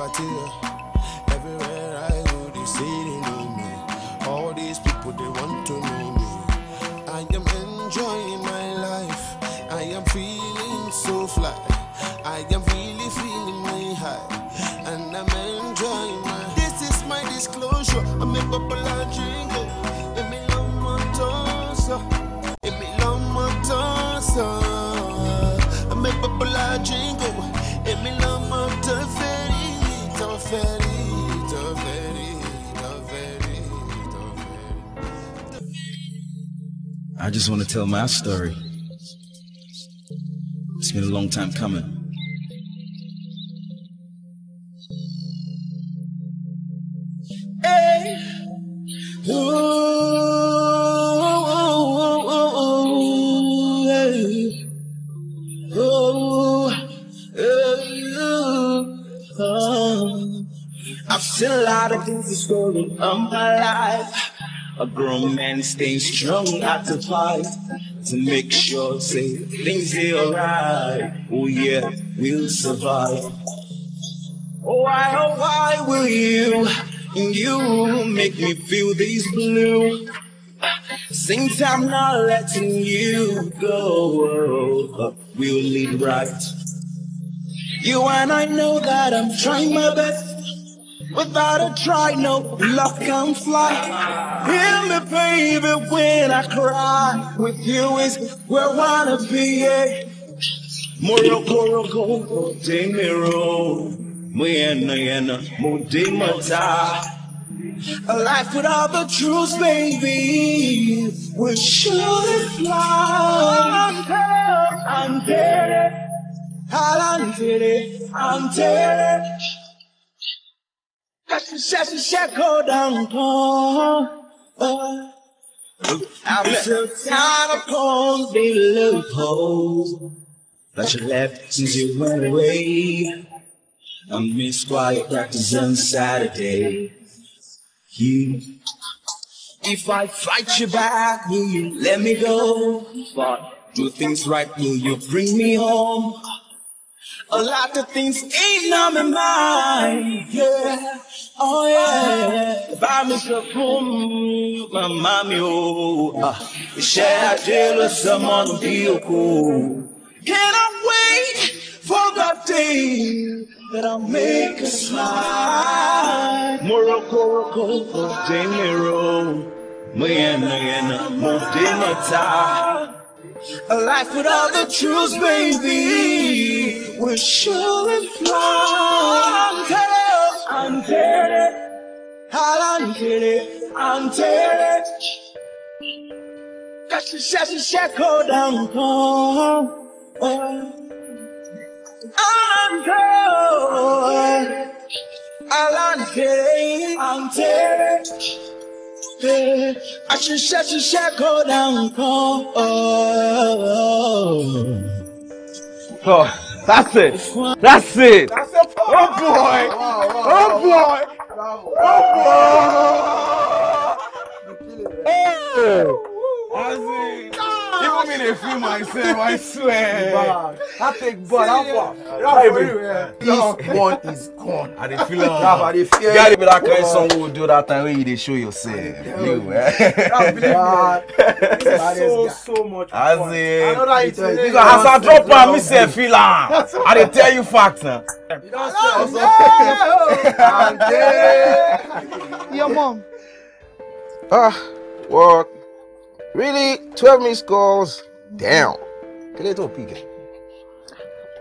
party. Everywhere I go, they say they know me. All these people, they want to know me. I am enjoying my life. I am feeling so fly. I am really feeling my high. And I'm enjoying my. This is my disclosure. I'm a popular drinker. I'm love motor. Uh. Uh. I'm a love motor. I'm a popular drinker. I just want to tell my story. It's been a long time coming. I've seen a lot of things that's going on my life. A grown man staying strong at the fight to make sure say things are alright. Oh yeah, we'll survive. Oh why, oh why will you and you make me feel these blue? Since I'm not letting you go, we'll lead right. You and I know that I'm trying my best Without a try, no luck, i fly. Hear me, baby, when I cry. With you is where I wanna be, yeah. Moro, koro go, de miro. yena, mudi mata. A life without the truth, baby, will surely fly. I'm dead, I'm dead, I'm dead, I'm dead. I'm so tired of cold being loopholes. But you left since you went away. I miss quiet practice on Saturday. You, if I fight you back, will you let me go? do things right, will you bring me home? A lot of things ain't on my mind. Yeah. Oh yeah. by Bami my mommy, oh. Ah. Share jealous someone be cool. Can I wait for that day that I'll make a smile? Morocco, Morocco, de Miro. Mayana, Modemata. A life without the truth, baby. We're sure and fly. I'm telling dead. I'm telling dead. I'm telling dead. That's the shadow shackle down. I'm dead. I'm dead. I'm dead. I should shut the shackle down. Oh, oh, oh. oh. That's it. That's it. That's it. Oh boy. Oh, oh boy. Oh boy. Hey. That's it. Even me, they feel myself, I swear. Bad. I take blood. That one. That everywhere. This one is gone. I dey feel am. That I dey um, feel. Gary be that kind song we do that time when you dey show yourself. You, eh? That is so so much fun. As in, as I drop am, me sef feel am. I dey tell you fact na. Eh? You don see am so. Your mom. Ah, what? really twelve missed calls Damn. kí lè tó pick ẹ.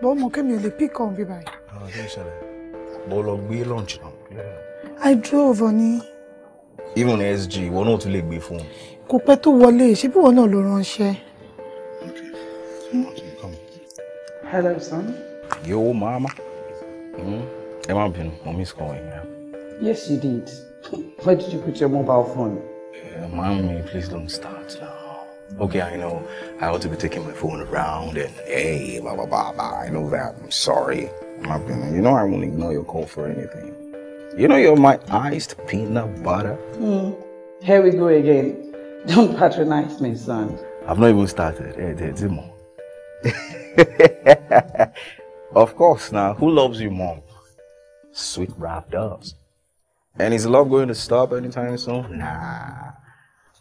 bọ́ mo kẹ́mi ò lè pick ọ̀hún bí báyìí. ọ̀hún ṣe ń ṣẹlẹ̀ mo lọ gbé lunch náà. I drove ọ ní. even SG ìwọ náà tún lè gbé fún un. kò pẹ́ tó wọlé ṣé bí ìwọ náà ló ránṣẹ́. hello son. yo mama hmm? ẹ má bínú mo miss calling you. yes you did where did you put your mobile phone. mommy, please don't start now. Okay, I know I ought to be taking my phone around and hey, blah, blah, blah, blah. I know that. I'm sorry. you know, I won't ignore your call for anything. You know, you're my iced peanut butter. Mm. Here we go again. Don't patronize me, son. I've not even started. Hey, there, of course, now, who loves you, mom? Sweet Ralph does. And is love going to stop anytime soon? Nah.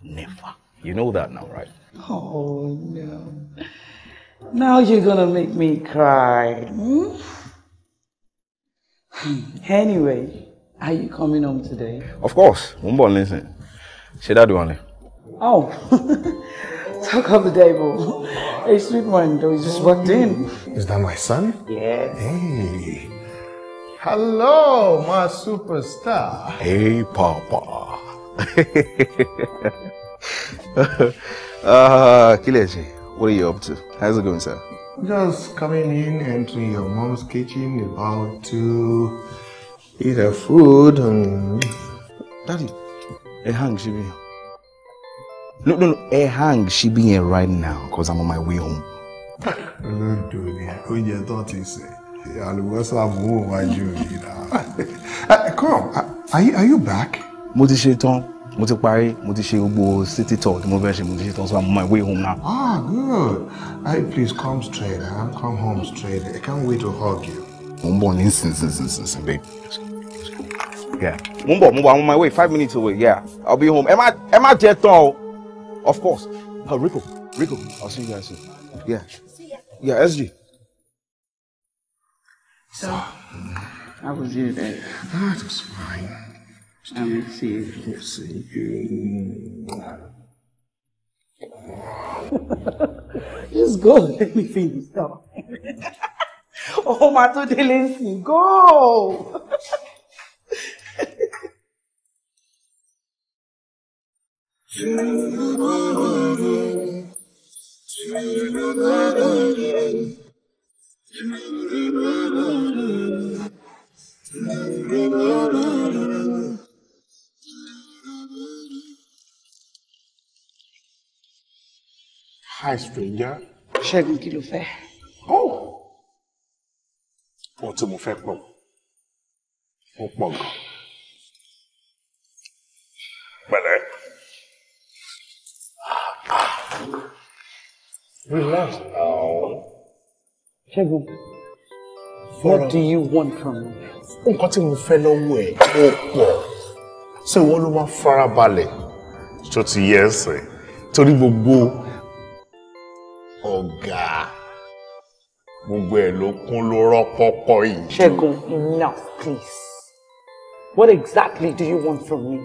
Never. You know that now, right? Oh, no. Now you're going to make me cry. Hmm? anyway, are you coming home today? Of course. Mumbo, listen. Say that one. Oh. Talk of the devil. Hey, sweet one, though, He just walked in. Is that my son? Yes. Hey. Hello, my superstar. Hey, Papa. uh, ah, Kilechi, what are you up to? How's it going, sir? Just coming in, entering your mom's kitchen, about to eat her food, and Daddy, a hang she be. No, no, no, a hang she be here right now, cause I'm on my way home. Don't do that. When you thought you say, I'll go some more, why you Come, are you, are you back? mo ti ṣe tán mo ti parí mo ti ṣe gbogbo city tour tí mo fẹ́ ṣe mo ti ṣe tán so I'm on my way home now. ah good i please come straight huh? Ah, come home straight i can't wait to hug you. mo ń bọ̀ ní nsinsinsinsin babe. mo ń bọ̀ mo ń bọ̀ I'm on my way five minutes away yeah I'll be home ẹ má ẹ má jẹ tán o of course oh, Rico Rico I'll see you guys soon yeah yeah SG. So, how was your day? Ah, it was fine. I will Just go. Let me finish now. oh, my two days. Go. Hi, stranger. Ṣẹ́gun kí ló fẹ́? Oh! Ohun tí mo fẹ́ pọ̀, ó pọ̀ gan. Pẹ̀lẹ́. Relax Ṣẹ́gun, what do you want from me? Nǹkan tí mo fẹ́ lọ́wọ́ ẹ̀ ó pọ̀. Ṣé ìwọ ló máa farabalẹ̀? Ṣé o ti yẹ ẹsẹ̀? Torí gbogbo ọ̀gá gbogbo ẹ̀ ló kún ló rọ́pọ́pọ́ yìí. Ṣẹ́gun enough please what exactly do you want from me.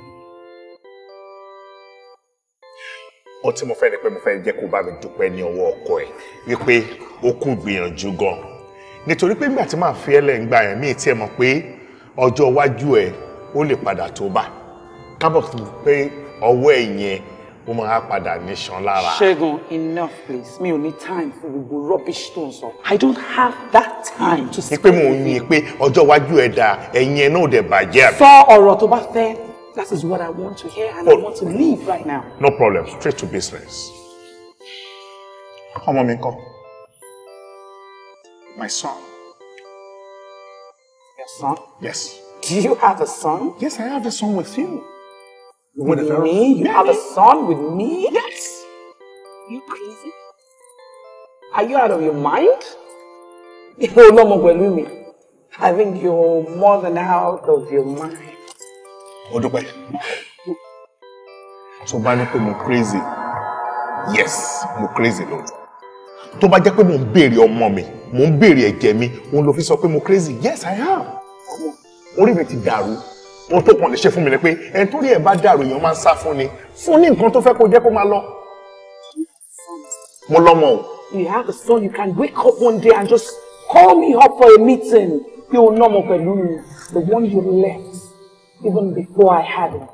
ó tí mo fẹ́ ni pé mo fẹ́ jẹ́ kó bá mi dúpẹ́ ní ọwọ́ ọkọ ẹ̀ wípé ó kù gbìyànjú gan nítorí pé nígbà tí màá fi ẹlẹ́ ń gbà yẹn mí tiẹ̀ mọ̀ pé ọjọ́ iwájú ẹ̀ ó lè padà tó bá kábọ̀ pé ọwọ́ ẹ̀ yẹn ó máa padà níṣan lára. ṣẹ́gun enough please mi ò ní time for gbogbo rubbish tó ń sọ i don't have that time to spend. ni pé mò ń yin pé ọjọ́ iwájú ẹ̀ dà ẹ̀yin ẹ̀ náà dẹ̀ bàjẹ́. sọ ọ̀rọ̀ tó bá fẹ́ that is what i want to hear and oh, i want to leave right now. no problem straight to business. ọmọ mi ńkọ́ my son. your son. yes. do you have a son. yes i have a son with you with me? Her? You have a son with me? Yes. Are you crazy? Are you out of your mind? Ìwọ ọlọ́mọ pẹ̀lú I think you're more than out of your mind. Ó dúpẹ́. Tó bá ní pé crazy. Yes, mo crazy Lord. Tó bá jẹ́ pé mo ń béèrè ọmọ mi, mo ń béèrè ẹ̀jẹ̀ mi, òun ló fi sọ pé mo crazy. Yes, I am. Orí mi ti dàrú ohun tó kàn lè ṣe fún mi ni pé ẹni tó rí ẹ̀ bá dàrú èèyàn máa ń sá fún ni fún ní nǹkan tó fẹ́ kó jẹ́ kó máa lọ. mo lọ́mọ o. you have a son you can wake up one day and just call me up for a meeting pé o nọ́mọ pẹ̀lú mi the one you left even before I had him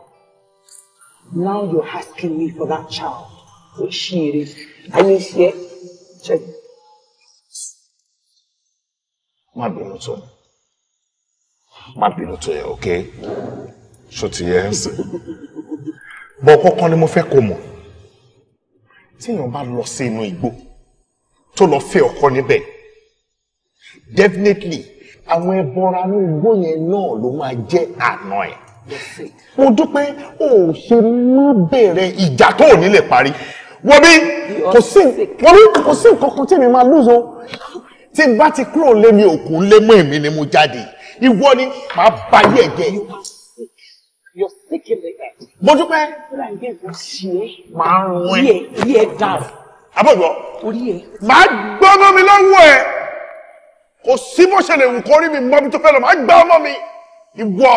now you're asking me for that child wey she is i mean she check. má bínú tó ni má bínú tó yẹ ok ṣó ti yẹ ẹ sìn bọ kọkàn ni mo fẹ́ kó mọ̀ téèyàn bá lọ sí inú igbó tó lọ fẹ́ ọkọ níbẹ̀ definitely àwọn ẹbọra ní igbó yẹn náà ló máa jẹ́ àná ẹ mo dúpẹ́ o ò ṣe má bẹ̀rẹ̀ ìjà tó ò ní lè parí wọbí kò sí wọbí kò sí nǹkan kan tí mi máa lùzọ tí bá ti kúrò lé mi òkú lé mọ́ èmi ni mo jáde ìwọ ni màá ba ayé ẹ jẹ́. You're sick in the head. Mo dúpẹ́. Màá rún ẹ. Orí ẹ dà. Abọ̀dọ̀. Orí ẹ. Màá gbọ́ ọmọ mi lọ́wọ́ ẹ̀. Kò sí bó ṣe lè wù kó rí mi mọ́ bí tó fẹ́ lọ. Màá gbá ọmọ mi. Ìwọ.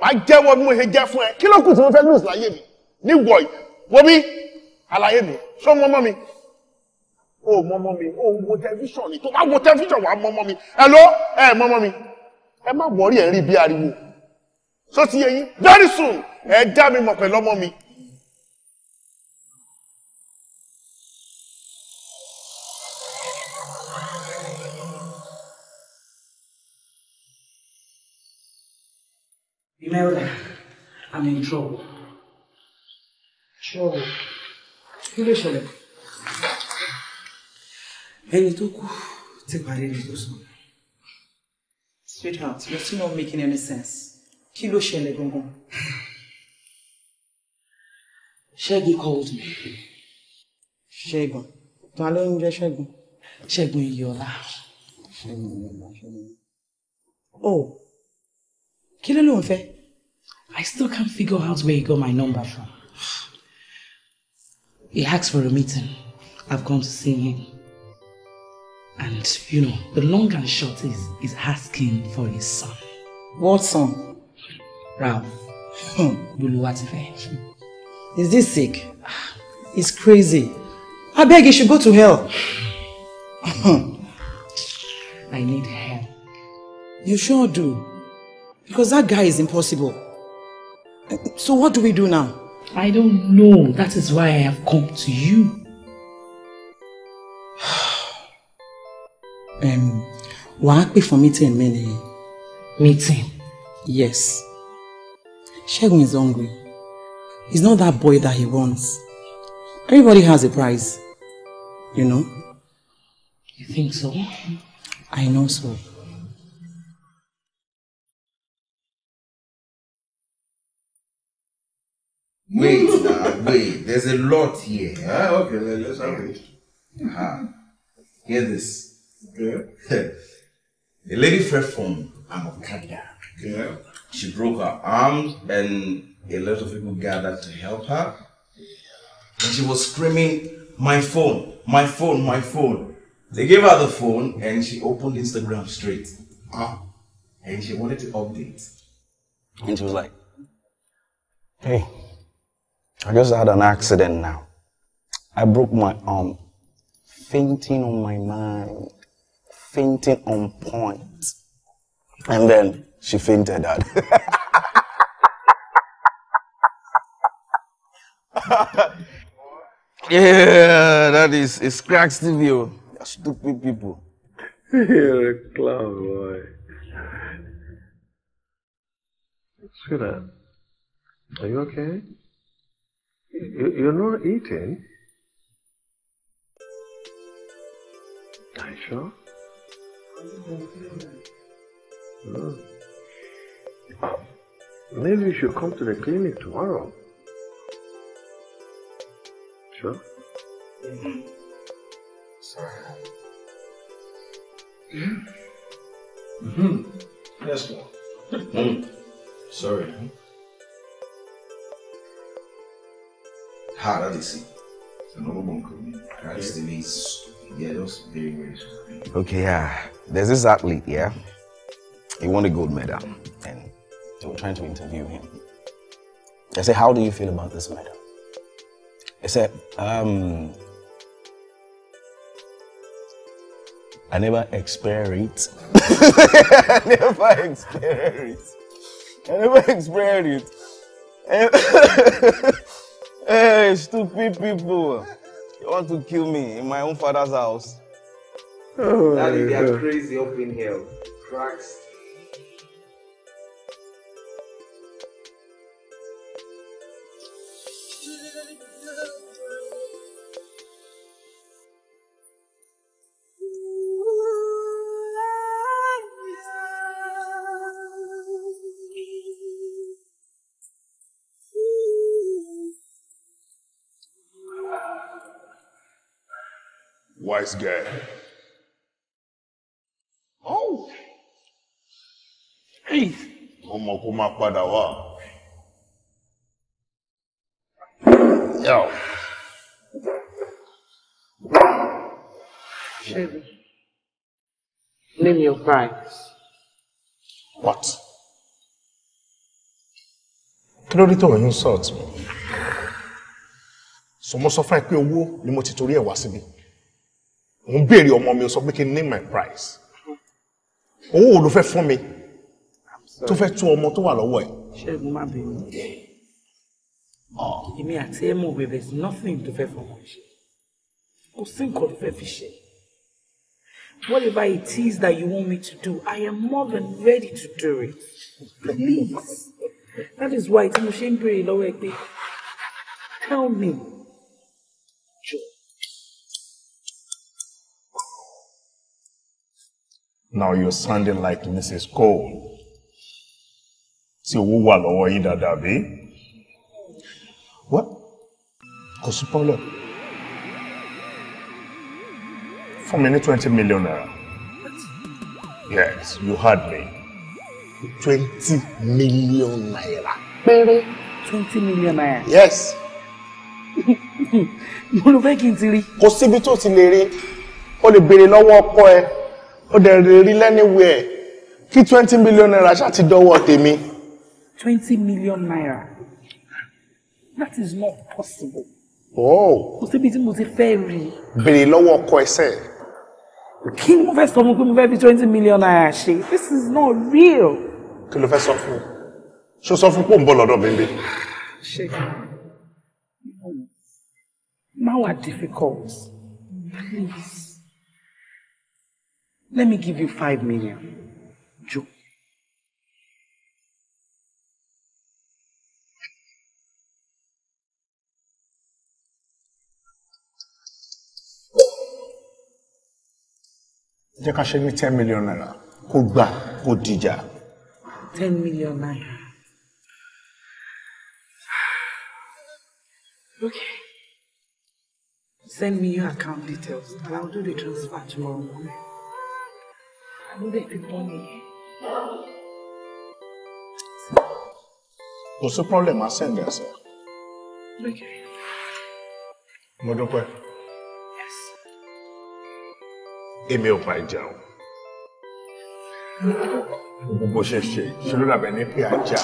Màá jẹ́wọ́ mú ihe jẹ́ fún ẹ. Kí ló kù tí mo fẹ́ lùs láyé mi? Níwọ̀ yìí. Wo bí? Àlàyé mi. Ṣé o mọ mi? Oh, mọ́mọ́ mi o wo tẹlifíṣàn ni tó bá wo tẹlifíṣàn wà á mọ́mọ́ mi ẹ ló ẹ mọ́mọ́ mi ẹ má wọrí ẹ̀ rí bí ariwo so ti yẹ yín very soon ẹ dá mi mọ̀ pẹ̀lú ọmọ mi. Imelda, I'm in trouble. Trouble. Kí ló ṣẹlẹ̀? ẹni tó kú ti parí ní tó sùn. sweetheart you're still not making any sense kí ló ṣẹlẹ̀ gangan. ṣẹ́gun called me. ṣẹ́gun ta ló ń jẹ́ ṣẹ́gun. ṣẹ́gun iyọ̀lá. oh kí ló ló ń fẹ́. I still can't figure out where he got my number from. He asked for a meeting. I've gone to see him. And, you know, the long and short is, is asking for his son. What son? Ralph. Buluwatife. Hmm. Is this sick? It's crazy. I beg you should go to hell. I need help. You sure do. Because that guy is impossible. So what do we do now? I don't know. That is why I have come to you. wàá pè fún meeting mi nìyẹn. meeting. yes. Segun is hungry. He's not that boy that he wants. Everybody has a price. You know? You think so? I know so. Wait, now, wait. There's a lot here. Ah, okay, let's have it. Ah, hear this. Okay. A lady fell from an Yeah. She broke her arms and a lot of people gathered to help her. And she was screaming, my phone, my phone, my phone. They gave her the phone and she opened Instagram straight. Ah. And she wanted to update. And she was like, hey, I just had an accident now. I broke my arm, fainting on my mind. fainting on point. And then she fainted out. yeah, that is it's cracks the view. Stupid people. You're a clown boy. Sweetheart, are you okay? You, you're not eating. Are you sure? Mm. Maybe you should come to the clinic tomorrow. Sure? Mm-hmm. Mm-hmm. mm-hmm. Sorry. Mm-hmm. hmm Yes, Lord. Mm. Sorry. How Hard, I see. It's an old one, Hard, it's the yeah, very, very Okay, yeah. There's this athlete, yeah? He won a gold medal, and they were trying to interview him. I said, how do you feel about this medal? He said, um, I never experienced. I never experienced. I never experienced. hey, stupid people. They want to kill me in my own father's house. Oh Daddy, they are crazy up in here. Christ. wise guy. Oh. Hey. Mo mọ̀ kó máa padà wá. Yàwó. Ṣebí, name your price. What? Kí ló rí tó ń insult mi? Sọ mo sọ fún ẹ pé owó ni mo ti torí ẹ̀ wá síbi mo ń béèrè ọmọ mi sọ pé kí n name my price owó wo ló fẹ́ fún mi tó fẹ́ tú ọmọ tó wà lọ́wọ́ ẹ̀. ṣẹ́gun má bẹ̀rù èmi àti ẹ̀ mọ̀ bẹ̀rẹ̀ sí nothing to fẹ́ fọmọ ṣe kò sí nǹkan tó fẹ́ fi ṣe. Whatever it is that you want me to do, I am more than ready to do it. Please. That is why tí mo ṣe ń béèrè lọ́wọ́ ẹ pé tell me. Now you're sounding like Mrs. Cole. Tí owó wà lọ́wọ́ yín dáadáa bí? What? Kò sí problem. Fún mi ní twenty million naira. Yes, you heard me. Twenty million naira. Péré twenty million naira. Yes. Mo ló fẹ́ kí n ti rí. Kò síbi tó ti lè rí. O lè béèrè lọ́wọ́ ọkọ ẹ ó dẹ̀ rè rí lẹ́niwẹ̀ẹ́ kí twenty million naira ṣáà ti dọ́wọ́ tèmi. twenty million naira that is not possible. Oh. kò síbi tí mo ti fẹ́ rí. béèrè lọ́wọ́ ọkọ ẹsẹ̀. kí ni fẹ́ sọ fún pé fẹ́ fi twenty million naira ṣe this is not real. kí ló fẹ́ sọ fún un ṣó sọ fún pò ń bọ̀ lọ́dọ̀ mi ṣe máa wà difficult please. Let me give you five million. Joe. jẹ́ ká ṣe ní ten million naira kó gbà kó dìjà. ten million naira. okay send me your account details and i do the transfer tomorrow morning ló kò sí problem á send ẹ sẹ. mo dúpẹ́. èmi ò bá jẹun gbogbo ṣe ṣe ṣe ló dàbẹ̀ ní pé ajá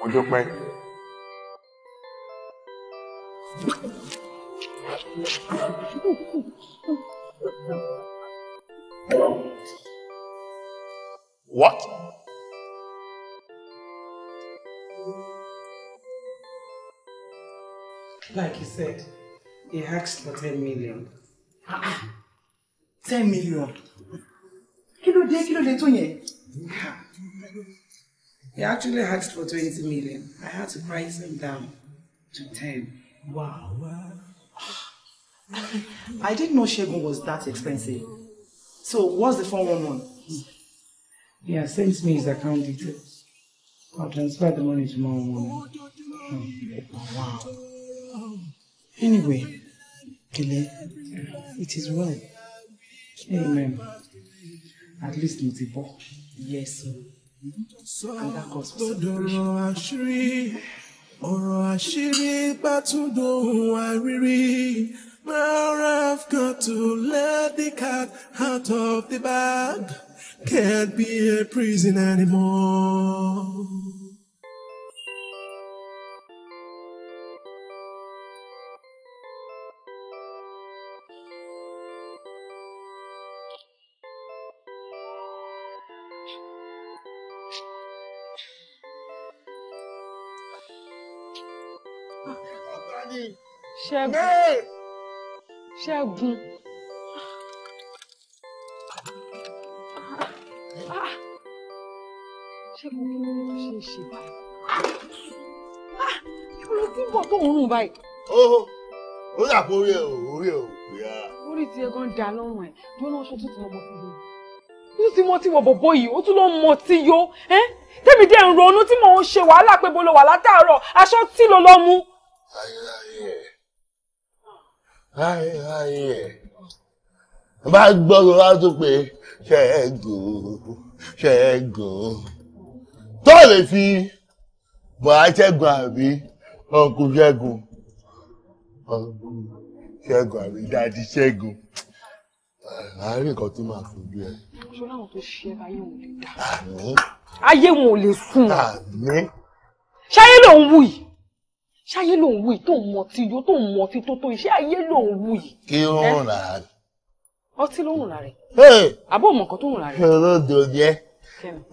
mo dúpẹ́. Thank you. What? Like you said, he asked for 10 million. Ah, ah. 10 million? Kilo de, kilo de ló dé He actually asked for 20 million. I had to price him down to 10. Wow. wow. I didn't know Shegun was that expensive. So what's the 411? He sent me his account details. I'll transfer the money tomorrow morning. Oh, wow. Anyway, Kile, it is well. Amen. At least it's a Yes, sir. And that calls for celebration. ọ̀rọ̀ àṣírí bá tún dohun àrírí Now I've got to let the cat out of the bag. Can't be a prison anymore. ṣẹ́gun. ṣẹ́gun kí ló ṣe ṣe báyìí? ìwọ ah, ló ti ń bọ̀ tó ń rùn báyìí. ó ó yàgò orí ẹ o orí ẹ o pè orí ti ẹ da lọ́rùn ẹ̀ dúró náà ṣojú ti lọ́mọ fún mi. ó ti mọ tí wọ bọ̀bọ̀ yìí ó tún lọ mọ tí yó tẹ́mi dẹ̀ ń ronú tí mò ń ṣe wàhálà pé bolo wà látàárọ̀ aṣọ tí ló lọ́ mú. ayé ayé ayé ẹ̀ bá gbọ́dọ̀ wá tó pé ṣẹ́gun ṣẹ́gun tó lè fi bọ̀dá ṣẹ́gun àbí ọkù ṣẹ́gun ọkù ṣẹ́gun àbí dáàdì ṣẹ́gun láàárín nǹkan tó máa fojú ẹ. ṣọlá àwọn tó ṣe ayé wọn ò lè dá. ayé wọn ò lè sùn. ṣáyé lòun wù yìí ṣáyé ló ń wù yìí tó ń mọ yó tó ń mọ tí tó tó iṣẹ́ ayé ló ń wù yìí. kí ó ń rà á. ọtí ló ń rà rẹ. àbọ̀ mọ̀ nǹkan tó ń rà rẹ. olódò jẹ́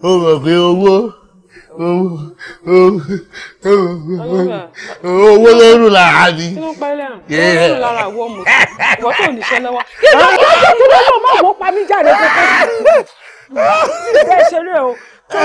ó mọ̀ pé owó owó ló rù lára mi. kí ló ń parí lẹ́rìn kí ló rù lára àwọ̀ mọ̀ wọ́n tó níṣẹ́ lọ́wọ́. kí ló ń bá kí ló ń bá wọ́n pa mí jáde kókó. bẹ́ẹ̀ ṣe tó tó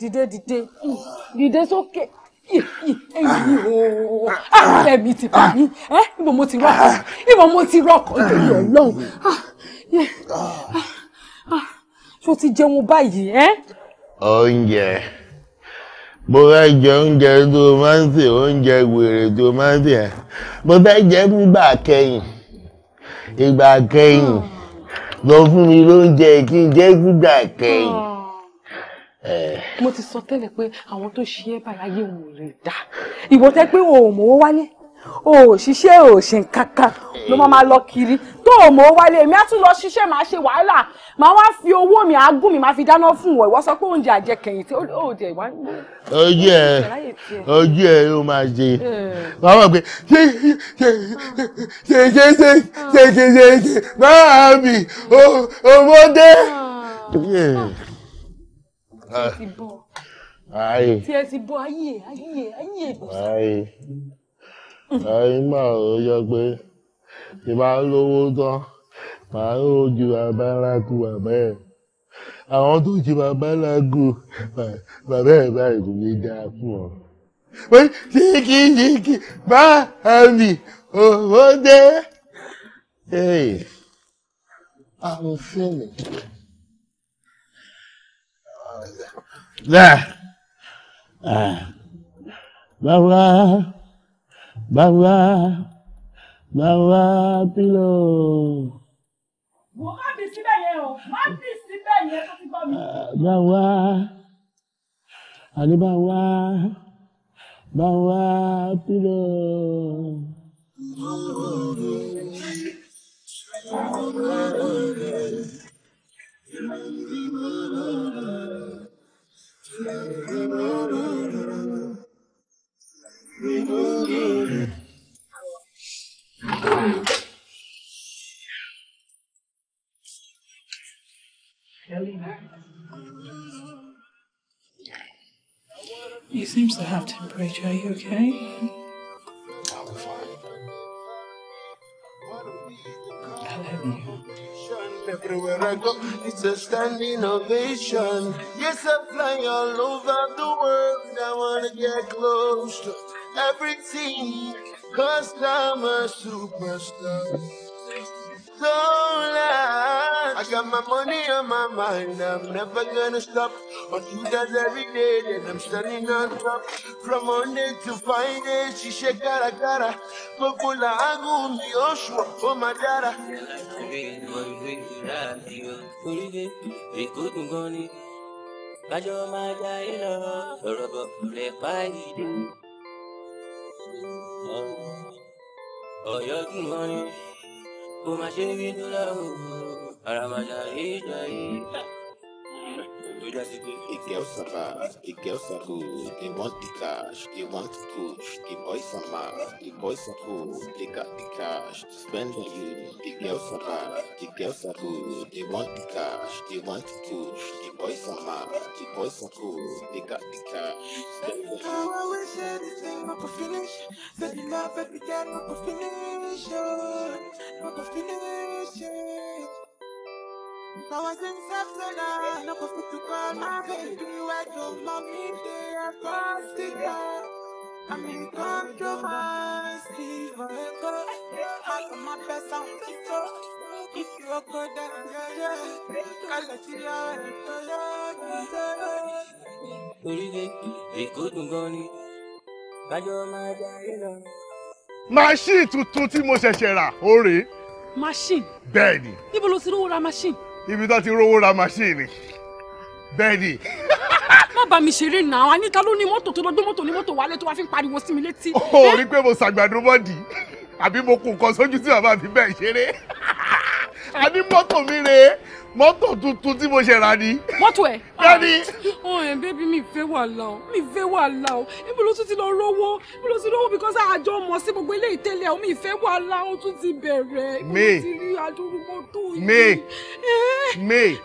dìde dìde dìde sókè èyí ooo ẹ̀mí ti bà mí ìbọn mo ti rọkọ ìbọn mo ti rọkọ ìdòwú ọlọ́run ah, ah, ah. ṣó ti jẹun báyìí ẹ. oúnjẹ mo fẹ́ jẹ oúnjẹ tó máa ń sè oúnjẹ wèrè tó máa ń sè ẹ́ mo fẹ́ jẹ nígbà kẹ́yìn ìgbà kẹ́yìn lọ fún mi lóúnjẹ kí n jẹ nígbà kẹ́yìn mo ti sọ tẹ́lẹ̀ pé àwọn tó ṣe é báyìí ayé wọn dá ìwọ tẹ́ pé o ò mówó wálé ò ṣiṣẹ́ ò ṣe nǹkan ló máa máa lọ kiri tó o mọ̀ wálé èmi á tún lọ ṣiṣẹ́ màá ṣe wàhálà màá wá fi owó mi àágùn mi màá fi dáná fún wọn ìwọ sọ pé oúnjẹ àjẹkẹyìn tí ó jẹ ìwà. ojú ẹ ojú ẹ ló máa jẹ màá mọ̀ pé ṣe ṣe ṣe ṣe ṣe ṣe ṣe ṣe máa bì ọmọdé tiẹ̀ ti bọ̀ tiẹ̀ ti bọ̀ ayé ayé yọ pé ìbá lówó tán màá ó ju bàbá alágùn bàbá ẹ̀ àwọn tó ju bàbá alágùn bàbá ẹ̀ báyìí kò ní dáa fún ọ. pé ṣíkì ṣíkì bá àmì òwò dé. Hey, I'm feeling. Ah. bàbá bàbá bàbá pílò. wọ́n má bì síbẹ̀ yẹn o má bì síbẹ̀ yẹn tó ti bá mi. Ah, bàbá àní bàbá bàbá pílò. Thank you. He seems to have temperature, are you okay? everywhere I go. It's a standing ovation. Yes, I fly all over the world. I wanna get close to everything. Cause I'm a superstar. So loud. I got my money on my mind, I'm never gonna stop. But she does every day, then I'm standing on top. From Monday to Friday, she shake gara gara. Popula angu mi oshwa, oh my dada. Kájọ máa já iná ọ̀rọ̀ ó máa ṣe bínú láwùjọ àràmàjà rí ìjà yìí. Melhor e quer samar, e quer saru, e the cash, e monte push, e boy boys e boy saru, got the cash, spend on you, e quer samar, e quer saru, e the cash, e monte push, e boys samar, e boy boys e gati cash, got the cash. How I wish everything I could finish, that you love every time I could finish, I could finish, yeah. I was in September, no coffee to call my baby. Where to mommy, they are plastic. I mean, come to my Steve, I'm my best sound. If you're good, then yeah, yeah. I'll let you know. Oríire, Èkó dùn gan ni, kájọ máa jayé lọ. tuntun tí mo ṣẹ̀ṣẹ̀ rà, ó rèé. Máṣíìnì. Bẹ́ẹ̀ni. Níbo lo ti rówó ra máṣíìnì? ibi tó ti rówó ra màṣíìnì bẹ́ẹ̀ ni. má bá mi ṣeré náà Àníkẹ́ ló ní mọ́tò tó lọ gbé mọ́tò ní mọ́tò wálé tó wá fi ń pariwo sí mi létí. ó rí oh, pé mo ṣàgbàdo mọ́dì àbí mo kù nǹkan sójú tí bàbá mi bẹ́ẹ̀ ṣeré a ní mọ́tò mi rèé mọ́tò tuntun tí mo ṣe rà ni. mọ́tò ẹ̀. bẹ́ẹ̀ni. ọ̀hún ẹ̀ bẹ́bí mi fẹ́ wàhálà o mi fẹ́ wàhálà o ibo ló tún ti lọ rówó ibo ló ti rówó because àjọ mọ̀ sí gbogbo ilé ìtẹ́lẹ̀ o mi fẹ́ wàhálà o tún ti bẹ̀rẹ̀. mi mi mi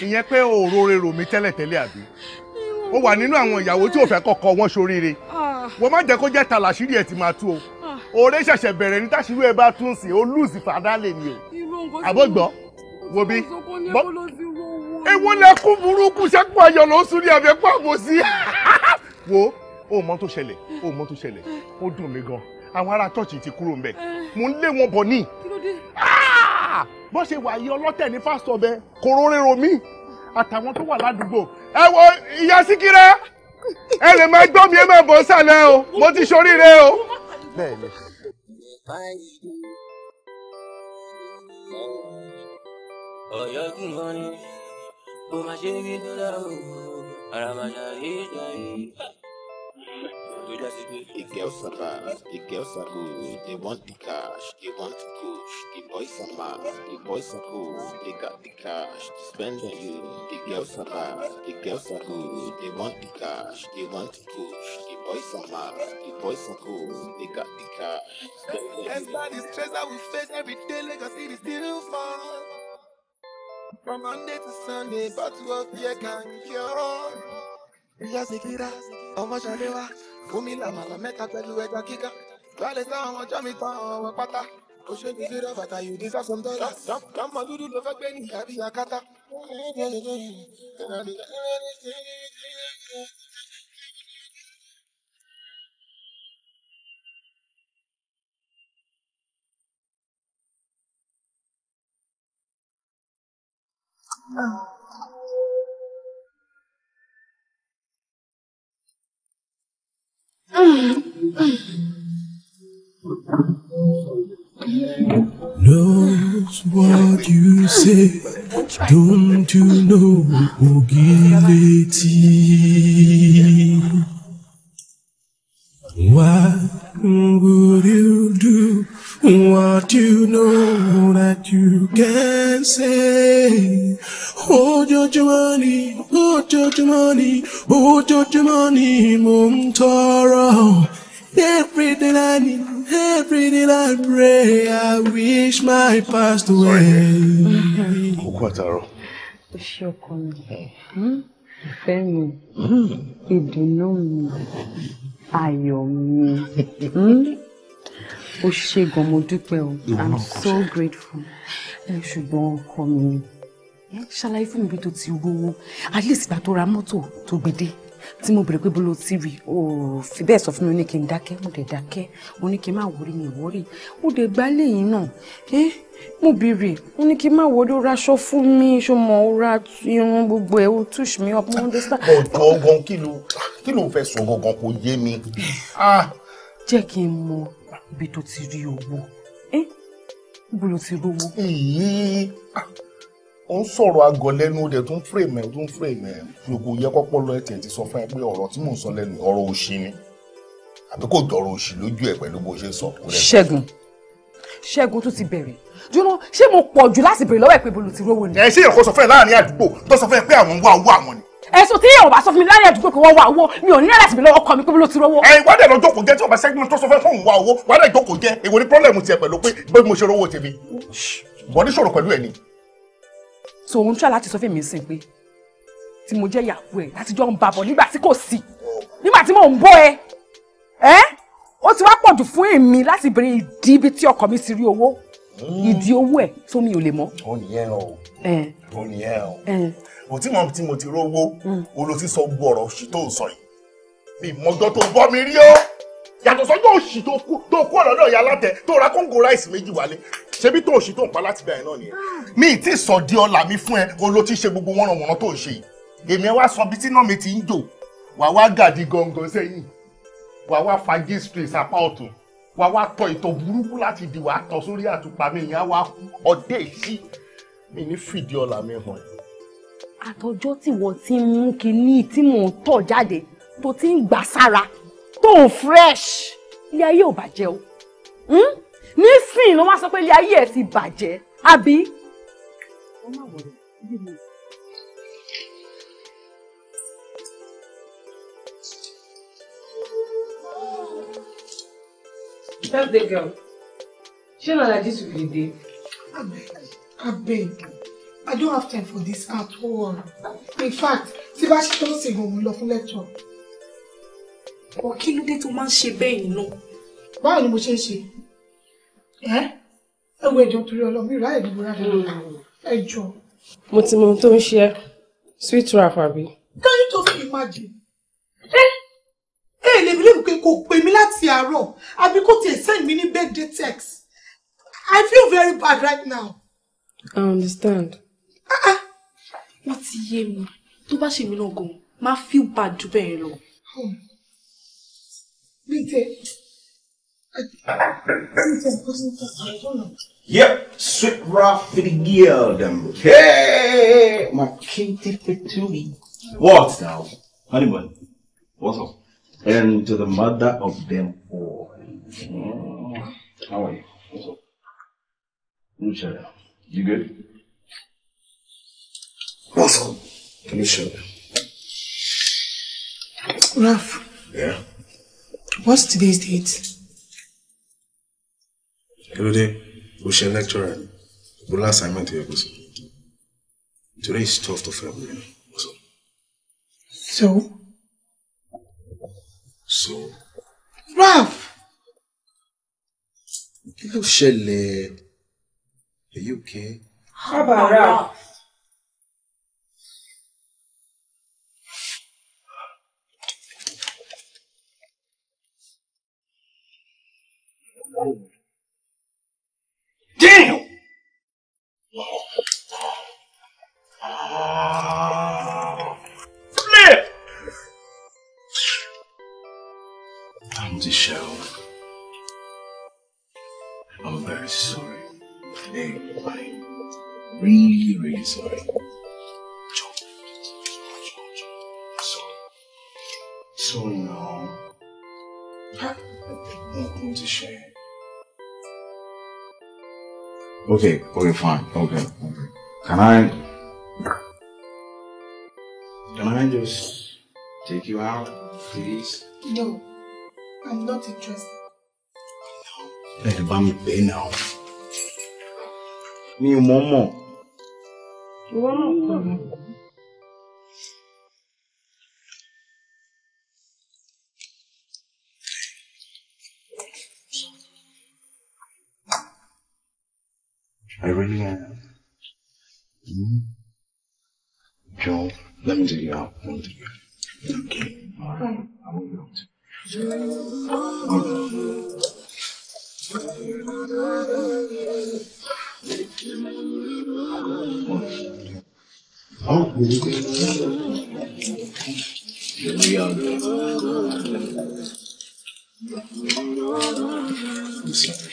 ìyẹn pé òòrò rẹ̀ rò mí tẹ́lẹ̀tẹ́lẹ̀ àbí ó wà nínú àwọn ìyàwó tí ò fẹ́ kọ́kọ́ wọn ṣoríire ah. wọ́n má jẹ́ kó jẹ́ ta làṣírí ẹ̀ ti máa tú o òòrè ah. ṣẹ̀ṣẹ̀ bẹ̀rẹ̀ ní táṣírí ẹ̀ bá tún sí o lùsì fàdálẹ̀ ni o àbọ̀gbọ́ wo bí èwo lẹkún burúkú sẹ́kún ayọ̀ ló sún ní abẹ́pọ̀ àbòsí. wo o mọ tó ṣẹlẹ̀ o mọ tó ṣẹlẹ̀ ó dùn mí gan àwọn ará tọ́ọ̀chì ti kúrò mbẹ̀ mo ń lé wọn bọ̀ ní. Ah! bó ṣe wà yí ọlọ́tẹ̀ ní pásítọ̀ bẹ kóró rérò mí àtàwọn tó wà ládùúgbò ẹ wo ìyá síkírá ẹ lè máa gbọ́ mi ẹ máa bọ̀ sálẹ̀ o mo ti ṣoríire o. bẹ́ẹ̀ ni. Olha que mano, uma chegue do lado, para matar isso aí. They girls are bad. the girls are good. they want the cash, they want the push, the boys are mad, the boys are cool, they got the cash, to spend on you, the girls are bad. the girls are good. they want the cash, they want the push, the boys are mad, the boys are cool, they got the cash, spend on you. stress that we face every day, Lagos City still fun. From Monday to Sunday, but battle of the Benny, Oh, Kanyo. Ìyá Sikira, ọmọ Ṣàléwá, Fúnmi làmàlà mẹ́ta pẹ̀lú ẹja kíká. Gbálẹ̀ táwọn ọjọ́ mi tán ọwọ́ pátá. Oṣooṣù zero bàtà yóò dín sásán dọ́là. Dọ́mọ dúdú ló fẹ́ gbé ní àbí akátá. Oh. Knows what you say, don't you know, Ogileti? What would you do What you know that you can say. your Ojoojúmọ́ ni, ojoojúmọ́ ni, ojoojúmọ́ your money, ń tọrọ. Everything I need, everything I pray, I wish my past away. Kò kú àtàrọ. Ó ṣe ọkọ mi, hmm? ìfẹ́ mi, hmm. ìdùnnú mi, ayọ̀ mi. Hmm? o ṣe gan mo dúpẹ́ o i'm so grateful ṣùgbọ́n ọkọ mi ṣàlàyé fún mi bí tó ti rówó at least ìgbà tó ra mọ́tò tó gbèdé tí mo bèrè pé bolo ti rí o fi bẹ́ẹ̀ sọ fún mi ó ní kí n dákẹ́ mo dẹ̀ dákẹ́ mo ní kí n má wọrí mi ìwọ́rí mo dẹ̀ gbá lẹ́yìn náà mo bèrè ó ní kí n má wọrí ó raṣọ fún mi ṣó mọ ó ra irun gbogbo ẹ̀ ó touch me up mo understand. ọ̀gán kí ló fẹ́ sọ gangan kò yé mi. Ah, jẹ́ kí n mọ̀ ibi tó ti rí owó níbo ló ti rí owó. ó ń sọ̀rọ̀ agọ̀ lẹ́nu ó dẹ̀ tó ń fèrèmẹ̀ tó ń fèrèmẹ̀ yòókù yẹ kọ́pọ́ lọ ẹ̀tẹ̀ ti sọ fún ẹ pé ọ̀rọ̀ tí mò ń sọ lẹ́nu ọ̀rọ̀ òṣì ni àbí kò dọ̀rọ̀ òṣì lójú ẹ̀ pẹ̀lú bó ṣe sọ. ṣẹ́gun ṣẹ́gun tó ti bẹ̀rẹ̀ jóná ṣé mo pọ̀ jù láti bèrè lọ́wọ́ ẹ̀ pé bolo ti rówó ni. ẹ ṣé èkó sọ fún ẹ láàrin àdúgbò tó sọ fún pé àwọn ń wá owó àwọn ni ẹ̀sùn tí yóò bá sọ fún mi láyé àdúgbò pé wọ́n wá owó mi ò ní láti mi lọ́wọ́ kọ́ mi pé ló ti rówó. ẹ wá dẹ̀ lọ jókòó jẹ́ tí ọba sẹ́gbẹ́ni tó sọ fẹ́ fún wa owó wá dẹ̀ jókòó jẹ́ èwo ni pọ́blẹ́mù tiẹ̀ pẹ̀lú pé bí mo ṣe rówó tèmi bọ́ ní ṣòro pẹ̀lú ẹ̀ ni. so òun ṣá láti sọ fún mi sìn pé tí mo jẹ́ ìyàwó ẹ̀ láti jọ ń babọ̀ nígbà tí kò sí nígbà tí mò ń bọ́ ẹ ẹ́ ó ti wá pọ̀ jù fún èmi láti bèrè ìdí ibi tí ọkọ mi ti rí owó hmm. ìdí owó ẹ̀ tó mi ò lè mọ́. ó nìyẹn o ó nìyẹn o kò tí mo ti mo ti rówó hmm. o ló ti sọ gbogbo ọ̀rọ̀ òṣì tó ń sọ yìí mi mọ́jọ́ tó bọ́ mi rí o yàtọ̀ sọ́jọ́ òṣì tó kú tó kú ọ̀rọ̀ náà yà látẹ̀ tó ra kóńgò ráìsì méjì wálé ṣebí tó òṣì tó ń pa láti bẹ̀rẹ̀ náà nìyẹn ah. mi ti sọ di ọ̀la mi fún ẹ o ló ti ṣe gbogbo wọ́nranwọ̀nran tó ń ṣe yìí èmi ẹ wá sọ bí tí mi ti ń jò wà wá gàdí gangan sẹ́yìn wà wá fagé street apá ọ̀tún wà wá tọ ìtọ̀ burúkú láti di wà á tọ sórí àtùpà mi ìyá wa ọdẹ ìṣí mi ní fìdí ọ̀la mi hàn yìí àtọjọ́ tí wọ́n ti ń mú kinní tí mò ń tọ̀ jáde tó ti ń gbà sára tó fresh ilé ayé ò bàjẹ́ o hmm? nísìnyí ló máa sọ pé ilé ayé ẹ̀ ti bàjẹ́ àbí. ẹ má girl She na like this you dey abeg abeg I don't have time for this at all. In fact, tí bá ṣe tó ń ṣègùn òun lọ fún lecture. Ọ̀ kí ló dé tó máa ń ṣe bẹ́ẹ̀ nínú? Báwo ni mo ṣe ń ṣe? Ẹ́ ẹ wo ẹ̀jọ̀ torí ọlọ́mí ìráyè gbogbo rárá hmm. ẹ̀jọ̀. Mo sweet rap àbí? Dájú tó fi imagine. Hey, ẹ lè believe pé kò pè mí láti àárọ̀ àbí kò tiẹ̀ send mi ní birthday text. I feel very bad right now. I understand wọ́n ti yé mi tó bá ṣe mí náà gan máa feel bad jù bẹ́ẹ̀ lọ. Yep, sweet for the girl, them. Hey, my cutie patootie. What now? Honey bun, what's up? And to the mother of them all. Mm. How are you? What's up? you good? Ralph. Let me show you. Ralph. Yeah? What's today's date? Elodie, we shall lecturer. The last assignment here goes. Today is 12th of February. So? So? So? Ralph! Kí ló ṣẹlẹ̀? Are you okay? How about Ralph? Damn! Come here! I'm disheveled. I'm very sorry. Hey, i really, really sorry. So now, I'm going to share. Okay, okay, fine. Okay, okay. Can I can I just take you out, please? No, I'm not interested. Let the bá pay now. Me Mi Momo. mọ̀ I really am. Mm-hmm. Joel, let me take you out. Let me take you Okay. Oh, really I'm sorry.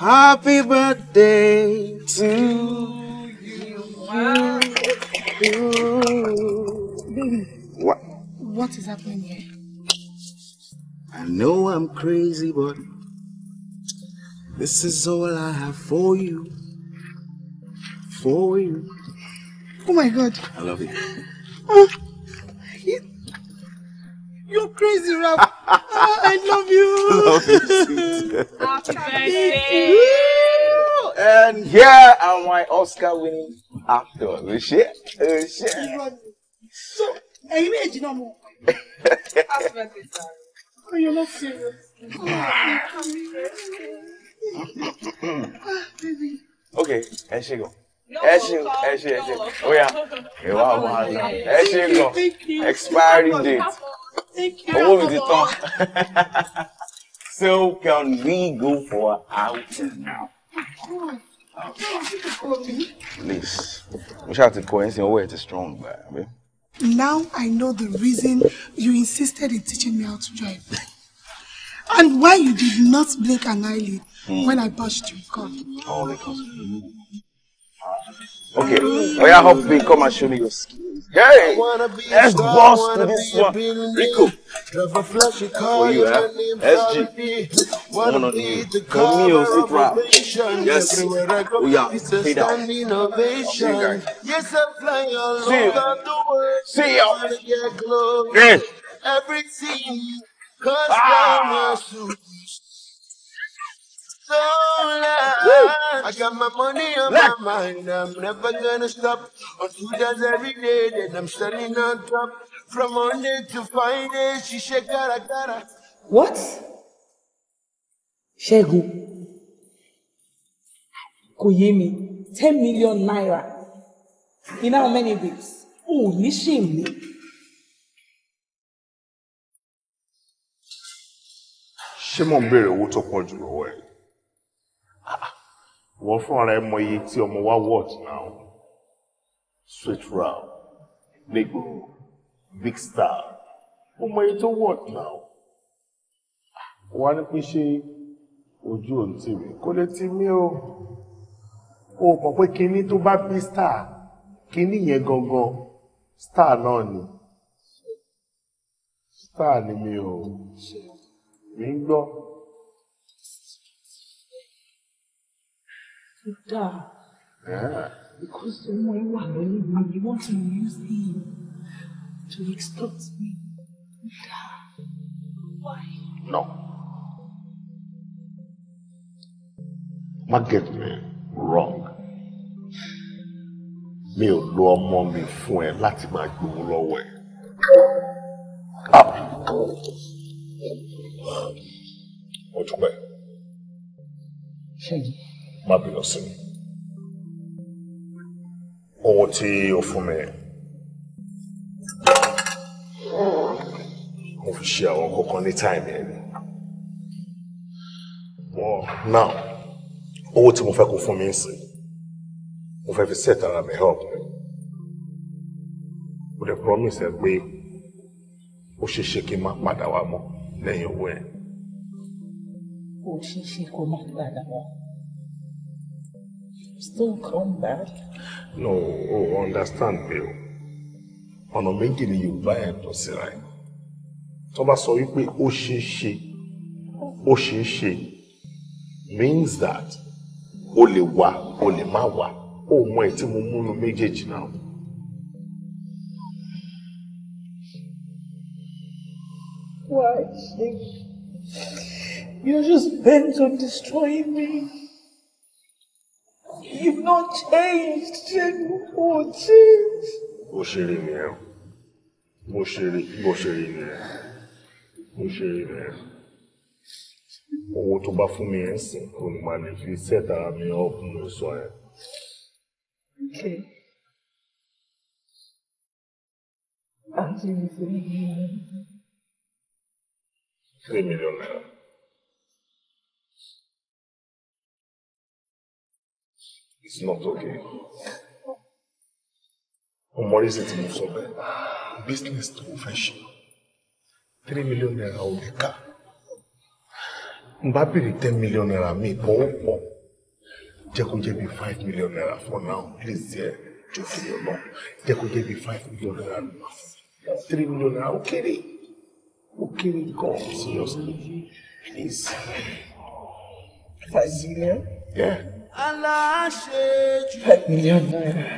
Happy birthday to you. Wow. What? What is happening here? I know I'm crazy, but this is all I have for you. For you. Oh my God. I love you. Oh, you you're crazy, Ralph. Ah, I love you. Love you too. Happy birthday. And here are my Oscar-winning actors. Oṣé, Oṣé. So, ẹ̀yin So, náà mo. Happy birthday, sir. Oh, you're not serious. Oh, ah, baby. Okay, ẹ ṣé gan. Ẹ ṣé ẹ ṣé oh, ẹ ṣé. Oya, ìwà ọmọ àná. Expiring date owó mi ti tán so can we go for an outing now. please we shall ti kọ ẹ sin owó ẹ strong gba now i know the reason you insisted in teaching me how to drive and why you did not blink an eyelid mm. when i bashed your car. all oh, because of you. Okay, Oya oh, Hopman, come and show me your skills. Hey, let's boss to this one. Rico, for you, eh? SG, one on you. Camille, sit round. Yes, Oya, sit down. Yes, I see you, See oh, ya. Everything, cause I'm a suit sola. I got my money on my mind. I'm never gonna stop. On two does every day, then I'm standing on top. From Monday to Friday, she shake gotta gotta. What? Ṣẹ́gun. Kò yé mi. Ten million naira. In how many weeks? Oh, ní ṣe mi. Ṣé mò ń béèrè owó tó pọ̀ jù lọ́wọ́ ẹ̀? wọ́n fún ara ẹ mọ iye tí ọmọ wa worth now sweet round negro big star ó mọ iye tó worth now wọ́n á ní pín ṣe ojú òun ti rí kó lè ti mí o o mọ̀ pé kinní tó bá bí star kinní yẹn gangan star náà ni star ni mi ò mi ń gbọ́. Sister. Yeah. Because someone wà lọ́lé mi, you want to use him to extort me. Why? No. Má get me wrong. Mi ò lo ọmọ mi fún ẹ láti máa gbowó lọ́wọ́ ẹ. Mo dúpẹ́. Ṣé yìí? má bínú sí mi owó tí o fún mi mo fi ṣe àwọn kankan ní táìmì ẹni wọn now owó tí mo fẹ́ kó fún mi ń sìn mo fẹ́ fi set ara mi help mi mo dẹ̀ promise ẹ pé ó ṣe ṣe kí n má padà wá mọ́ lẹ́yìn owó ẹ̀. ó ṣe ṣe kó má padà wá still come back? No, oh, understand Bill. o. Ọ̀nà méjì ni Yorùbá ẹ̀ tọ́ síra ẹ̀. Tó bá sọ wípé ó ṣeé ṣe, ó ṣeé ṣe means that o lè wà, o lè má wà. Ó mọ ẹ̀ tí mo múnú méjèèjì náà. Why, You're just bent on destroying me. You've not changed or changed. Bó ṣe rí mi ẹ́ bó ṣe rí bó ṣe rí mi ẹ́ mi ẹ́ owó tó bá fún mi ẹ̀ ń sìn kò ní máa lè fi sẹ́ẹ̀tà mi ọ̀kùnrin sọ ẹ̀. Okay. Àti ìrètí mi. Three million naira. It's not okay. Ọmọ rí sí ti mo sọ bẹ́ẹ̀. Business to o Three million naira ò lè kà. N bá ten million naira me. bọ́ ó pọ̀. Jẹ́ five million naira for now please there jọ fún yọ lọ. Jẹ́ kó five million naira Three million naira ó kéré. Ó seriously please. Five million? Yeah. aláṣejù. million naira.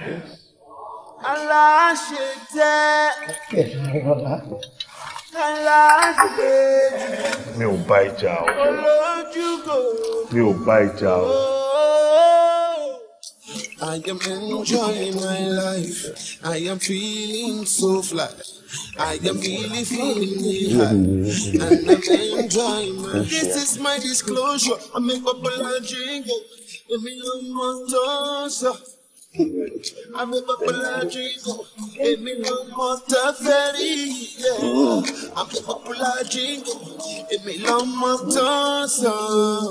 mi ò bá ìjà o. olójúgò. mi ò bá ìjà o. mi o ba ija oi am enjoying my life. I am feeling so flat. I am really feeling high. And I'm enjoying my This is my disclosure. I make up a jingle. I'm a popular jingle, and me love my tongue, sir. I'm a popular jingle, and me love my tongue, sir. I'm a popular jingle, and me love my tongue, sir.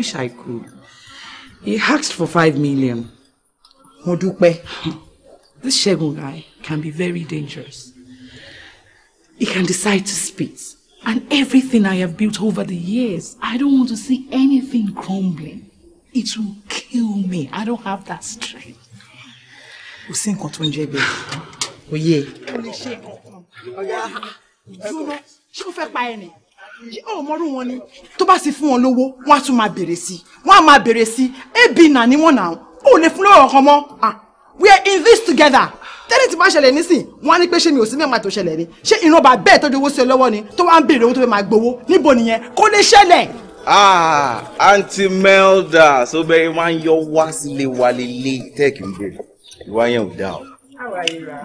wish I could. He asked for five million. Modupe, This Shegun guy can be very dangerous. He can decide to spit. And everything I have built over the years, I don't want to see anything crumbling. It will kill me. I don't have that strength. Kò sí nǹkan tó ń jẹ́ bẹ́ẹ̀. Oyè. Mo lè ṣe nǹkan kan. Ọ̀gá. Ṣé o fẹ́ pa ẹni? ọmọrú wọn ni tó bá sì fún wọn lówó wọn á tún máa bèrè sí i wọn á máa bèrè sí i ebi nà ni wọn nà ó lè fún lọ́wọ́ ọkàn mọ́ we are in this together tẹ́lẹ̀ tí bá ṣẹlẹ̀ nísìn wọn á ní pé ṣé mi ò sí mẹ́ma tó ṣẹlẹ̀ ni ṣé ìrànba bẹ́ẹ̀ tó dowó sí ọ lọ́wọ́ ni tó wá ń bèrè owó tó fẹ́ máa gbowó níbo nìyẹn kó lè ṣẹlẹ̀. ah aunty melda so bẹ́ẹ̀ máa ń yọ wá sílé wa lélẹ́yìí tẹ́ẹ̀kì ń bèrè ìwáyẹn ò dáa how are you ra.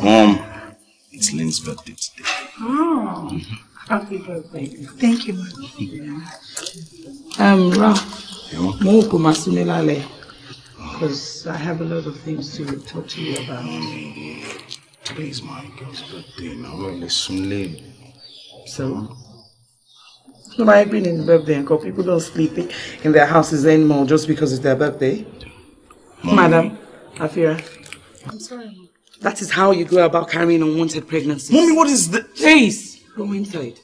Mom, it's Lynn's birthday today. Oh, happy birthday. Thank you, Mom. um, Ralph, mo ò kò because I have a lot of things to talk to you about. Today is my girl's birthday, now we're in Sunday. So? So my like, being in birthday and people don't sleep in their houses anymore just because it's their birthday. Mommy. Madam, Afira. I'm sorry. That is how you go about carrying unwanted pregnancies. Mommy, what is the... case? go inside.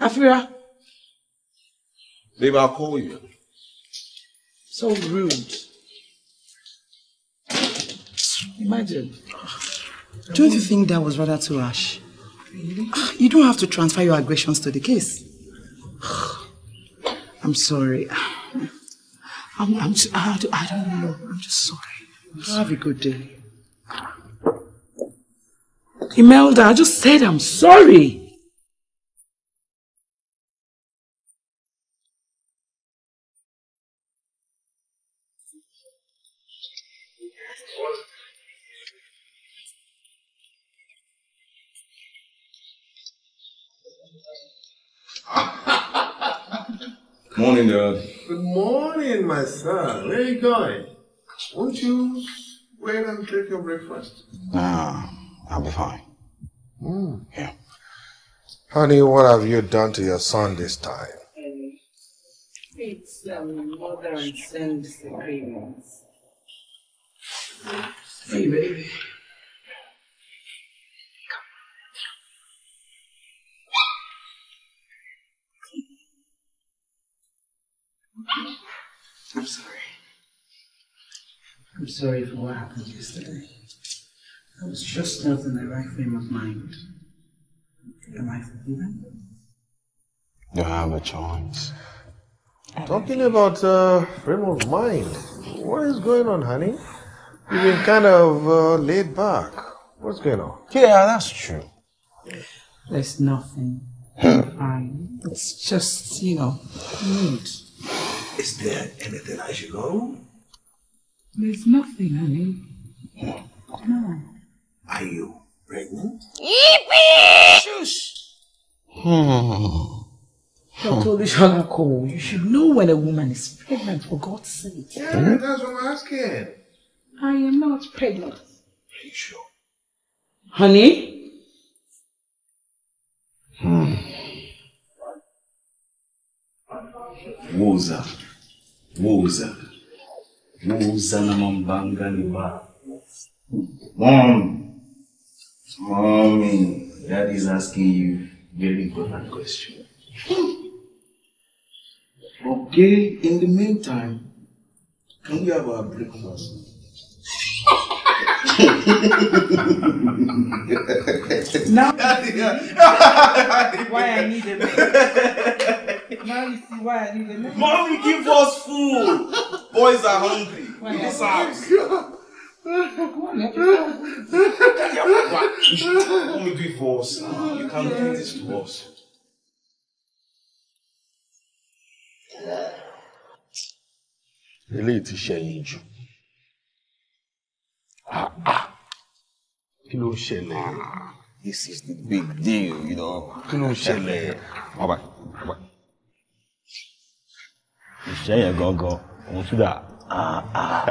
Afira. Babe, I'll call you. So rude. Imagine. Don't you think that was rather too rash? Ah, you don't have to transfer your aggressions to the case. I'm sorry. I'm, I'm, I, don't know. I'm just sorry. I'm sorry. Have a good day. Imelda, I just said I'm sorry. morning, Dad. Good morning, my son. Where are you going? Won't you wait and take your breakfast? Ah, I'll be fine. Mm. Yeah. Honey, what have you done to your son this time? it's um, mother and son's agreements. Hey, baby. I'm sorry. I'm sorry for what happened yesterday. I was just not in the right frame of mind. Am I forgiven? You have a chance. Talking about uh, frame of mind, what is going on, honey? You've been kind of uh, laid back. What's going on? Yeah, that's true. There's nothing. I, it's just, you know, mood. Is there anything I should know? There's nothing, honey. No. Are you pregnant? Yippee! Shush! Hmm. Dr. Olushalako, you should know when a woman is pregnant, for God's sake. Yeah, hmm that's what I'm asking. I am not pregnant. Are you sure? Honey? Hmm. Woza buuza buuza namambangani ba mom mommy dad is asking you very important question okay in the meantime can we have our breakfast now uh, why i need a break Mommy, give us food. Boys are hungry. In this house. Mommy, do it for us You can't do this to us. Eléyìí ti ṣẹ̀yìn jù. Ah, ah. Kí ló ṣẹlẹ̀? Ah, this is the big deal, you know. Kí ló ṣẹlẹ̀? bye, -bye iṣẹ́ yẹn gangan òun ṣúgà. o ah, ah.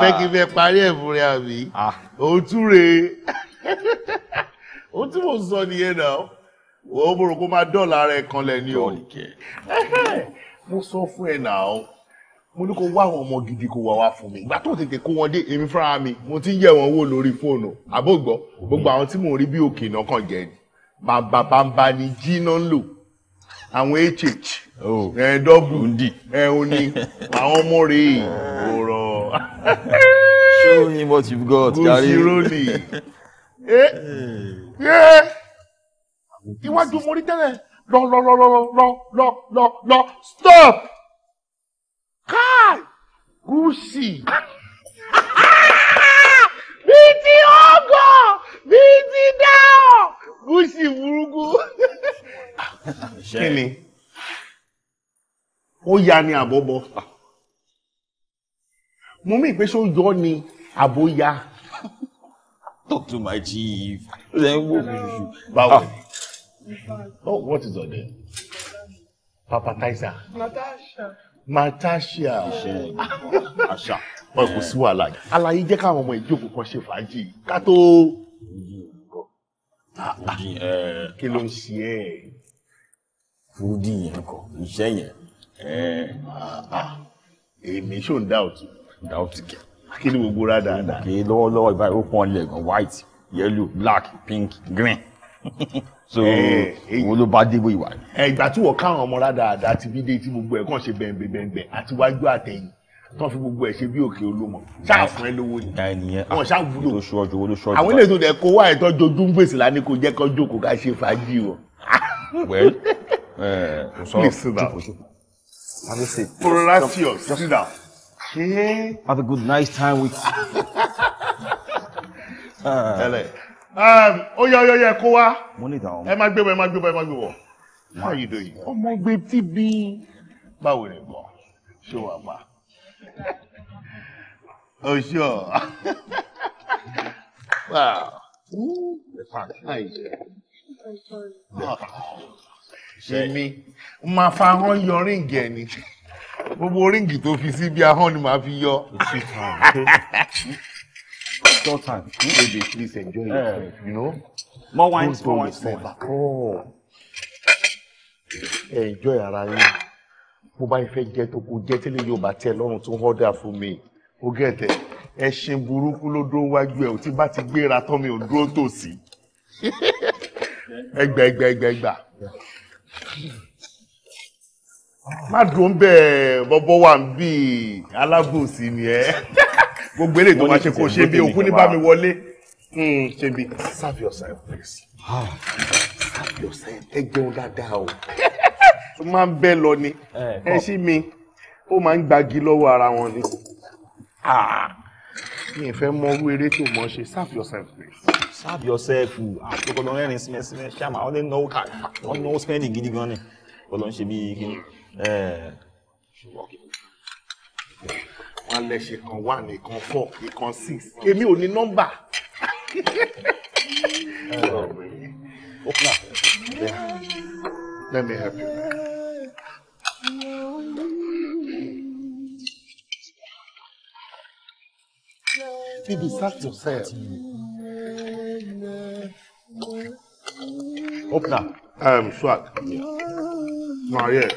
fẹ́ kí n fẹ́ parí ẹ̀ fúnra mi ah. òun túre òun tí mo sọ nìyẹn náà wọ́n mo rò kó máa dọ́là rẹ̀ kanlẹ̀ ni o mo sọ fún ẹ náà mo ní kó wá àwọn ọmọ gidi kó wá wá fún mi ìgbà tó tètè kó wọn dé èmi fúnra mi mo ti ń yẹ̀ wọ́n wò lórí fóònù àbógbọ gbogbo àwọn tí mò ń rí bí òkè náà kàn jẹ ni bàbá bàbá ni jí náà ń lò àwọn hh oh. ẹ dọ́bù ẹ oní àwọn ọmọ rẹ̀ òrọ̀. show me what you got kari. gosiroli eh? eh? eh? iwájú mo rí tẹ́lẹ̀ lọ lọ lọ lọ lọ lọ lọ lọ stop kai gusi. bíi ti ọgọ bíi ti dáhùn ó sì burúkú. kí ni ó ya ni àbọ̀bọ̀ mo mí pé ṣó yọ ni àbó ya. talk to my chief ṣe ń báwo ni oh, what is your name papatizer. natasha. natasha. àṣà wọn kò sí wàhálà àlàyé jẹ́ káwọn ọmọ ìjókòó kan ṣe fàájì ká tó kí ló ń ṣe ẹ́ fúdí yẹn kọ iṣẹ́ yẹn ah, ah. èmi ṣó ń dáùtì dáùtì kẹ kí ni gbogbo rádà rádà. kì lọ́wọ́lọ́wọ́ ìbáyìí ó pọ́n lẹ̀ gan white yellow black pink green so wo ló bá dé bó ìwà. ìgbà tí wọ́n káwọn ọmọ rádà rádà ti bí dé tí gbogbo ẹ̀ kàn ṣe bẹ̀ǹbẹ̀ǹbẹ̀ àti wájú àtẹ̀yìn tán fi gbogbo ẹ̀ ṣe bí òkè olómọ ṣáà fún ẹ lówó ni wọn ṣáà ah, wúlò àwọn ilé ìtòdẹ kó wá ẹ̀tọ́ jojú ń gbèsè lánìí kò jẹ́ kó jókòó ká ṣe fàájì o. well eh, kò sọ have a seat pronounce your sit have a good nice time with. ó ah. um, ó yá yá kó wá ẹ má gbé bọ ẹ má gbé bọ ẹ má gbé bọ ọmọ gbé tí bí báwo ni bọ ṣé wàá pa oh, sure. wow. Ooh, nice. Ṣé mi, máa fa ahọ́n yọ ríǹgì ẹ̀ ni. Gbogbo ríǹgì tó fi sí bí ahọ́n ni màá fi yọ. please enjoy yourself, eh, you know. More wine, more wine, more wine. Eh, enjoy ara yín bó bá yẹ fẹ́ jẹ tó kó jẹ tẹ́lẹ̀ yóò bá tẹ lọ́rùn tó ń họ́dà fún mi ó gẹ̀tẹ̀ ẹṣin burúkú ló dúró wájú ẹ̀ ò tí bá ti gbéra tán mi ò dúró tòsí ẹgbà ẹgbà ẹgbà ẹgbà má dùn bẹ́ẹ̀ bọ́bọ́ wà ń bí alábòsí ni ẹ gbogbo eléyìí tó máa ṣe kó ṣe bí òkú ní bá mi wọlé hmm, ṣe bí serve yourself please ah. serve yourself ẹ jẹun dáadáa o. máa ń bẹ́ lọ ni ẹṣin mi ó máa ń gbagi lọ́wọ́ ara wọn ni mi ì fẹ́ mọ owó eré tó mọ̀ ṣe serve yourself please. serve yourself àtòkọ̀dọ̀ rẹ́rìn símẹ́símẹ́ ṣáàmà wọ́n lè náwó ká wọ́n náwó spending gidi gan ni wọ́n lọ ń ṣe bí kí ni. wọ́n lè ṣe kan one ìkan four ìkan six èmi ò ní nọ́mbà. ó kúnlá. Let me help you. Man. Baby, sack yourself. Open up. Um, Swag. Yeah. Oh, yeah.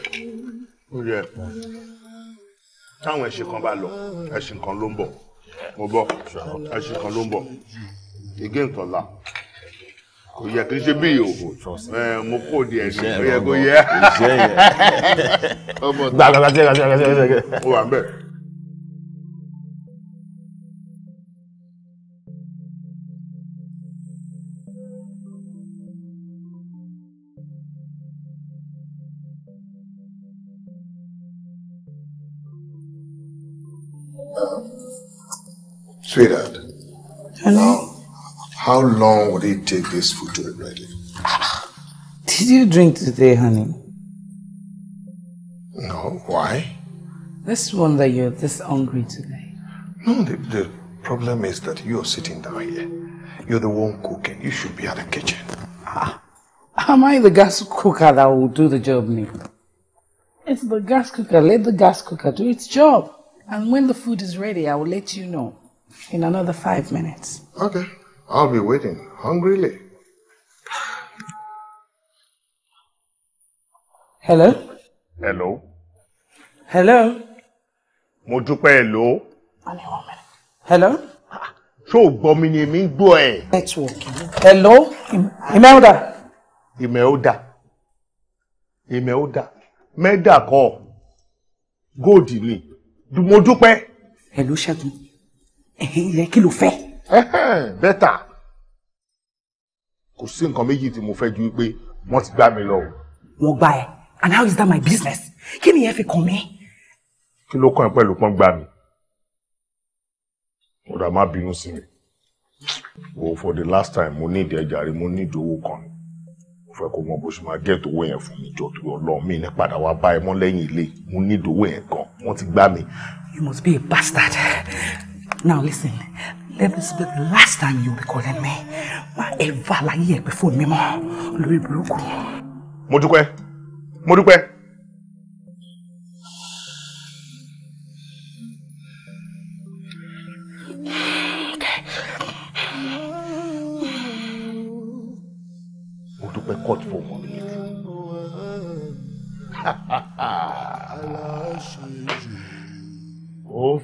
Oh, yeah. Táwọn ẹṣin kan bá lọ, ẹṣin kan ló ń bọ̀. Mo bọ̀, ẹṣin kan ló ń bọ̀ kò yẹ kì í ṣe bíi o mo kò di ẹni kò yẹ kò yẹ gbàgbàgbà tí ẹgbà tí ẹgbà tí ẹgbà tí ẹgbà. wà ń Sweetheart. Hello. How long would it take this food to be ready? Did you drink today, honey? No. Why? This one that you're this hungry today. No, the, the problem is that you're sitting down here. You're the one cooking. You should be at the kitchen. Ah, am I the gas cooker that will do the job, Nick? It's the gas cooker. Let the gas cooker do its job. And when the food is ready, I will let you know in another five minutes. Okay. I'll be waiting hungrily. Hello? Hello? Hello? Mo dúpẹ́ hello. Only one minute. Hello? So, o gbọ́ mi ni èmi ń gbọ́ ẹ̀? Networking. Hello? Imelda. Imelda. Imelda. Melda kọ́. Góòdì ni. Mo dúpẹ́. Hello Ṣẹ́gun. Eh, ilẹ̀ kí ló fẹ́? bẹ́tà kò sí nǹkan méjì tí mo fẹ́ ju wípé wọ́n ti gbá mi lọ. wọ́n gbá ẹ and how is that my business kí ni ìyẹn fi kàn mí. kí ló kàn ẹ́ pẹ̀lú pọ́n gbá mi ó dà má bínú sí mi o for the last time mo ní ìdí ẹja rí mo ní ìdówó kan ni mo fẹ́ kó mọ bó ṣe máa gẹ́ẹ̀tì owó yẹn fún mi jọ tó yọ lọ mí ní padà wá bá ẹ mọ́ lẹ́yìn ilé mo ní ìdówó yẹn gan wọ́n ti gbá mi. you must be a bastard now listen Let this be the last time you be calling me. Má ẹ vá láyé ẹ̀ pé fóònù mi mọ́ lórí burúkú.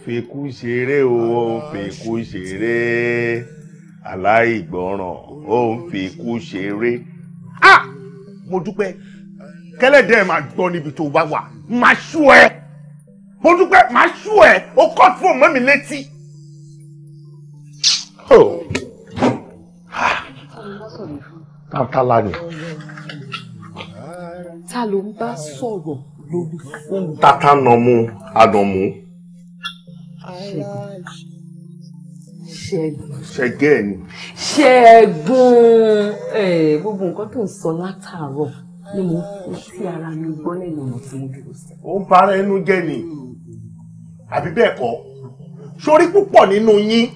fikú ṣeré o ó ń ah, fikú ṣeré aláìgbọràn ó ń fikú ṣeré. ah mo dúpẹ́ kẹlẹ́dẹ̀ máa gbọ́ níbi tó bá wà máa ṣú ẹ mo dúpẹ́ máa ṣú ẹ ó kọ́ fún ọmọ mi létí. tàǹtàlà ni. ta ló ń bá sọ̀rọ̀ lórí fóònù. tata nà mú àdàn mú ṣẹ́gun ṣẹ́gun ṣẹ́gẹ́ ni. ṣẹ́gun gbogbo nǹkan tó ń sọ látàárọ̀ ni mo fi sí ara mi gbọ́ lẹ́nu ọ̀nà tí mo dúró sí. ó ń bara ẹnu jẹ́ ni àbí bẹ́ẹ̀ kọ́ sórí púpọ̀ nínú yín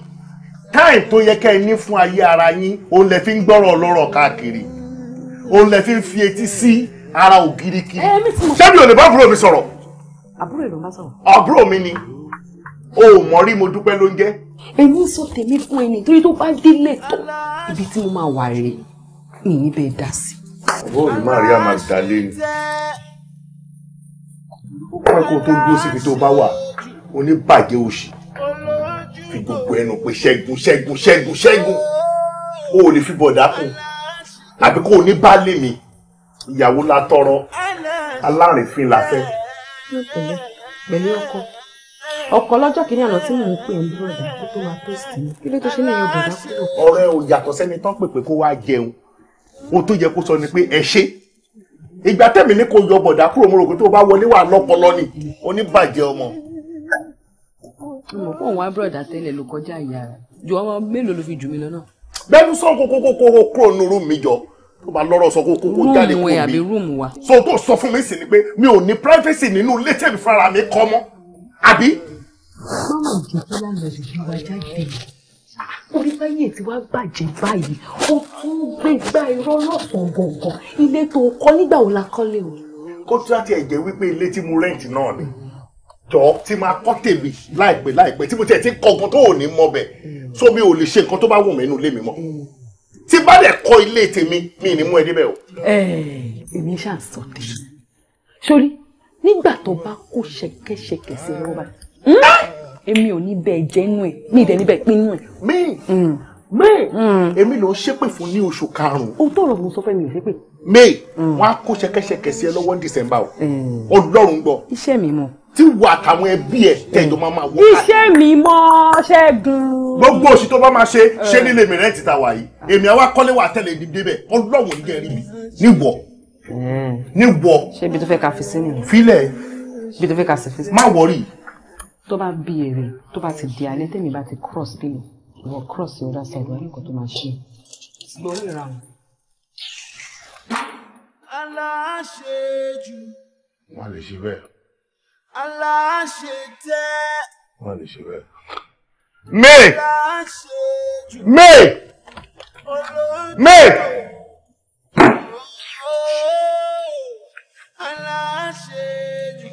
táì tó yẹ kẹ́ ẹ ní fún ayé ara yín òun lẹ fi ń gbọ́rọ̀ ọlọ́rọ̀ káàkiri òun lẹ fi ń fi etí sí ara ògiri kiri ṣebí ò lè bá àbúrò mi sọ̀rọ̀ àbúrò mi ni o ò mọ̀ rí mo dúpẹ́ ló ń jẹ́. èmi ń sọ tèmi fún ẹni torí tó bá délé tó ibi tí mo máa wà rèé mi ní bẹ́ẹ̀ dá sí. ọ̀rọ̀ yìí máa rí àmàdálé ni ó kọ́ ẹ̀kọ́ tó dúró síbi tó bá wà oníbàjẹ́ òṣì fi gbogbo ẹnu pé ṣẹ́gun ṣẹ́gun ṣẹ́gun ṣẹ́gun o ò lè fi bọ̀dá kù àbí kó o ní baálé mi ìyàwó la tọrọ alárìnfín la fẹ́. pẹ̀lú ọkọ ọkọ lọ́jọ́ kìíní àná tí mò ń pè ń búrọ̀dà kó tó wá tóòsì mi kí ló tó ṣe ní ìyọ̀bù dá kúrò. o yàtọ̀ sẹ́ni tán pèpè kó wá jẹun ohun tó yẹ kó sọ ni pé ẹ ṣe ìgbà tẹ̀mí ní kò yọ bọ̀dà kúrò mo rò pé tó bá wọlé wà lọ́pọlọ ni oníbàjẹ́ ọmọ. mo mọ̀ pé òun wá búrọ̀dà tẹ́lẹ̀ ló kọjá ìyá rẹ̀ ju ọmọ mélòó ló fi jù mí lọ náà. bẹ́ẹ̀ni sọ kókó kókó kúrò nínú mi jọ tó bá lọ́rọ̀ sọ kó kókó jáde kó mi rúùmù wa. so tó sọ fún mi sì ni pé mi ò ní privacy nínú ilé tẹ̀mí fara mi kọ́ mọ́ àbí mọ́mọ́ ìjẹ́jẹ́ lánàá yìí wá jáde orí báyìí ti wá bàjẹ́ báyìí ó tún gbégbá irọ́ lọ́sàn-án gbọ̀ngàn ilé tó kọ́ nígbà wo la kọ́lé o. kó tí wàá tiẹ̀ jẹ́ wípé ilé tí mo rẹ́ǹtì náà ni jọ tí máa kọ́ tèmi láìpẹ́ láìpẹ́ tí mo tiẹ̀ ti kọ̀ọ̀kan tó ò ní mọ bẹ̀ so mi ò lè ṣe nǹkan tó bá wù mí nínú ilé mi mọ́ tí bá dẹ̀ kọ́ ilé tèmi mi ì ní mú ẹ débẹ̀ o. ẹ èmi ṣáà sọ tèmi sórí nígbà tó bá kó ṣẹkẹṣẹkẹ sí rọba èmi ò ní bẹ́ẹ̀ jẹ́nu ẹ̀ mi ì dẹ̀ ní bẹ́ẹ̀ pinnu ẹ̀. mi may mm. mm. èmi ló ń ṣépè fún ní oṣù karùn-ún. o tọrọ mo sọ fẹ́ mi ò ṣépè. may mm. wọn á kó ṣẹkẹṣẹkẹ sí ẹ lọ́wọ́ ní december o ọlọ́run gbọ́. iṣẹ́ mi mọ̀ tí wà àtàwọn ẹbí ẹ tẹjọ máa máa wọ. iṣẹ́ mi mọ́ ṣẹ́gun. gbogbo oṣù tó bá máa ṣe ṣé nílé mi rẹ́ǹtì ta wà yìí èmi àwa kọ́lé wa tẹ̀lé ní débẹ̀ ọlọ́wọ̀n ní gẹ̀rí mi níwọ̀ níwọ̀. ṣé ibi tó fẹ́ ká fi sí nìyẹn. filẹ̀. ibi tó fẹ́ ká sì fi sí. má wọrí tó bá bí èrè tó bá ti di alẹ́ tèmi bá ti cross bí mi ìwọ cross the other side wà ní nǹkan tó máa ṣe lórí wọn. lè ṣe bẹ́ẹ̀. aláṣetẹ. wọn lè ṣe bẹ́ẹ̀. may may may. aláṣejù.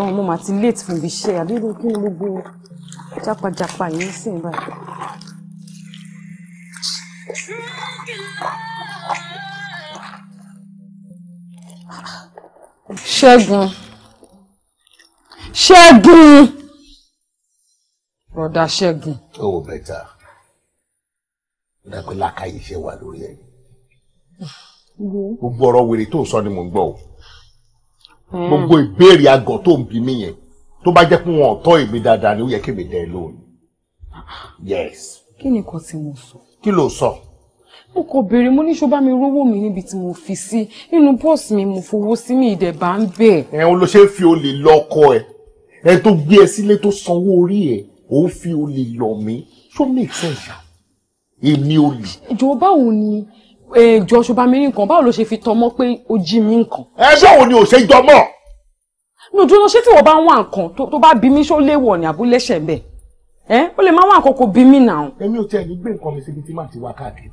ọlọ́run mo mà ti late fún ibi iṣẹ́ àbí kí ni gbogbo jápajàpa yìí sì ń báyìí. ṣẹ́gun ṣẹ́gun rọ̀dà ṣẹ́gun. ó wò bẹ́tà dàgbé lákàyè ṣe wà lórí ẹ̀ gbogbo ọ̀rọ̀ wèrè tó sọ ni mò ń gbọ́ o. Eh. gbogbo ìbéèrè àgọ́ tó ń bi mí yẹn tó bá jẹ́ pé wọn ò tọ́ èmi dáadáa ni ó yẹ kí èmi dẹ́ lónìí. yes. kí ni nǹkan tí mo sọ. kí ló sọ. mo kò béèrè mo ní ṣó bá mi rówó mi níbi tí mo fi sí nínú bọ́ọ̀sì mi mo fowó sí mi ìdẹ̀bà ń bẹ̀. ẹ ń lo ṣe fi olè lọ ọkọ ẹ ẹ tó gbé ẹ sílé tó sanwó orí ẹ ò ń fi olè lọ mí ṣó make sense èmi olè. ìjọba òun ni ẹjọ eh, ṣọba mi nìkan báwo ló ṣe fi tọmọ pé o jí mi nǹkan. ẹjọ́ wo ni ò ṣe jọ mọ́. mi ò dúró ṣé tí wọ́n bá ń wá nǹkan tó bá bí mi ṣó léwọ̀ ní abúlé ṣẹ̀bẹ̀ ẹ eh, ó lè má wá nǹkan kó bí mi nà. èmi ò tiẹ̀ ní gbé nǹkan mi síbi tí màá ti wá káàkiri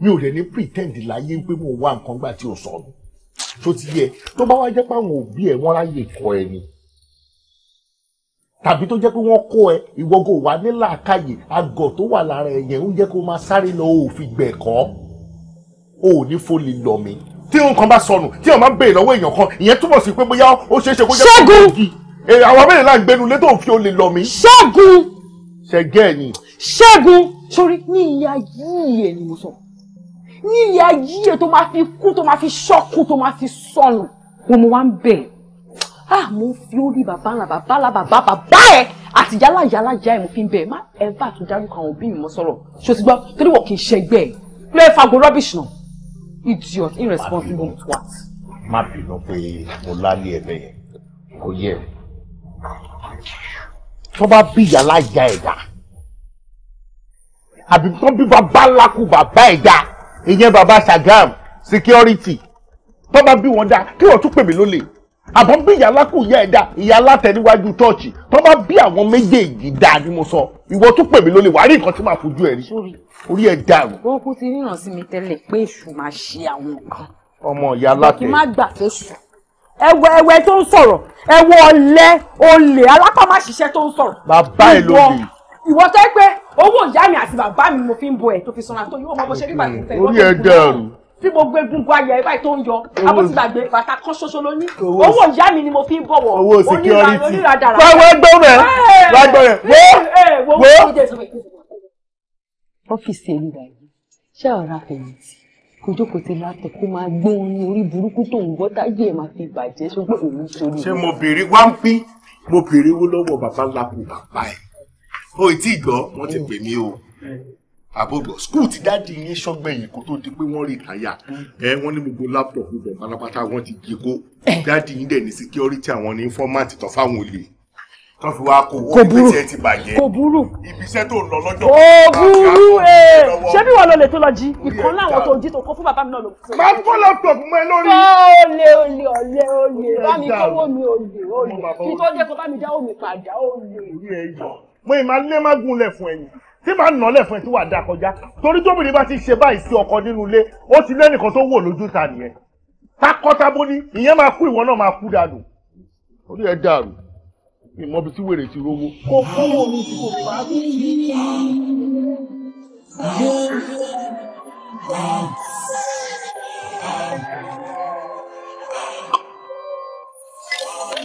mi ò lè ní pretend láyé pé mo wá nǹkan gbà tí o sọ mi tó ti yẹ tó bá wá jẹ́ pé àwọn òbí ẹ̀ wọ́n ráyè kọ́ ẹ ni tàbí tó jẹ́ pé wọ́n kọ́ ẹ ìwọ́gò wà ní làákàyè àgọ̀ tó wà lára ẹ̀yẹ̀ ń jẹ́ kó máa sáré lọ òfin gbẹ̀kọ́ o ò ní fólì lọ mi tí nǹkan bá sọnù tí wọn bá béèrè lọ́wọ́ èèyàn kan ìyẹn túbọ̀ sí pé bóyá ó ṣeé ṣe kó jẹ́ ṣẹ́gun àwọn abẹ́rẹ́ là gbẹnu lé tó fi olè lọ mi. ṣẹ́gun ṣẹ́gẹ́ ni. ṣẹ́gun sori ní ilé ayé ẹ ni mo sọ ní ilé ayé ẹ tó máa fi kú tó máa fi ṣọ́kù tó máa fi sọnù ni mo wá ń bẹ̀ ah mo fi orí bàbá ńlá bàbá ńlá bàbá bàbá ẹ àti yálà yálà já ẹ mo fi ń bẹ̀ má ẹ bá àtúndárúkọ àwọn òbí mi mọ́ sọ̀rọ̀ ṣòṣìgbọ́ torí wọ́n kì í ṣẹgbẹ́ ẹ lọ́ọ́ ẹ fagbọ́ rọ́bìṣì náà idiot irresponsible twat. má bínú pé mo lálé ẹ bẹ́ẹ̀ kò yẹ tó bá bí ìyá láyà ẹ̀dá àbí tó bí bàbá lákù bàbá ẹ̀dá ìyẹn bàbá Sagam security tó bá bí wọn dá kí wọ́n tún pè mí lólè àbọ̀ bí ìyá alákù yẹ ẹ dá ìyá alátẹ̀ríwájú tọ́ọ̀chì tó bá bí àwọn méjèèjì dáa ni mo sọ ìwọ tó pè mí ló lè wá rí nǹkan tí màá fojú ẹ rí orí ẹ dàrú. ó kú ti ríran sí mi tẹ́lẹ̀ pé èṣù máa ṣe àwọn nǹkan. ọmọ ìyá alátẹ. kì í má gbà fẹ́ṣù. ẹwọ ẹwẹ tó ń sọ̀rọ̀ ẹwọ ọ̀lẹ olè alápámáṣiṣẹ́ tó ń sọ̀rọ̀. bàbá ẹ ló bì ìwọ tẹ́ pé owó ìyá mi àti bàbá mi mo fi ń bo ẹ̀ tó fi sanra tó yóò mọ bó ṣe rí bàtí tẹ̀ tí mo gbé gungun ayẹ ibà tó ń yọ abọ́sígbàgbé bàtà kan ṣoṣo ló ní owó ìyá mi ni mo fi ń bọ̀wọ̀ owó security wá wá gbọ́ rẹ̀ wá gbọ́ rẹ̀ wo wo. ọ́fíìsì èlùbà yìí ṣé ọ̀rá fẹ̀yìntì kò jókòó ti látọ̀ kó máa gbé wọn ní orí burúkú tó ń gbọ́ táyé ẹ̀ máa fi bàjẹ́ ṣùgbọ́n òun sórí. ṣé mo béèrè wá ń pín mo béèrè owó lọ́wọ́ bàbá ńlá bàbá ẹ̀ àbọ̀dọ̀ skul ti dáàdi yín sọ́gbẹ̀yìn kó tó di pé wọ́n rí ìtayà ẹ wọ́n ní gbogbo láptọ̀pù bọ̀ pátápátá wọ́n ti jí kó dáàdi yín dẹ̀ ní síkírọ́rìtì àwọn ní fọ́mátì tó fáwọn olè tó fi wá kó owó ibi iṣẹ́ ti bàjẹ́ kò burú ibi iṣẹ́ tó lọ lọ́jọ́ kò burú ee eh. ṣé bí wọ́n lọ lè tó lọ jí ìkan láwọn tó jí tó kó fún bàbá mi náà ló. máa kó láptọ̀pù mọ́ ẹ lórí. olè olè olè olè bá mi kówó mi olè olè kí tó dé kó bá mi dá omi padà olè. mo ì tí màá nà lẹ̀ fún ẹ tí wàá da kọjá torí tóbìnrin bá ti ṣe báyìí sí ọkọ nínú ilé ó ti lẹ́nìkan tó wò lójú ta nìyẹn takọtabo ni ìyẹn máa kú ìwọ náà máa kú dànù. orí ẹ dàrú ìmọ̀bi tí wèrè ti rówó. kò fọwọ́ mi kò bá mi yí.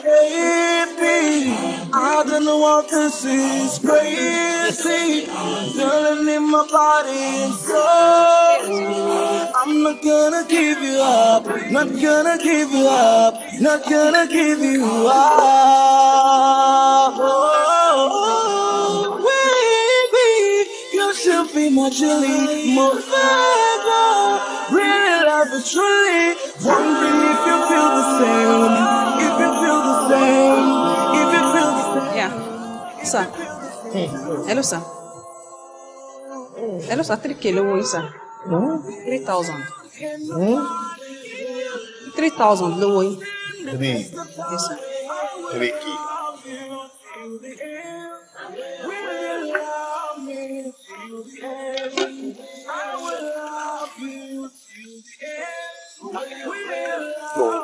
Baby. I don't know what this is crazy. Feeling in my body and soul. I'm not gonna give you up, not gonna give you up, not gonna give you up. Oh, baby, you should be my chili, my lover. Really love it truly. Wondering if you feel the same, if you feel the same. Ja. Så. Eller três quilos så trikkele wo isa. três 3000 loi. Tri. Isso. Triki. Bom,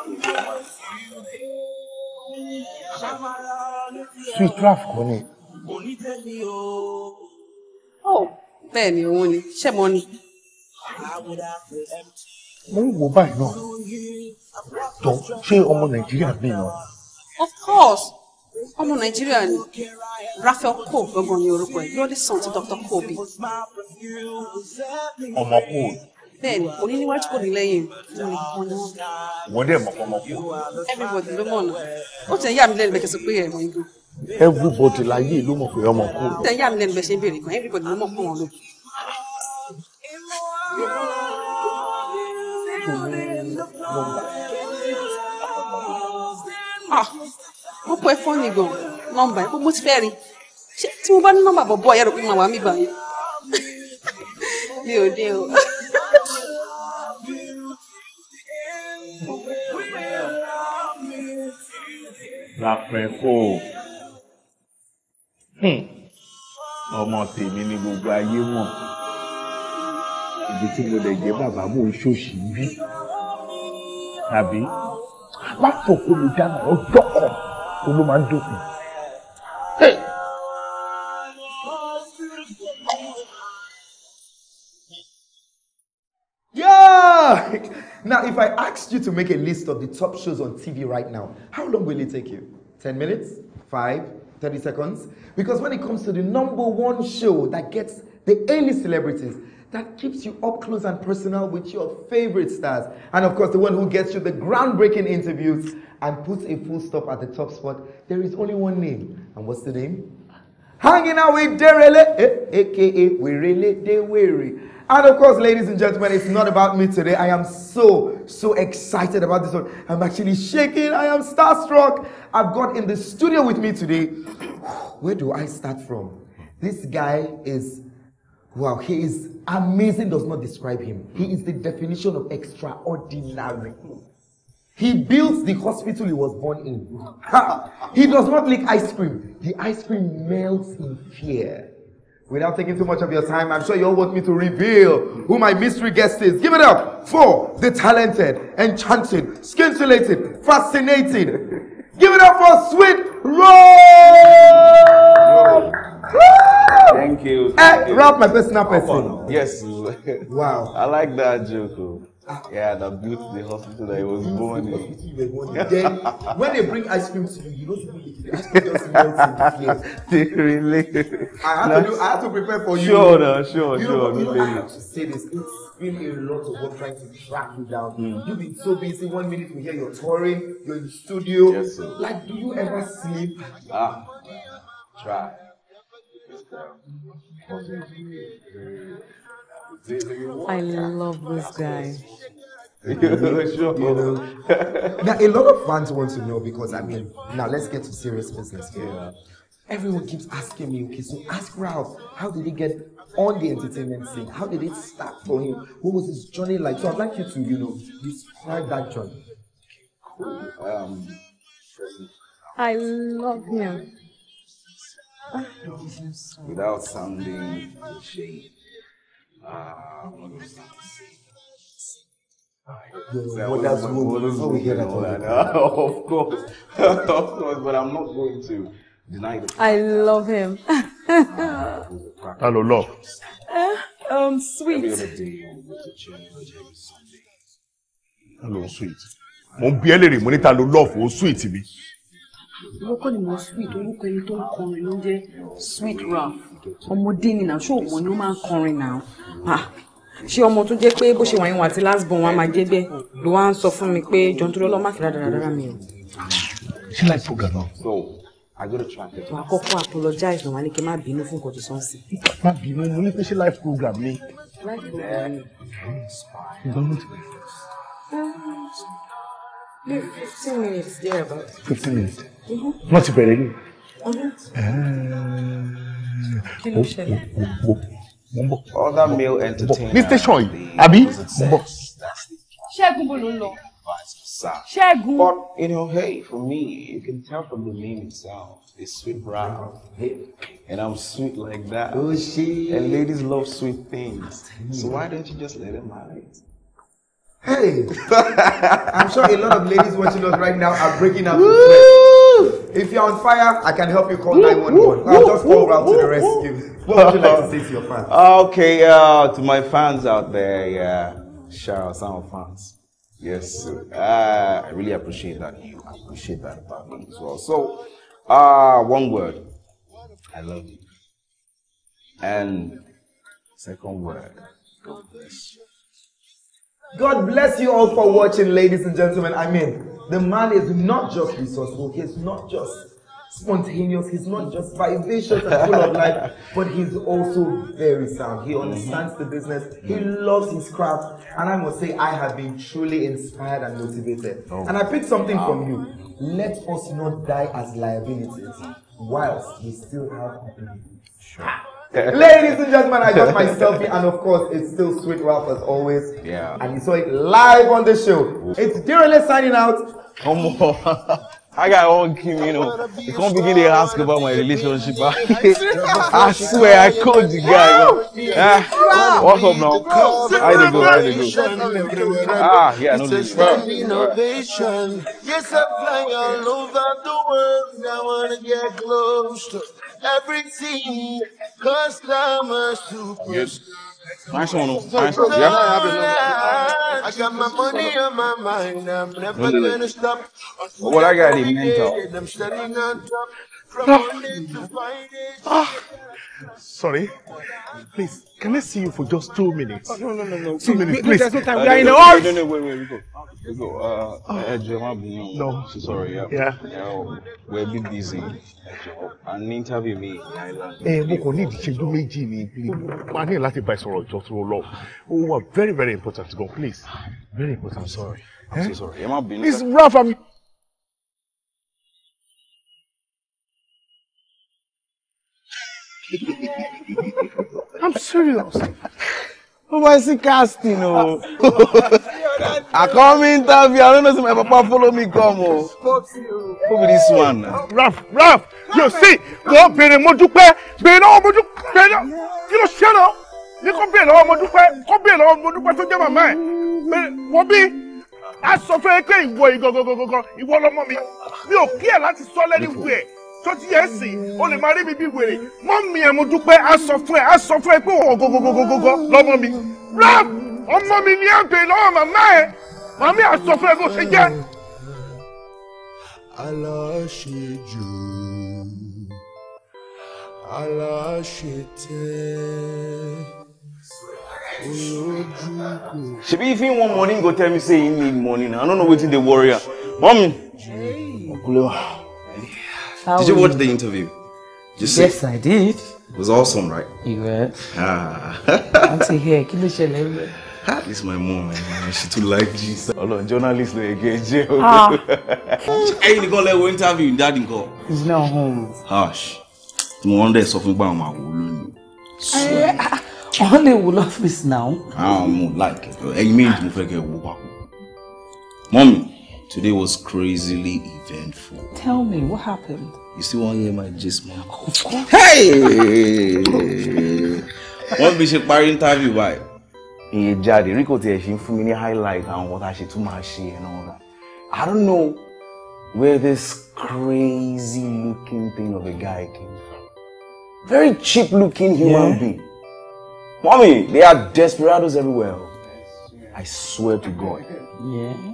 sweet raf kò ní. ó oh, bẹ́ẹ̀ ni òun ni ṣé mo ní. mo ń wo báyìí náà tó ṣé ọmọ nàìjíríà bí náà. of course ọmọ nàìjíríà ni Raphael Cole gbọngàn ní orúkọ ẹ̀ lórí sàn tí Dr. Cole bí. ọmọ Cole bẹ́ẹ̀ni òní níwájú kò ní lẹ́yìn mo lè kàn náà. wọ́n dẹ̀ mọ̀ pọ́nmọ́ fún. everybody ló mọ̀ náà ó tẹ̀ ń yà mí lẹ́nu bẹ́ẹ̀ kẹsàn pé ẹ̀ mọ̀ igbó. everybody láyé ló mọ̀ pé ọmọ kú. ó tẹ̀ ń yà mí lẹ́nu bẹ́ẹ̀ ṣe ń béèrè kan everybody ló mọ̀ pé wọn lò. wọ́n kọ́ ẹ fọ́ọ̀nì gan nọ́mbà ẹ̀ mo ti fẹ́ rí tí mo bá ní nọ́mbà bọ̀ bọ́ ọ̀yá rẹ̀ pé màá wà mí gbà yẹn mi ò dé o. lápẹ́kọ̀ hmm. ọmọ tèmi ni gbogbo ayé mọ̀ ibi tí mo lè jẹ́ bàbá mò ń ṣòṣì bí tàbí látòkò mi dáná ọjọ́ kan tó ló máa ń dókun. now, if I asked you to make a list of the top shows on TV right now, how long will it take you? 10 minutes? 5? 30 seconds? Because when it comes to the number one show that gets the A celebrities, that keeps you up close and personal with your favorite stars. And of course, the one who gets you the groundbreaking interviews and puts a full stop at the top spot, there is only one name. And what's the name? Hanging out with Derele, aka Wirele Dewere. And of course, ladies and gentlemen, it's not about me today. I am so, so excited about this one. I'm actually shaking. I am starstruck. I've got in the studio with me today. Where do I start from? This guy is, wow, he is amazing, does not describe him. He is the definition of extraordinary. He built the hospital he was born in. he does not lick ice cream. The ice cream melts in fear. Without taking too much of your time, I'm sure you all want me to reveal who my mystery guest is. Give it up for the talented, enchanted, scintillated, fascinated. Give it up for Sweet Rose. Thank you. Eh, Thank uh, Ralph, my personal person. Oh, no. Yes. wow. I like that, Joko. Oh. Yeah, that built the hospital that he was born in. Then, when they bring ice cream to you, you don't really eat it. They really. I had, to do, I had to prepare for you. Sure, sure, you know, sure. You know, I have to say this. It's been a lot of work trying to track you down. Mm. You've been so busy. One minute we hear you're touring, you're in the studio. Yes, sir. Like, do you ever sleep? Ah, try. I love this guy. you know, now a lot of fans want to know because I mean, now let's get to serious business here. Yeah. Everyone keeps asking me, okay, so ask Ralph, how did he get on the entertainment scene? How did it start for him? What was his journey like? So I'd like you to, you know, describe that journey. Um, I love him. Without sounding ashamed. Ah, what does we hear that all that? Of course, of course, but I'm not going to deny the. I love him. Hello, love. Uh, um, sweet. Hello, sweet. Mo ń bi ẹ́ léèrè mo ní ta ló love o sweet mi. Mo kọ́ ni mo sweet orúkọ ẹni tó ń kọrin ló ń jẹ́ sweet Ralph ọmọdé ni náà ṣé òun ló máa ń kọrin náà ṣé ọmọ tó jẹ́ pé bó ṣe wà yín wà tí last born wa máa jẹ́ bẹ́ẹ̀ ló wá ń sọ fún mi pé jọ̀ǹtò lọ́lọ́ má fi rádaràdàrà mi o. ṣé láì fò gànà. wàá kọ́kọ́ apologize náà wà ní kí n má bínú fún nǹkan tó sọ sí. má bínú mo ní pé ṣé life program ni. life program ni. fifteen minutes there about. fifteen minutes. wọ́n ti bẹ̀rẹ̀ ni mo ń bọ̀. other male entertainers ní station yìí àbí mo but you know hey for me you can tell from the name itself it's sweet brown and i'm sweet like that oh, she... and ladies love sweet things so why don't you just let them marry it. Hey, I'm sure a lot of ladies watching us right now are breaking up. If you're on fire, I can help you call 911. I'll just go around to the rescue. What would you like to say to your fans? Ah, okay, uh, to my fans out there, yeah, shout out to fans. Yes, uh, I really appreciate that. You appreciate that about me as well. So, uh, one word, I love you. And second word, God bless you. God bless you all for watching, ladies and gentlemen. I mean. The man is not just resourceful, he's not just spontaneous, he's not just vivacious and full of life, but he's also very sound. He understands the business, he loves his craft, and I must say, I have been truly inspired and motivated. Oh. And I picked something wow. from you. Let us not die as liabilities whilst we still have company. Sure. Ladies and gentlemen, I got my selfie, and of course, it's still Sweet Ralph as always. Yeah. And you saw it live on the show. It's Derele signing out. Come on. I got one Kim, you know. You can't begin to ask about my relationship. I swear, I called the guy. Yeah, what's up now? How you go? How you go? Ah, yeah, no, this is Yes, I'm flying all over the world. I want to get close to everything customers to yes. Nice I Nice one. So yeah. I got my money on my mind. I'm never gonna stop. What I got in mental. I'm standing on top. Ah, ah. sorry. Please, can I see you for just two minutes? Oh, no, no, no, no. Two minutes, wait, please. There's no time. we uh, are in the horse. No, no, wait, wait, we go. We go. Uh, oh. Ah. Ejoma, no. Sorry, yeah. Yeah. yeah oh, we're a bit busy. An interview me in Ireland. Eh, mo kàn ní ìdíṣẹ́jú méjì I need ní láti bá ìsọ̀rọ̀ ìjọ tó lọ. Ó wà very, very important to go. please. Very important, sorry. I'm eh? so sorry. Ẹ má bínú. It's rough. I'm... I'm serious. Who is he casting? Oh, I come in interview. I don't know if my papa follow me come. Oh, who be this one? Eh? Ralph, Ralph, you see, go bere mo dúpẹ́, bere lọ́wọ́ mo dúpẹ́, bere kí ló ṣe náà? Ní kó bere lọ́wọ́ mo dúpẹ́, kó bere lọ́wọ́ mo dúpẹ́ tó jẹ́ màmá ẹ̀. Wọ́n bí a sọ fún go go go go go lọmọ mi, mi ò kí ẹ̀ láti sọ lẹ́nu ìwé ẹ̀ tó ti yẹ sí o lè máa rí mi bí wèrè mọ́ mi ẹ̀ mo dúpẹ́ a sọ fún ẹ a sọ fún ẹ pé wọ́n gọ́gọ́gọ́gọ́gọ́ lọ́mọ mi rap ọmọ mi ní ẹgbẹ́ lọ́wọ́ màmá ẹ màmí a sọ fún ẹ bó ṣe jẹ́. aláṣejù aláṣetẹ́ shebi if you want money go tell me say you need money i no know wetin dey worry am mummy. Hey. How did you watch the interview? you see? Yes, I did. It was awesome, right? You were. Ah. Auntie here, can you share ń bẹ̀? Ah, this is my mom, eh, man. She too like Jesus. Oh no, journalist ló Ah. jẹ́ you go let lẹ́wọ̀ interview ní dáàdì go. He's not home. Hush. Mo wọ́n dẹ̀ sọ fún pé àwọn àwò lónìí. Eh, wọ́n lè now. lọ́fíìsì náà. like it. láìpẹ́ ẹyin méjì mo fẹ́ kẹ́ wò papọ̀. Mọ́mì. Today was crazily eventful. Tell me, what happened? You still want to hear my gist, man? Hey! One bishop ṣe interview báyìí. Iye jáde, Rico tiẹ̀ ṣe ń fún mi ní highlight àwọn nǹkan tá a ṣe tún máa and all that. I don't know where this crazy looking thing of a guy came from. Very cheap looking human yeah. being. Mommy, there are desperados everywhere. I swear to God. Yeah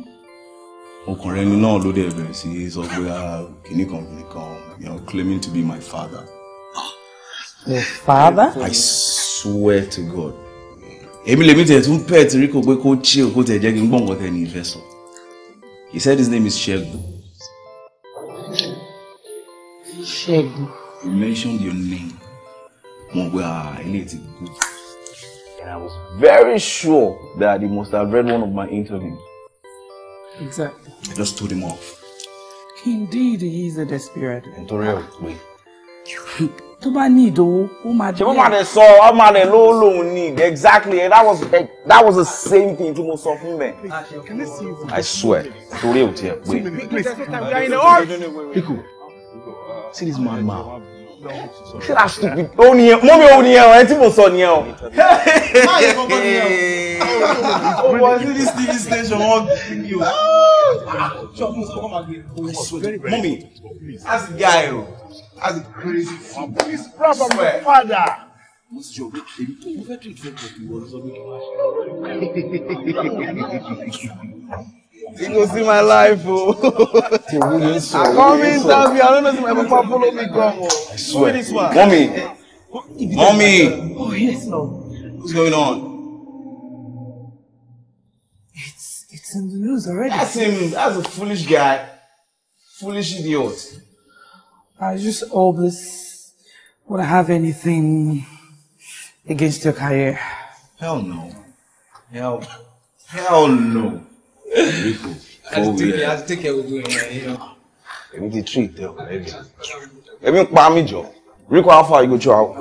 ọkùnrin ẹni náà ló dẹ̀ bẹ̀rẹ̀ sí sọ pé ah, kìíní kan kìíní kan you know claiming to be my father. your father. I swear to God. èmi lèmi tẹ̀ tún pẹ̀ tí rí kò pé kó chill kó tẹ̀ jẹ́ kí n gbọ́ nǹkan tẹ̀ ní ìfẹ́ sọ. he said his name is Ṣẹ́gun. Ṣẹ́gun. he mentioned your name. mo gbé ilé ah, ti gùn. and I was very sure that he must have read one of my interviews. Exactly. just threw him off. Indeed, he is a desperate. And ẹ̀ pé. Tó bá ní ìdòwò, ó máa dé. Ṣé wọ́n máa dẹ̀ sọ ọ́ máa dẹ̀ ló Exactly, that was that was the same thing to most of fún I swear, torí ẹ̀ ò wait. pé. Piku, see this mad man kíláàsì stupid ó ní ẹ mọ́mí ó ní ẹ ọ ẹ tí mo sọ ní ẹ ọ. báyìí kọ́kọ́ ní ẹ o wọ sí this tv station wọn ní o. mọ́mí as a guy o as a crazy fool. he's probably my father. mo ti jọ pé èmi tó mo fẹ́ tún ìfẹ́ pẹ̀lú ìwọ lọ́sọ̀rọ̀ kí n máa ṣe. You go see my life, oh. I come in down I don't know if my papa follow me come. Oh. I swear. this one? Mommy. Mommy. Oh, oh yes, no. What's going on? It's it's in the news already. That's him. That's a foolish guy. Foolish idiot. I just hope this would have anything against your career. Hell no. Hell. Hell no. Rico, four wheeler. Èmi ti treat dẹ́ ọ̀rẹ́ mi. Èmi ń pa mí jọ. Rico how far you go throw out?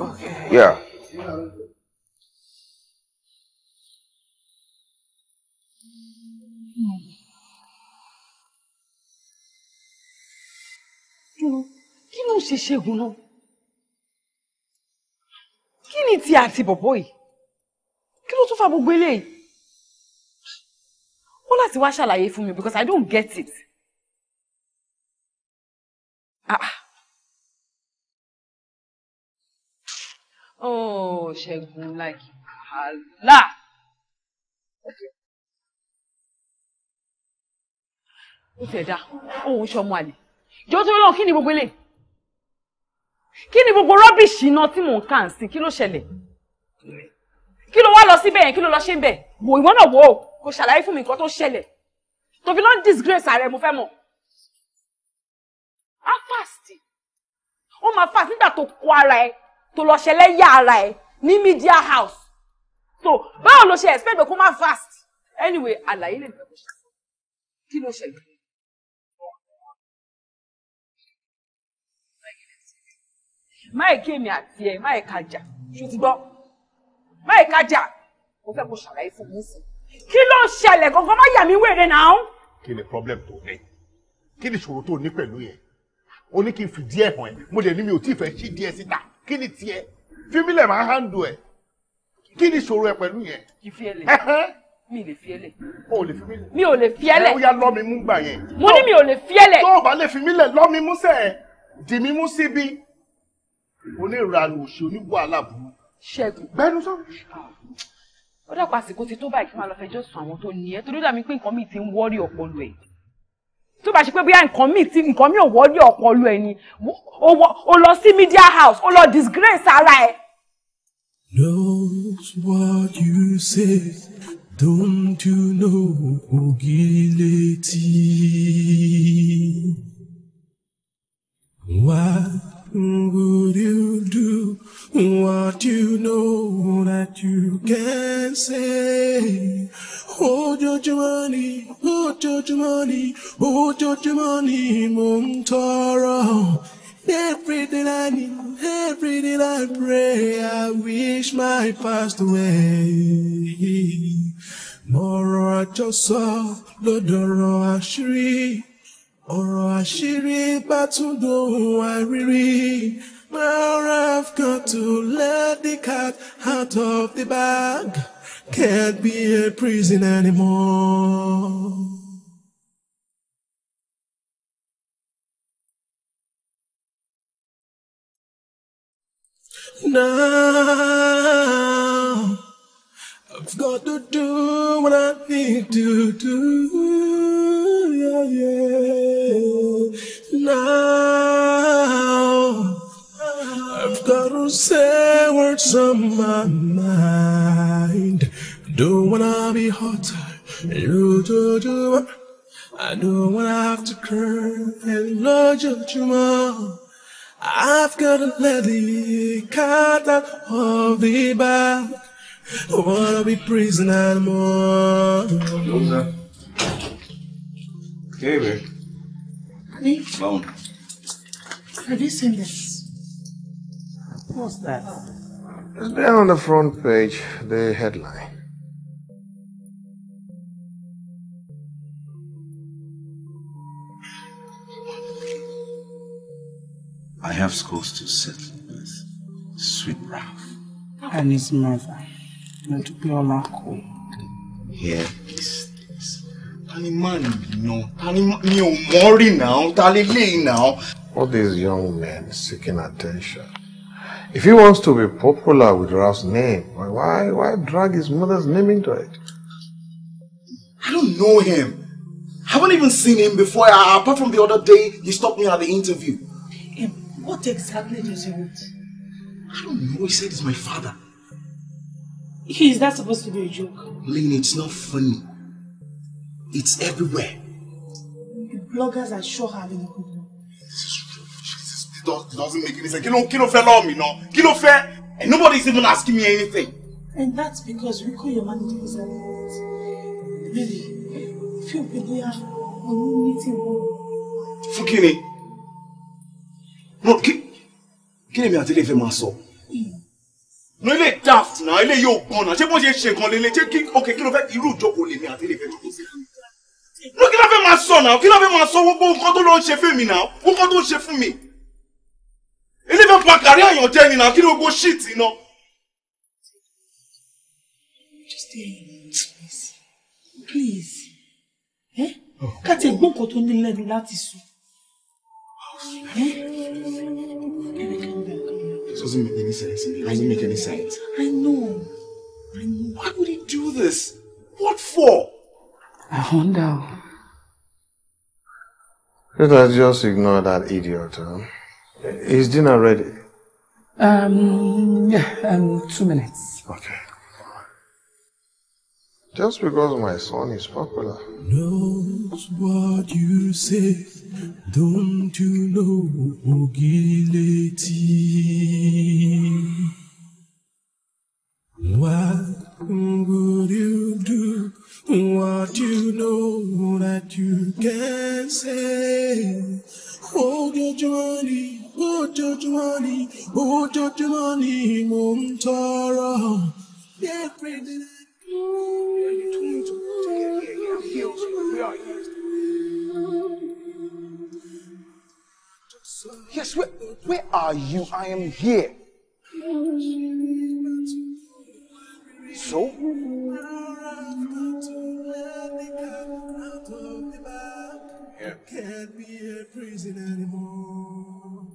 Yeah. Kí ló ń ṣe Ṣẹ́gun náà? Kí ni ti àti bọ̀bọ̀ yìí? Kí ló tún fa gbogbo eléyìí? ó láti wá ṣàlàyé fún mi because I don't get it. Ah. Oh, Ṣẹ́gun like hala. Ó ti ẹ̀dá, òun ṣe ọmọ àlè. Ìjọ tó lọ, kí ni gbogbo eléyìí? Kí ni gbogbo rọ́bìṣì iná tí mò ń kà ń sìn? Kí ló ṣẹlẹ̀? Kí ló wá lọ síbẹ̀ yẹn? Kí ló lọ ṣe ń bẹ̀? Wò ìwọ náà wò ó kò ṣàlàyé fún mi nǹkan tó ṣẹlẹ̀ tó fi lọ ń disgrace ààrẹ mo fẹ́ mọ̀ á fast ó máa fast nígbà tó kó ara ẹ tó lọ ṣẹlẹ̀ yá ara ẹ ní media house so báwo ló ṣe expect pé kó má fast anyway àlàyé lè bẹ̀rù ṣe kí ló ṣẹlẹ̀. máì kéèmì àti ẹ máì kájà ṣùgbọ́n máì kájà mo fẹ́ kó ṣàlàyé fún mi sí i kí ló ṣẹlẹ̀ gangan má yà mí wèrè náà. kí ni problem tó ní kí ni ìṣòro tó ní pẹ̀lú yẹn o ní kí n fìdí ẹ̀ hàn ẹ́ mo dẹ̀ ní mi ò tí ì fẹ́ ṣí díẹ̀ síta kí ni tiẹ̀ fímílẹ̀ máa hándù ẹ̀ kí ni ìṣòro ẹ pẹ̀lú yẹn. kì í fi ẹ lẹ̀ mi lè fi ẹlẹ. o lè fi mí lẹ̀. mi ò lè fi ẹlẹ. ó yá lọ́ mi mú gbà yẹn. mo ní mi ò lè fi ẹlẹ. tó o bá lè fi mí lẹ̀ lọ́ mi mú sẹ́ ẹ̀ dì mí mú síbi. onírànù òṣèlú wàhálà burú. ṣẹ́gun. bẹ́ẹ̀ ni ó dàpọ̀ àsìkò ti tó báyìí fún wa lọ fẹjọ́ sùn àwọn tó ní ẹ torí dàmí pé nǹkan míì ti ń wọ́rí ọpọlọ ẹ̀ tó bá ṣe pé bóyá nǹkan míì ti nǹkan míì ò wọ́rí ọpọlọ ẹ̀ ni ó lọ sí media house ó lọ disgrace ara ẹ̀. knows what you say don't you know ògìlè tí wá. What would you do What you know that you can say. Oh, judge money, oh, judge money, oh, judge money, Montoro. Everything I need, every day I pray, I wish my past away. Mọ̀rọ̀ àjọsọ ló dọ̀rọ̀ àṣírí, ọ̀rọ̀ àṣírí bá tún dohun àrírí. Now I've got to let the cat out of the bag. Can't be a prison anymore. Now I've got to do what I need to do. Yeah, yeah. Now I've got to say words on my mind. Don't wanna be hot, you do do. I don't wanna have to cry and lodge of Juma. I've gotta let the cat out of the bag. Don't wanna be prison anymore. Rosa. Hey, babe. Honey. Phone. Have you seen this? What's that? It's there on the front page, the headline. I have scores to settle with sweet Ralph. And his mother, Notupiola Ko. Here is this. Tani man, no. Oh, now. now. All these young men seeking attention. If he wants to be popular with Ralph's name, why, why drag his mother's name into it? I don't know him. I haven't even seen him before, uh, apart from the other day he stopped me at the interview. Um, what exactly does he want? I don't know. He said he's my father. Is that supposed to be a joke? Lynn, it's not funny. It's everywhere. The bloggers are sure having a good does, doesn't make any sense. Kí ló, kí ló mi náà? Kí ló And nobody even asking me anything. And that's because you call your man to his Really, if you believe I'm meeting you. Fún kí ni? No, ki kí ni mi àti ilé ìfẹ́ máa sọ? No, ilé daft náà, ilé yóò gbọ́n che Ṣé bó ṣe ṣe nǹkan lélẹ̀? Ṣé kí okay kí ló fẹ́ irú ìjókòó lèmi àti ilé ìfẹ́ jókòó so. No, kí ló fẹ́ máa sọ náà? Kí ló fẹ́ máa sọ gbogbo nǹkan tó lọ ń ṣe fún mi náà? Gbogbo nǹkan tó ń ṣe fún mi ilé fẹ́ pa kárí àyàn jẹ́ nìyà kí ni gbogbo shit iná. just a minute please please eh? káti ẹ̀gbọ́n kan tó ní lẹ́nu láti sùn. This eh? doesn't make any sense. It doesn't make any sense. I know. I know. Why would he do this? What for? I wonder. Let us just ignore that idiot, huh? Is dinner ready? Um, yeah, um, two minutes. Okay. Just because my son is popular. Knows what you say, don't you know, Ogileti? What would you do? What you know that you can say? Oh, Jojumani, oh, Jojumani, oh, Jojumani, Montara. Everything I get here, yeah, i Yes, where, where are you? I am here. So? Yeah. I can't be a prison anymore.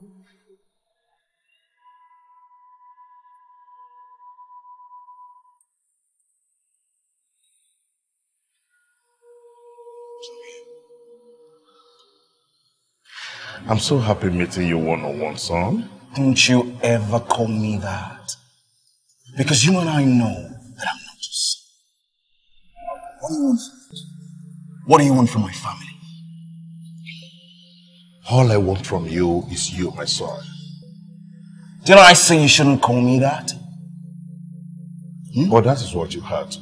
I'm so happy meeting you one-on-one, son. Don't you ever call me that. Because you and I know that I'm not your son. What do you want? What do you want from my family? All I want from you is you, my son. Did I say you shouldn't call me that? Hmm? But that is what you heard.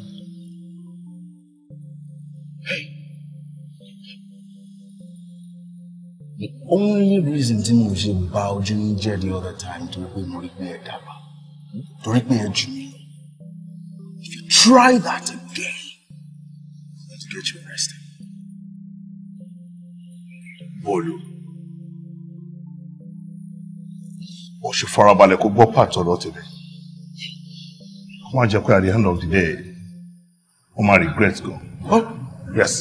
Hey. The only reason Tim was bow Jimmy Jed the other time to me a Daba. To me a Jimmy. If you try that again, I'm going to get you arrested. Bolu. o ṣe farabalẹ̀ kó gbọ́ pàtó ọ̀rọ̀ tẹ̀lé wọ́n máa jẹ́ pé at the end of the day wọ́n máa regret gan. Oh, yes.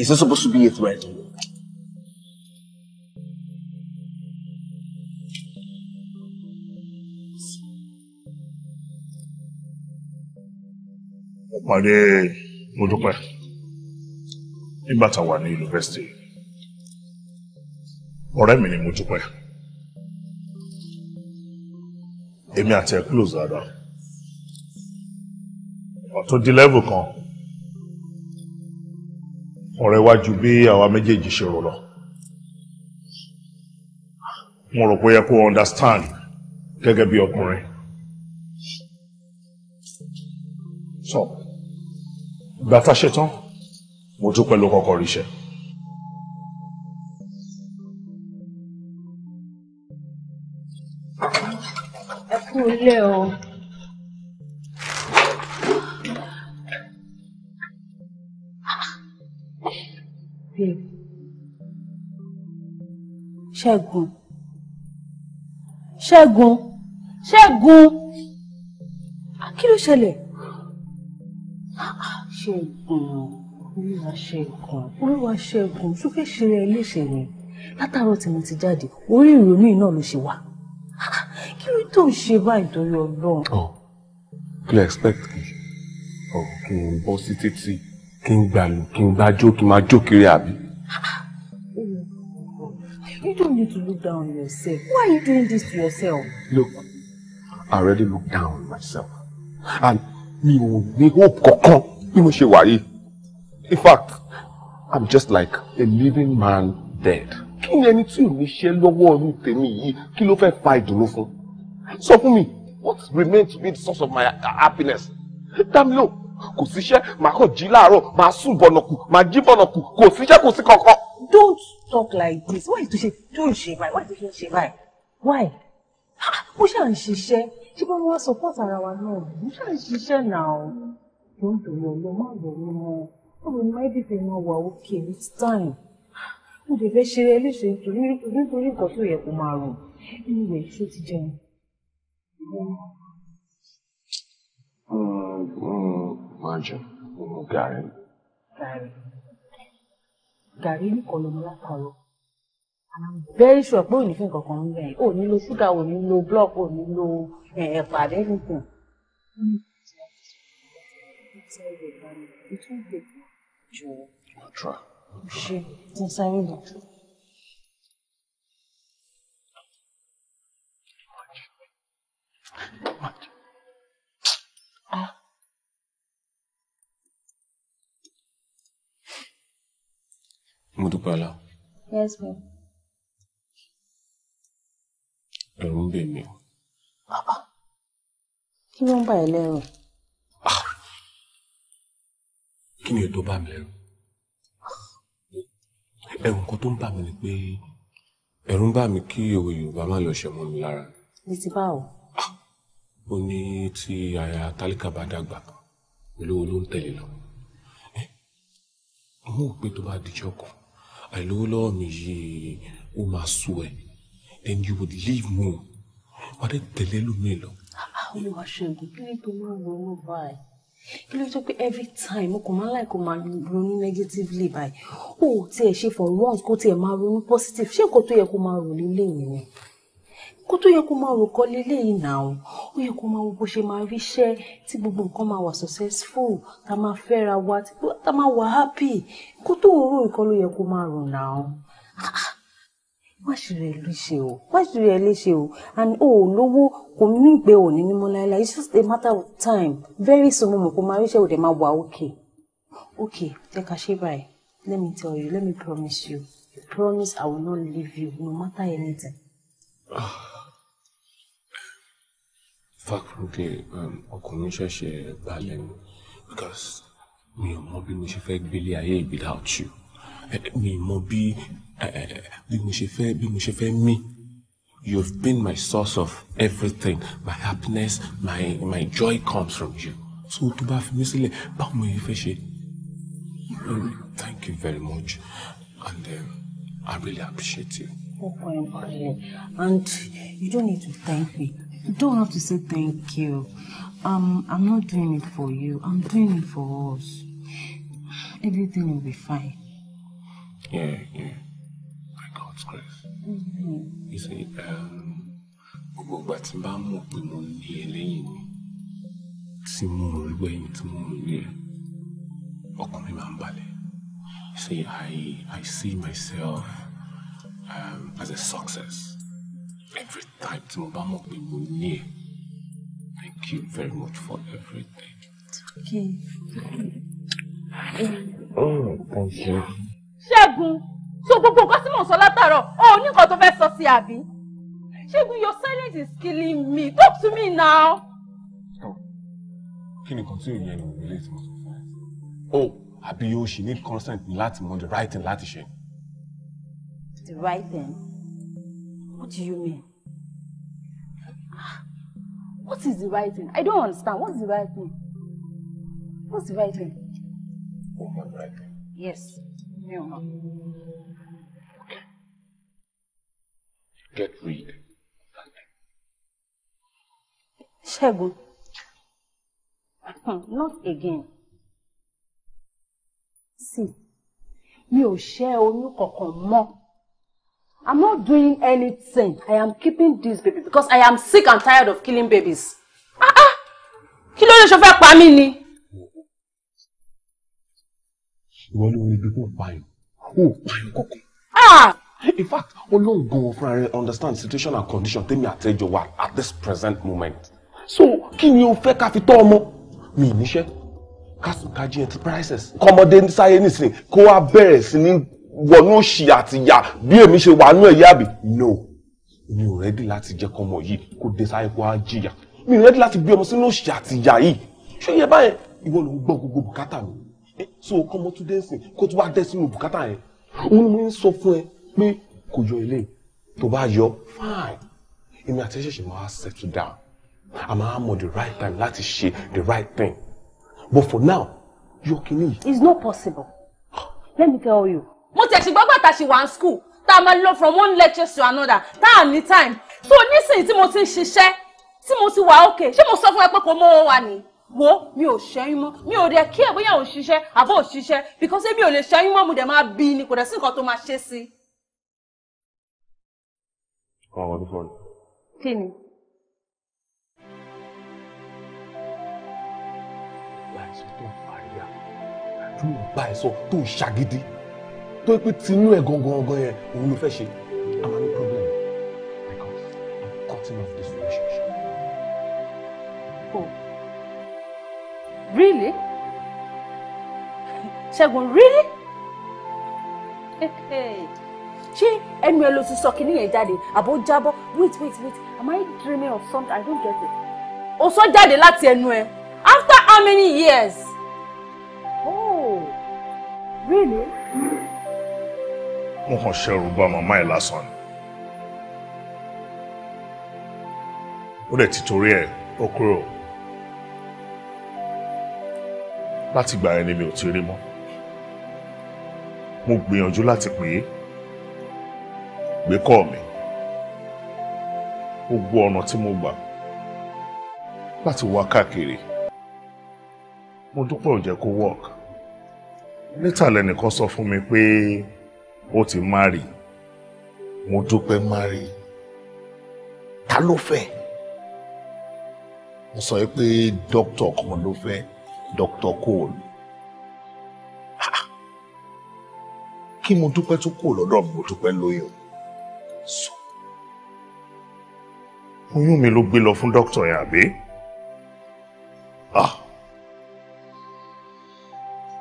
Is this supposed to be a threat? Pàdé mo dúpẹ́ nígbà tá a wà ní yunifásitì ọ̀rẹ́ mi ni mo dúpẹ́ èmi àti ẹ̀ close dáadáa ọ̀tún di level kan ọ̀rẹ́ wájú bí àwa méjèèjì ṣe rò lọ mo rò pé ó yẹ kó understand gẹ́gẹ́ bí ọkùnrin so ìgbà tá a ṣe tán mo dúpẹ́ ló kọ́kọ́ ríṣẹ́. kú ilé o. ṣẹ́gun ṣẹ́gun ṣẹ́gun ah, kí ló ṣẹlẹ̀? ṣẹ́gun olúwa ṣẹ́gun olúwa ṣẹ́gun tó fẹ́ ṣe rẹ léṣe rẹ látàárọ̀ tí mo ti jáde orí ìrònú yìí náà ló ṣe wà tó ń ṣe báyìí torí ọlọ́run. ọ kí lè expect mi ọ kí n bọ́ sí títì kí n gbàlù kí n gbàjó kí n máa jó kiri àbí. You don't need to look down on yourself. Why are you doing this to yourself? Look, I already look down on myself. And mi ò ní hope kankan bí mo ṣe wà yìí. In fact, I'm just like a living man dead. Kí ni ẹni tí ò ní ṣe lọ́wọ́ ọ̀run tèmi yìí kí ló fẹ́ fa ìdùnnú fún? sọ fún mi what remains to be the source of my happiness dámi lò kò síṣẹ́ màá kàn jí láàárọ̀ màá sùn bọ̀nà kù màá jí bọ̀nà kù kò síṣẹ́ kò sí kankan. don't talk like this why to ṣe tó ń ṣe báyìí why to ṣe ń ṣe báyìí why ó ah, ṣáà ń ṣiṣẹ́ ṣé bá wá support ara wa náà ó ṣáà ń ṣiṣẹ́ náà ló ń dòwò ló má lòwó mọ́ ó lè má everything náà wà okay it's time mo lè fẹ́ ṣe eléṣe nítorí nǹkan tó yẹ kó máa rò anyway ṣé o ti jẹun máa jẹ nínú gàrí. gàrí gàrí nìkan ló mú látàrọ bẹ́ẹ̀ sọ pé òní fún kankan ń bẹ̀ ò ní lo ṣúgà ò ní lo blọọkù ò ní lo ẹ̀pà àbẹ́nìkan. I'll try. I'll try. Ṣé ti sáré lọ. mo dúpẹ́ yes ma. ẹ̀rù ń bè mí o. bàbá kí ló ń bà ẹ́ lẹ́rù. Ah! kí ni ètò bá mi lẹ́rù. ẹ̀rù nǹkan tó ń bà mí ni pé ẹ̀rù bà mí kí òwe Yorùbá má lọ ṣẹ̀mọ́ mi lára. ní ó ní tí àyà tálíkà bá dàgbà olówó ló ń tẹ̀lé lọ mo rò pé tó bá dijọ́ kan àìlówó lọ́wọ́ mi yìí ó máa sú ẹ then you would leave me wà á dé tẹ̀lé lómi lọ. àwọn aṣẹ́gun kí ni tó máa ń ronú báyìí kí ló tó pé every time mo kàn máa láì kó máa ronú negatively báyìí o ò tiẹ̀ ṣe for once kó tiẹ̀ máa ronú positive ṣé nǹkan tó yẹ kó máa rò nílé yìí kó tó yẹ kó máa rò kọ́ lélẹ̀ yìí nà ó yẹ kó máa wo bó ṣe máa rí iṣẹ́ tí gbogbo nǹkan máa wà successful tá a máa fẹ́ra wa tá máa wà happy kó tó rò nǹkan ló yẹ kó máa rò nà ó ah, má ṣe rẹ̀ léṣe o má ṣe rẹ̀ léṣe o and o ò lówó kò ní ìgbé òní ní mọ́ láéláé it's just a matter of time very soon mo mọ̀ kó máa ríṣẹ́ òde máa wà okay okay jẹ́ ká ṣe báyìí let me tell you let me promise you I promise I will not leave you no matter anything. Ah fact frankly ọkàn mi ṣẹ̀ṣẹ̀ balẹ̀ because mi ò mọ bí mo ṣe fẹ́ gbélé ayé without you eh, mi ò mọ bí eh, eh, bí mo ṣe fẹ́ bí mo ṣe fẹ́ mí. You've been my source of everything. My happiness, my my joy comes from you. So tó bá fi mí sílẹ̀, báwo mo yẹ fẹ́ ṣe? Thank you very much and um, I really appreciate you. Oh, and you don't need to thank me. You don't have to say thank you. Um, I'm not doing it for you. I'm doing it for us. Everything will be fine. Yeah, yeah. By God's grace. Mm-hmm. You see, um, gbogbo bale You see, I, I see myself um, as a success. every time tí mo bá mọ̀ thank you very much for everything. It's okay. oh thank you. ṣẹ́gun so go go. tí mò ń Oh, you got ní nǹkan tó fẹ́ your silence is killing me talk to me now. Oh, kí ni nǹkan tí ò yẹ ni mo relate mo sọ fún ẹ. o oh, àbí o ṣì need the right thing láti the right thing. What do you mean? Ah, what is the right thing? I don't understand. What's the right thing? What's the right thing? Woman right thing? Yes. No. Okay. Get rid of that Ṣẹ́gun. Hmm, not again. See, mi share, ṣe oyún kankan mọ́. I'm not doing anything. I am keeping this baby because I am sick and tired of killing babies. Ah ah! Kí ló chauffeur ṣe fẹ́ ni? mí ni? Ìwọ ló rí ibi kó pààyàn, ó pààyàn kọ̀ọ̀kan. Ah! In fact, Ọlọ́run gan-an understand situation and condition tèmi àtẹ́jọ wa at this present moment. So kí ni o fẹ́ ká fi tọ́ ọmọ? Mi níṣẹ́. Kásùkájí enterprises. Kọ́mọdé sáyé nìsín kó wá bẹ̀rẹ̀ sí ní wọnú òṣì àtìyà bí èmi ṣe wà nú ẹ̀yà àbí no mi ò rẹ́dí láti jẹ́ kọ́mọ yìí kó dé sáyé kó á jìyà mi ò rẹ́dí láti bí ọmọ sínú òṣì àtìyà yìí ṣé yẹ báyẹn ìwọ ló ń gbọ́ gbogbo bùkátà mi so kọ́mọ tún dé sìn kó tún wá dé sínú bùkátà yẹn òun ni mo ń sọ fún ẹ pé kò yọ ilé tó bá yọ fine èmi àti ẹ̀ṣẹ̀ṣẹ̀ máa settle down a máa mọ the right time láti ṣe the right thing but for now yọ kìíní. it's not possible let me tell you mo tẹ̀ ṣùgbọ́n gbàtà ṣì wà ní school tá a máa lọ from one lecture to another tá a ní time so nísìnyí tí mo ti ń ṣiṣẹ́ tí mo ti wà okay ṣé mo sọ fún ẹ pé kò mọ́ wa ni wo mi ò ṣẹ́yún mọ́ mi ò dẹ̀ kí ẹ̀ bóyá ò ń ṣiṣẹ́ àbọ̀ ò ṣiṣẹ́ because èmi ò lè ṣẹ́yún mọ́ mo dẹ̀ máa bí ni kò dẹ̀ sí nǹkan tó máa ṣe sí. ọ̀rọ̀ ló sọ̀rọ̀. kí ni. láìsọ tó ń fàríyà tó ń bá ẹ sọ tó ń ṣàgídí tó pé tinú ẹ̀ gangan gangan yẹn òun ló fẹ́ ṣe I'm having problem because I'm cutting off this relationship. Oh. Really? Ṣẹ́gun, really? ṣé ẹnu ẹ ló ti sọ kínní yẹn jáde àbó jábọ́ wait wait wait am I dreaming of something I don't get it. ó sọ jáde láti ẹnu ẹ after how many years? oh really mo kàn ṣẹrù bá màmá ẹ̀ lásán ni. ó dẹ̀ ti torí ẹ̀ ó kúrò láti gbà yẹn ni mi ò ti rí mọ́ mo gbìyànjú láti pè é gbé kọ́ mi gbogbo ọ̀nà tí mo gbà láti wá káàkiri mo dúpẹ́ ò kó work létà lẹ́nìkan sọ fún mi pé. Pe ó ti mari, mo dúpẹ́ mari. ta ló fẹ́ mo sọ pé dókítà kan ló fẹ́ dókítà Cole kí mo dúpẹ́ tó kò lọ́dọ̀ mo dúpẹ́ lóyún oyún mi ló gbé lọ fún dókítà yẹn àbí ah!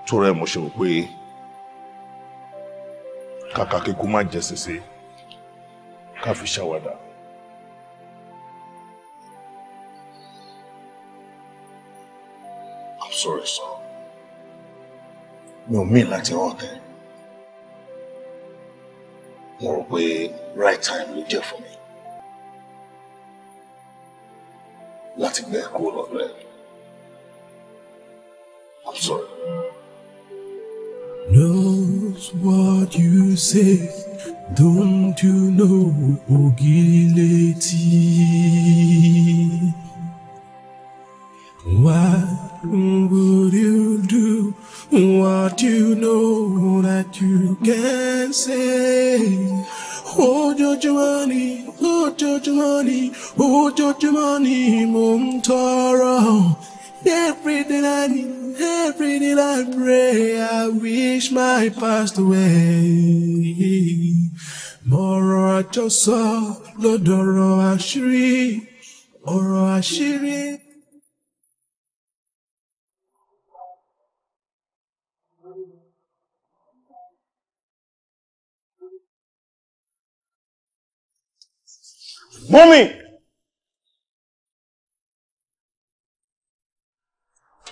tó rẹ mo ṣe rò pé kàkà kíkú má jẹ sèse ká fi ṣàwàdà. I'm sorry sir mi ò mean láti hàn kẹ́ mo rò pé right time ló jẹ́ fún mi láti gbé kúrò lọ́dọ̀ ẹ̀ I'm sorry. No. what you say. Don't you know Ogileti? Why would you do what you know that you can't say? ojoojúmọ́ ni oh ni ojoojúmọ́ oh, oh, ni mo Money, tọrọ everyday I need. Every day I pray. I wish my past away. Mọ̀rọ̀ àjọsọ ló Ashiri, àṣírí, Ashiri. àṣírí.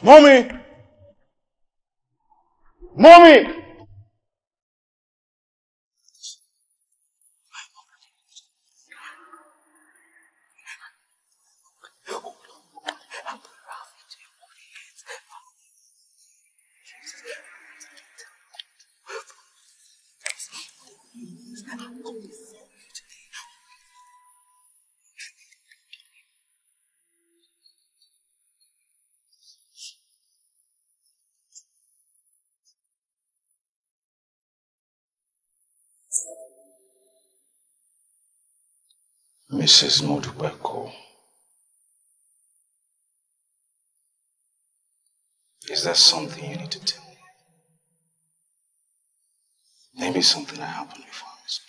Mommy. Nome Mrs. Modupe Is there something you need to tell me? Maybe something that happened before I was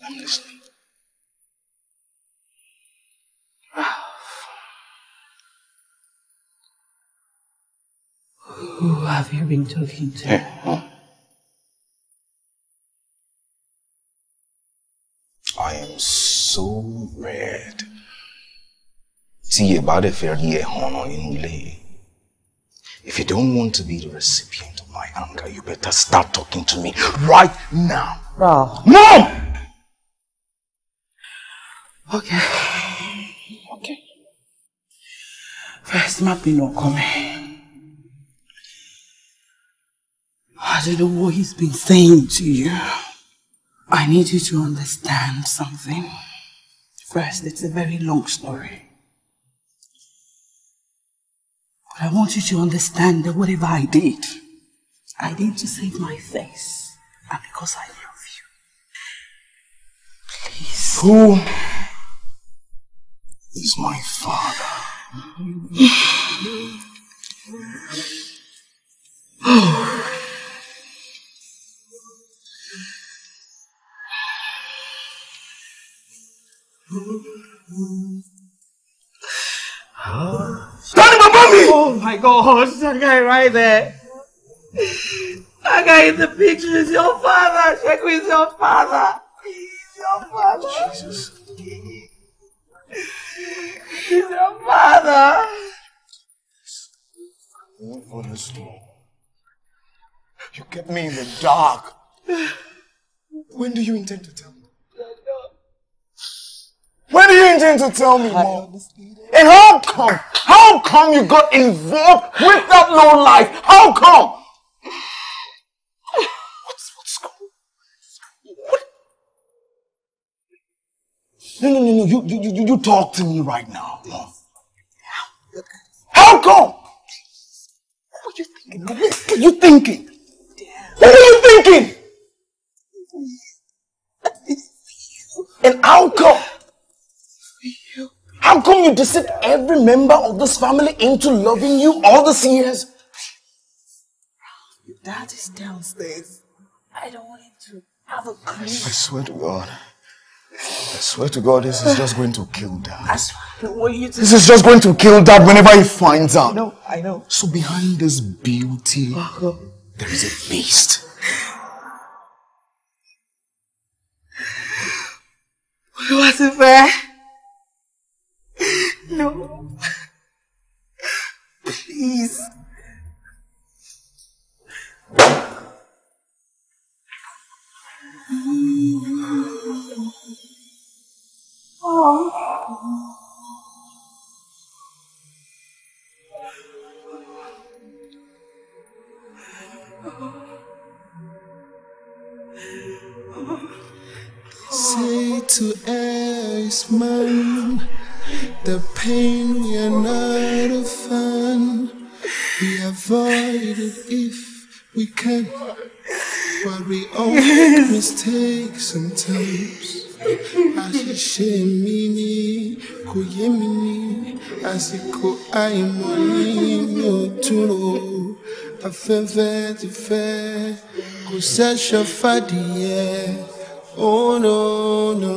born. I'm listening. Who have you been talking to? Hey, huh? so red tí ẹ bá dẹ̀ fẹ́ rí ẹ̀hónú nínú ilé yìí if you don't want to be the recipient of my anger you better start talking to me right now. Ralph. No! Okay. Okay. First, má bínú ọkọ I don't know what he's been saying to you. I need you to understand something. First, it's a very long story. But I want you to understand that whatever I did, I did to save my face and because I love you. Please. Who is my father? Oh my God, that guy right there. That guy in the picture is your father. Sheku is your father. He's your father. Jesus. He's your father. Honestly, you kept me in the dark. When do you intend to tell me? What are you intend to tell me, Mom? And how come? How come you got involved with that low life? How come? What's what's going? What? No, no, no, no. You you you, you talk to me right now, Mom. How come? What are you thinking? What are you thinking? What are you thinking? And how come? How come you deceived every member of this family into loving you all these years? Your dad is downstairs. I don't want him to have a clue. I swear to God. I swear to God, this is just going to kill dad. I swear, I don't you to... This is just going to kill dad whenever he finds out. I know, I know. So behind this beauty, uh-huh. there is a beast. What was it there? No. Please. Oh. Say to man. The pain we are not a fan. We avoid it if we can. But we all make mistakes sometimes. àṣìṣe mi ni kò yé mi ni àsìkò àìmọ̀ ni mi afẹ́fẹ́ fẹ́ kò ṣẹ̀ṣẹ̀ fàdìyẹ oh no no.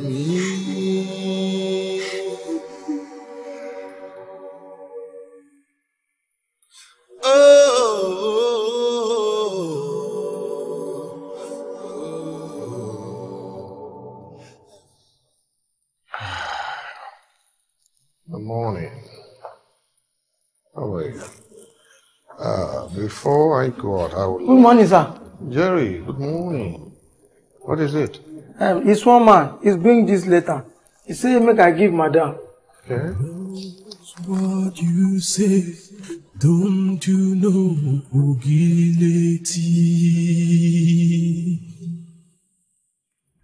morning. How are you? Uh, before I go out, I will... Good morning, sir. Jerry, good morning. What is it? Um, it's one man. He's bringing this letter. He say make I give madam. Okay. What you say, don't you know Ogileti?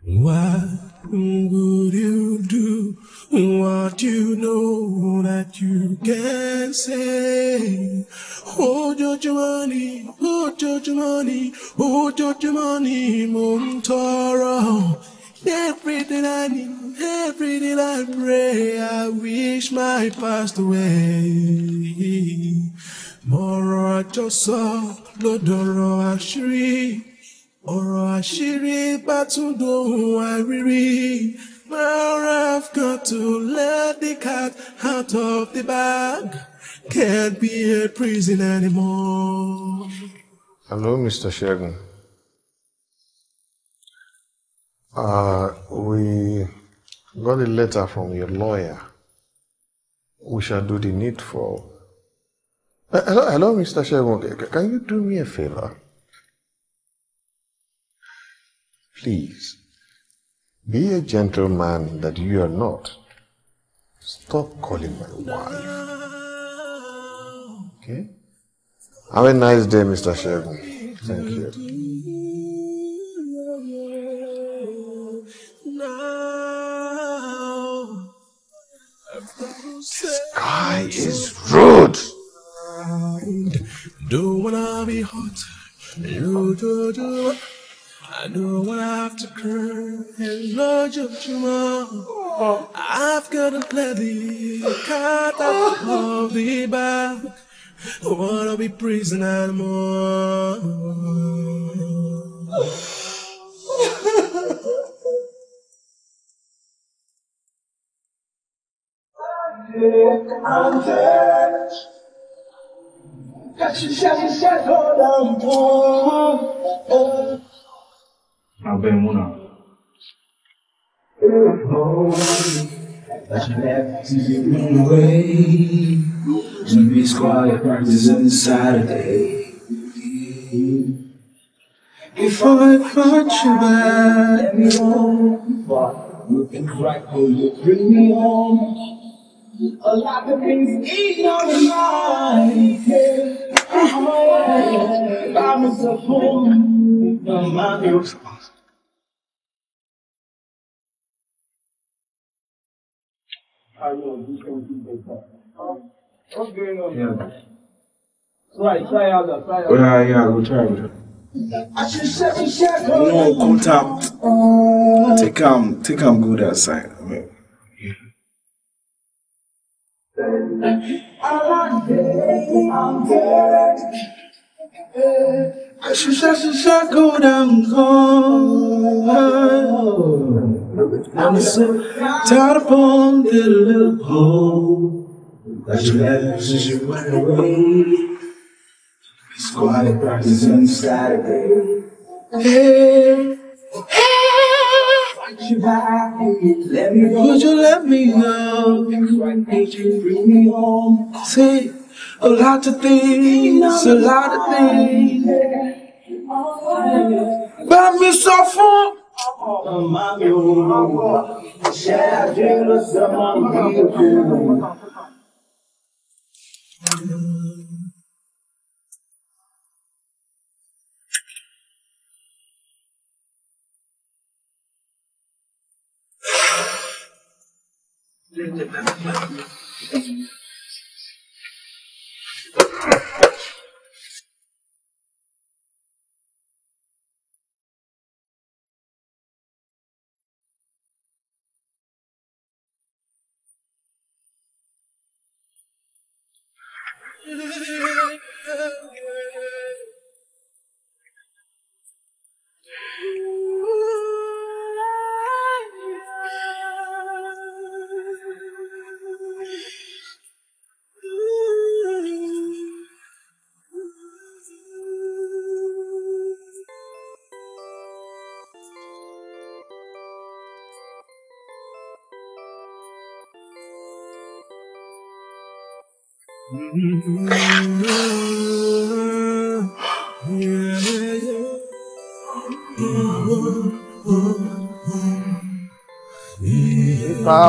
What Would you do what you know that you can say? Hold oh, your money, oh, hold your money, oh, hold your money, Montoro. Everything I need, everything I pray, I wish my past away. Mọ̀rọ̀ àjọsọ I shriek ọ̀rọ̀ àṣírí bá tún dohun àìrírí. Now I've got to let the cat out of the bag. Can't be a prison anymore. Hello, Mr. Shegun. Uh, we got a letter from your lawyer. We shall do the needful. Uh, hello, hello Mr. Shegun. Can you do me a favor? Please, be a gentleman that you are not. Stop calling my wife. Okay? Have a nice day, Mr. Shegun. Thank you. This guy is rude. Do wanna be hot? You do do. I know I have to cry. and lodge of tomorrow. I've got a plenty cut out of the back. I wanna be prisoner more. Andrzej Tak się siadł, siadł nam dłoń Abba Emuna. Oh, that you If I thought you back, let me home. You can crack, will you bring me home? A lot of things in your life. Yeah. I'm a home. My mind I will do something better. Um, going on? Yeah. So I try I try out. Yeah, yeah, go No, go tap. Take him, um, take him um, good outside. I mean, yeah. I should just go down. I'm so tired upon the loophole that you left since you went away. Squatting practice on Saturday. Hey, hey. Why'd you back? Let me go. Would you let me go? Would you bring me home? See, a lot of things, a lot of things. Bá mi sọ ممنون شاكر الزمان Thank you. Yeah.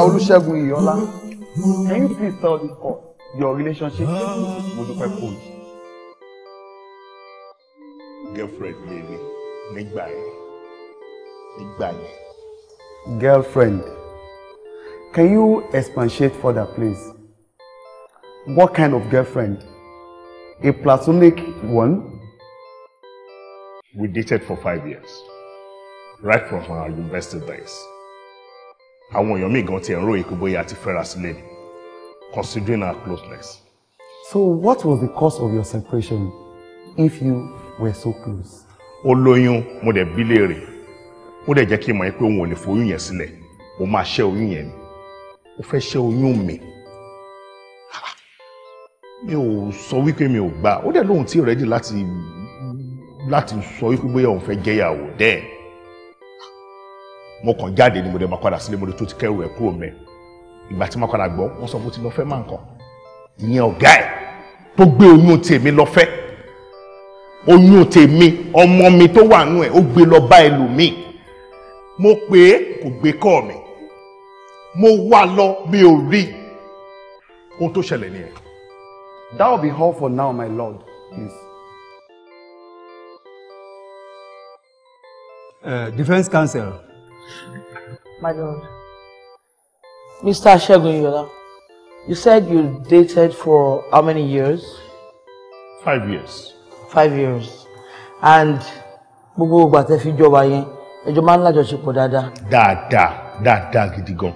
Olúṣẹ́gun Ìyọ́lá can you please tell this court your relationship mo dúpẹ́ kò girlfriend lè ní nígbà yẹn nígbà yẹn. girlfriend can you expatiate further please what kind of girlfriend a platonic one. we dated for five years right from our university days àwọn èèyàn míì gan ti ẹ̀ ń ròyìn pé bóyá àti fẹ́ra sílẹ̀ ni considering our closeness. So what was the cause of your separation if you were so close? Ó lóyún mo dẹ̀ bí léèrè ó dẹ̀ jẹ́ kí n mọ̀ pé òun ò lè foyún yẹn sílẹ̀ ó máa ṣẹ́ oyún yẹn ni ó fẹ́ ṣẹ́ oyún mi mi ò sọ wípé mi ò gbà ó dẹ̀ lóhùn tí ò rẹ́dì láti láti sọ wípé bóyá òun fẹ́ jẹ́yàwó dẹ́ẹ̀ mo kàn jáde ni mo dẹ̀ máa padà sílé mo dẹ̀ tó ti kẹ́rù ẹ̀ kúrò mẹ́ ìgbà tí mo padà gbọ́ wọ́n sọ fún ti lọ fẹ́ máa nǹkan ìyẹn ọ̀gá ẹ̀ tó gbé oyún tèmi lọ oyún tèmi ọmọ mi tó wà nù ẹ̀ ó gbé lọ bá ẹlòmíì mo pè é kò gbé kọ́ mi mo wá lọ mi ò rí ohun tó ṣẹlẹ̀ nìyẹn. that will be all for now my lord please. Uh, defense counsel. My lord. Mr. Segun you said you dated for how many years? Five years. Five years. And gbogbo ìgbà tẹ́ fi jọba yẹn ẹjọ́ máa ń lájọṣepọ̀ dáadáa. Dáadáa dáadáa gidi gan.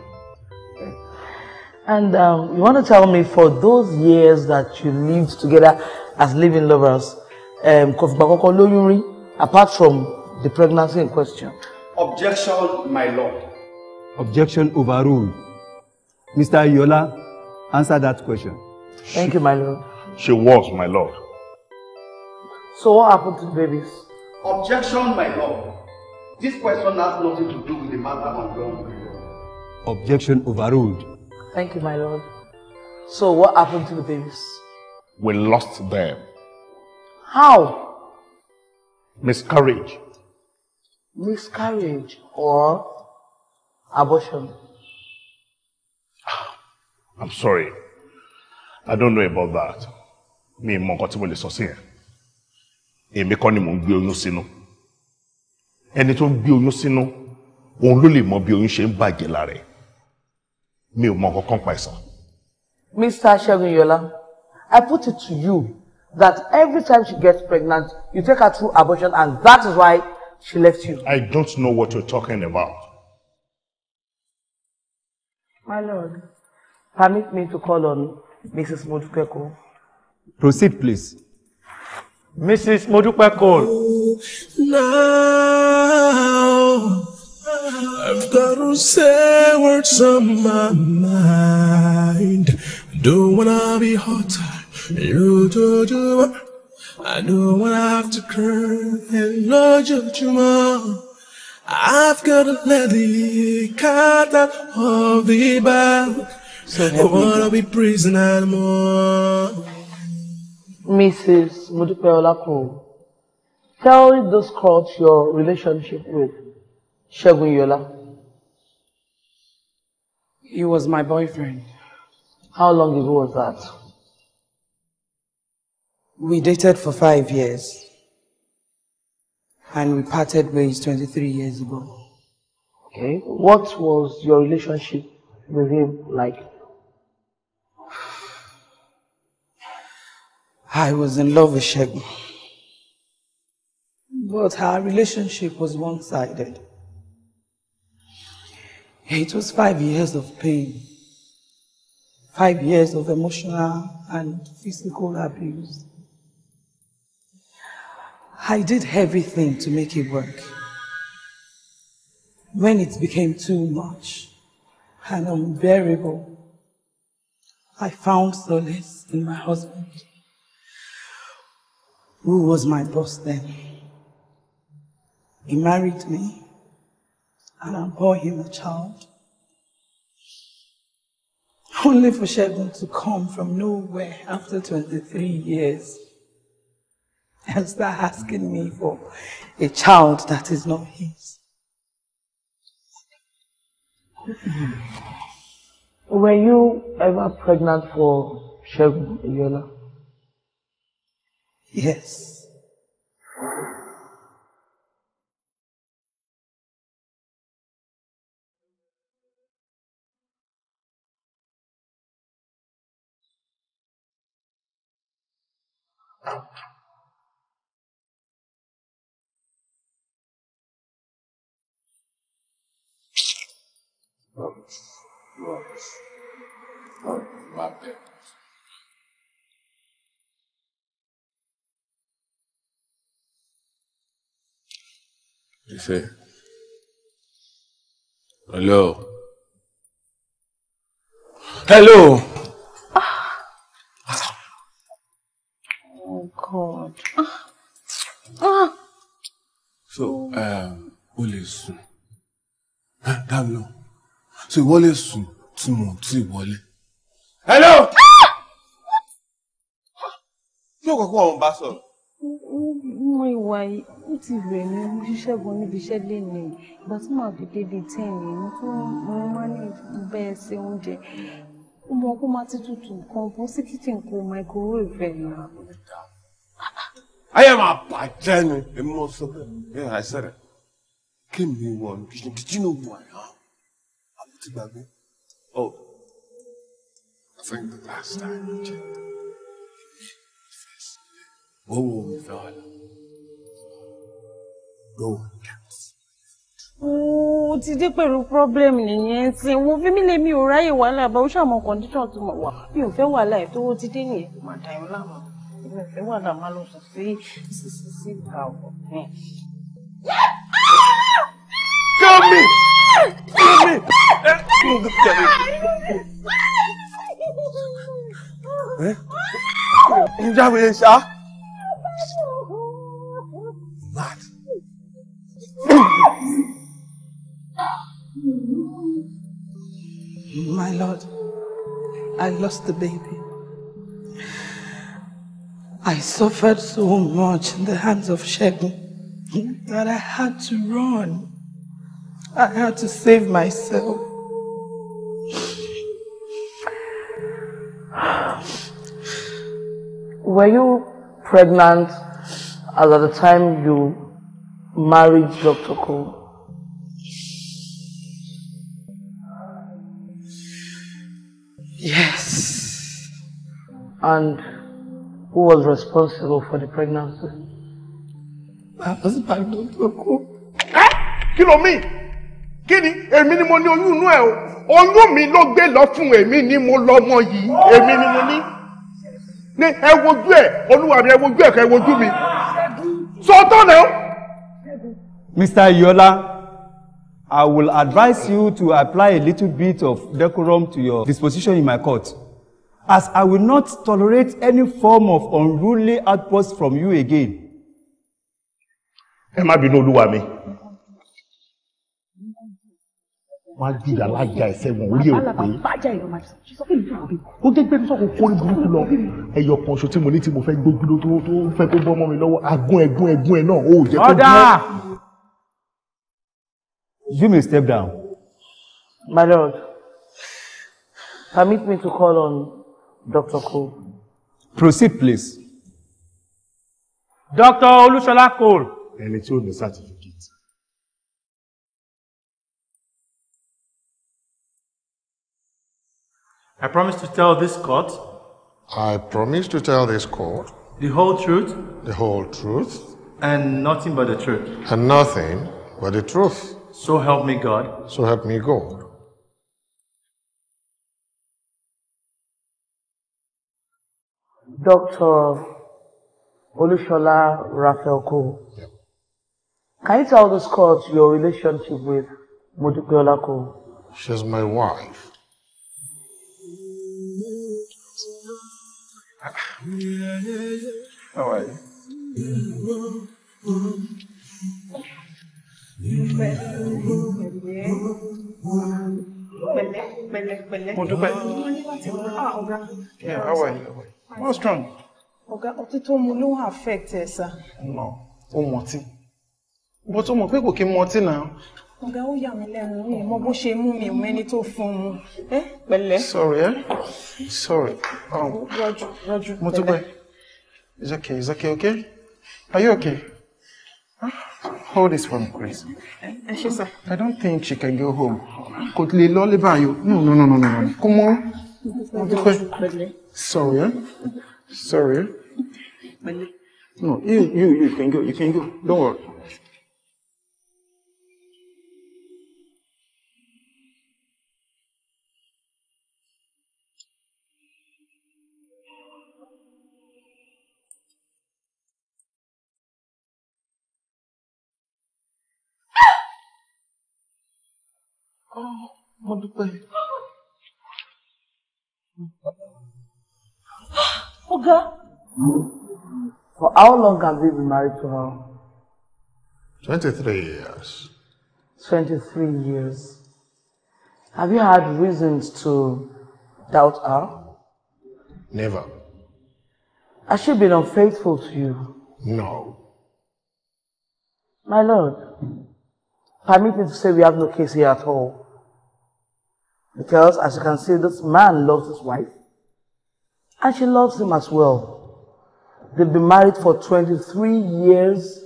And um, you want to tell me for those years that you lived together as living lovers, um, kò fìgbà kankan lóyún rí apart from the pregnancy in question. Objection, my lord. Objection overruled. Mr. Yola, answer that question. Thank you, my lord. She was, my lord. So what happened to the babies? Objection, my lord. This question has nothing to do with the matter on ground. Objection overruled. Thank you, my lord. So what happened to the babies? We lost them. How? Miscarriage. Miscarriage or abortion. I'm sorry. I don't know about that. Me mọ nǹkan tí mo lè sọ sí yẹn. Èmi kọ́ ni mò ń gbé oyún sínú. Ẹni tó ń gbé oyún sínú, òun ló lè mọ bí oyún ṣe ń bàjẹ́ lára ẹ̀. Mi ò mọ nǹkan kan pa ẹ̀sán. Mr. Segun Yola, I put it to you that every time she gets pregnant, you take her through abortion and that is why she left you. I don't know what you're talking about. My lord, permit me to call on Mrs. Modupeko. Proceed, please. Mrs. Modupeko. Now, I've got to say words on my mind. Don't wanna be hot. You do do. I don't wanna have to cry. Hello, Jujuma. I've got a lady cut out of the bag. So I wanna be prisoner more. Mrs. Modupe tell those court your relationship with Segun Yola. He was my boyfriend. How long ago was that? We dated for five years and we parted ways 23 years ago. Okay. What was your relationship with him like? I was in love with Shegun. But our relationship was one-sided. It was five years of pain. Five years of emotional and physical abuse. I did everything to make it work. When it became too much and unbearable, I found solace in my husband, who was my boss then. He married me and I bore him a child. Only for Shevden to come from nowhere after 23 years and start asking me for a child that is not his. Were you ever pregnant for Shogun Iyola? Yes. rubbish, rubbish, rubbish, my business. Ife. Hello. Hello. Oh God. So, um, police. lè sùn so ìwọ lè sùn tí mo ti wọlé. hello. yóò ah! kọ́kọ́ ọ̀hún bá sọ̀rọ̀. mo ìwà ó ti rẹ̀ mí mo ṣiṣẹ́ gan níbi iṣẹ́ lénìí ìgbà tí màá fi débi ten yìí mo tún mo máa ní bẹ́ẹ̀ ṣe oúnjẹ ó mọ kó máa ti tutù nǹkan bó sí kíchìn kó microwave ẹ̀ náà. ayé máa bàjẹ́ ni èmi mọ̀ sọ bẹ́ẹ̀ ẹ̀ àìsàn rẹ̀ kí mi wọ̀ ní kíchìn did you know who I am? ti gbàgbé. Oh, I think the last time you did this, what will we find? No one counts. Mo ti dé pẹ̀lú problem nìyẹn sí. Mo fi mí lè mi ò ráyè wàhálà bá ó ṣàmọ̀ condition tó mọ̀ wá. Mi ò fẹ́ wàhálà ẹ̀ tó wó ti dé nìyẹn kò máa dà yín láàmú. Mi ò fẹ́ wàhálà máa lọ sùn sí sí sí sí ìgbà ọ̀gbìn. Come here! Ah! Ǹjẹ́ àwọn èèyàn ṣá? Mad. My lord, I lost the baby. I suffered so much in the hands of Shegun that I had to run. I had to save myself. Were you pregnant at the time you married Dr. Cole? Yes. And who was responsible for the pregnancy? My by Dr. Cole. Eh? Kill me! kí ni èmi ni mo ní oyún inú ẹ o oyún mi ló gbé lọ fún èmi ni mo lọmọ yìí èmi ni mo ní ni ẹ wojú ẹ olúwa mi ẹ wojú ẹ kẹ ẹ wojú mi sọ tọ́ náà. Mr. Yola, I will advise you to apply a little bit of decorum to your disposition in my court, as I will not tolerate any form of unruly outburst from you again. Ẹ má bínú olúwa mi. wọn á jìyà ẹsẹ wọn orí ẹ ó jẹ gbẹmí sọkò kórí burúkú lọ ẹyọ kan ṣo tí mo ní tí mo fẹ́ gbógbúló tó tó fẹ́ kó bọ́ ọmọ mi lọ́wọ́ agún ẹgún ẹgún ẹ náà ó jẹ kó dúró. you may step down. my lord permit me to call on Dr. Cole. proceed please. Dr. Olúṣọlá Cole. ẹni tí ó ní sátìfì. I promise to tell this court. I promise to tell this court. The whole truth. The whole truth. And nothing but the truth. And nothing but the truth. So help me God. So help me God. Dr. Olushola Raphael Yeah. Can you tell this court your relationship with Modukola She's my wife. How are you? Mo dúpẹ́. Yeah, how are you? What's wrong? Ọ̀gá ọtí tó mu ló affect ẹ̀ sá. No, ó mọtí. Bọ́tọ̀ mọ̀ pé kò kí n mọtí náà ọ̀gá ó yà mí lẹ́nu mi mọ bó ṣe mú mi mọ ẹni tó fún un pẹ̀lẹ́. sorry ẹ eh? sorry. rọjú rọjú pẹ̀lẹ́. mo tún bẹ it's okay it's okay okay are you okay. Hold ah, this for me, please. Yes, sir. I don't think she can go home. Kò lè lolly lé you. No, no, no, no, no. Come on. Sorry, eh? Sorry. Eh? No, you, you, you can go. You can go. Don't worry. Ah, mo dúpẹ́. ọ̀gá. For how long have you been married to her? Twenty-three years. Twenty-three years. Have you had reasons to doubt her? Never. Has she been unfaithful to you? No. My lord, permit me to say we have no case here at all. Because as you can see, this man loves his wife. And she loves him as well. They've been married for 23 years.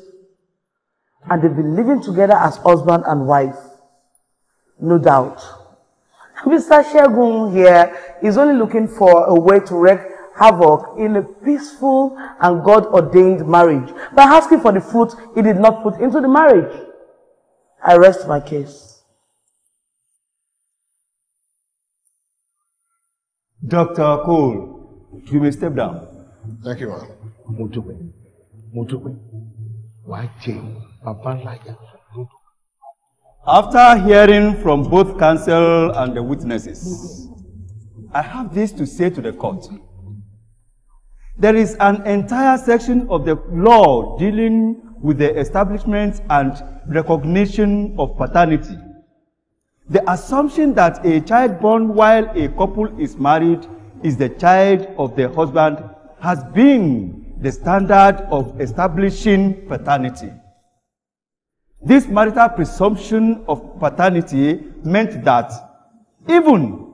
And they've been living together as husband and wife. No doubt. Mr. Shegun here is only looking for a way to wreak havoc in a peaceful and God-ordained marriage by asking for the fruit he did not put into the marriage. I rest my case. Dr. Cole, you may step down. Thank you, ma'am. Mo dúpẹ́, why, dúpẹ́, Papa like After hearing from both counsel and the witnesses, I have this to say to the court. There is an entire section of the law dealing with the establishment and recognition of paternity the assumption that a child born while a couple is married is the child of the husband has been the standard of establishing paternity. This marital presumption of paternity meant that even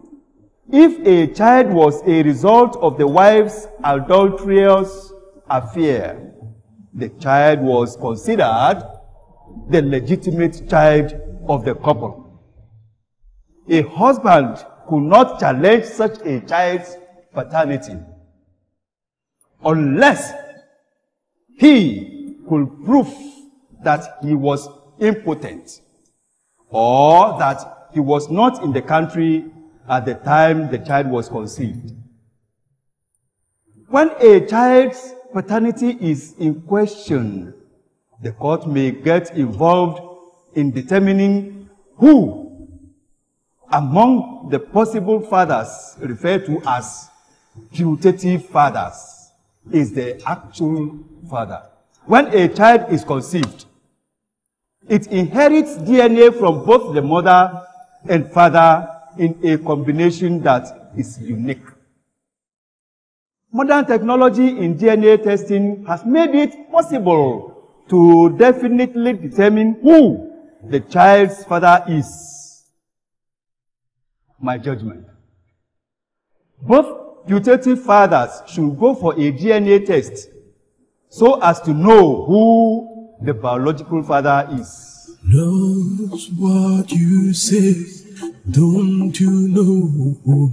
if a child was a result of the wife's adulterous affair, the child was considered the legitimate child of the couple a husband could not challenge such a child's paternity unless he could prove that he was impotent or that he was not in the country at the time the child was conceived. When a child's paternity is in question, the court may get involved in determining who among the possible fathers referred to as putative fathers is the actual father. When a child is conceived, it inherits DNA from both the mother and father in a combination that is unique. Modern technology in DNA testing has made it possible to definitely determine who the child's father is my judgment. Both putative fathers should go for a DNA test so as to know who the biological father is. Knows what you say, don't you know who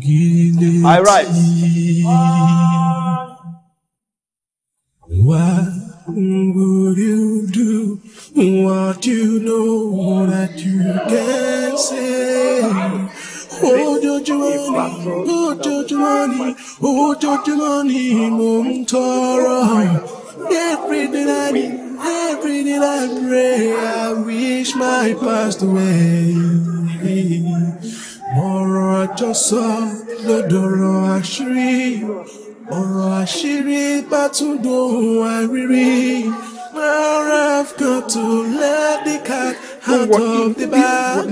I write. What would you do? What you know that you can say? ojoojúmọ́ ni ojoojúmọ́ ni ojoojúmọ́ ni mò Every day I every day I pray, I wish my past away. Moro àjọsọ ló Ashiri, Moro Ashiri, àṣírí bá tún dohùn I've got to let the cat out of the bag.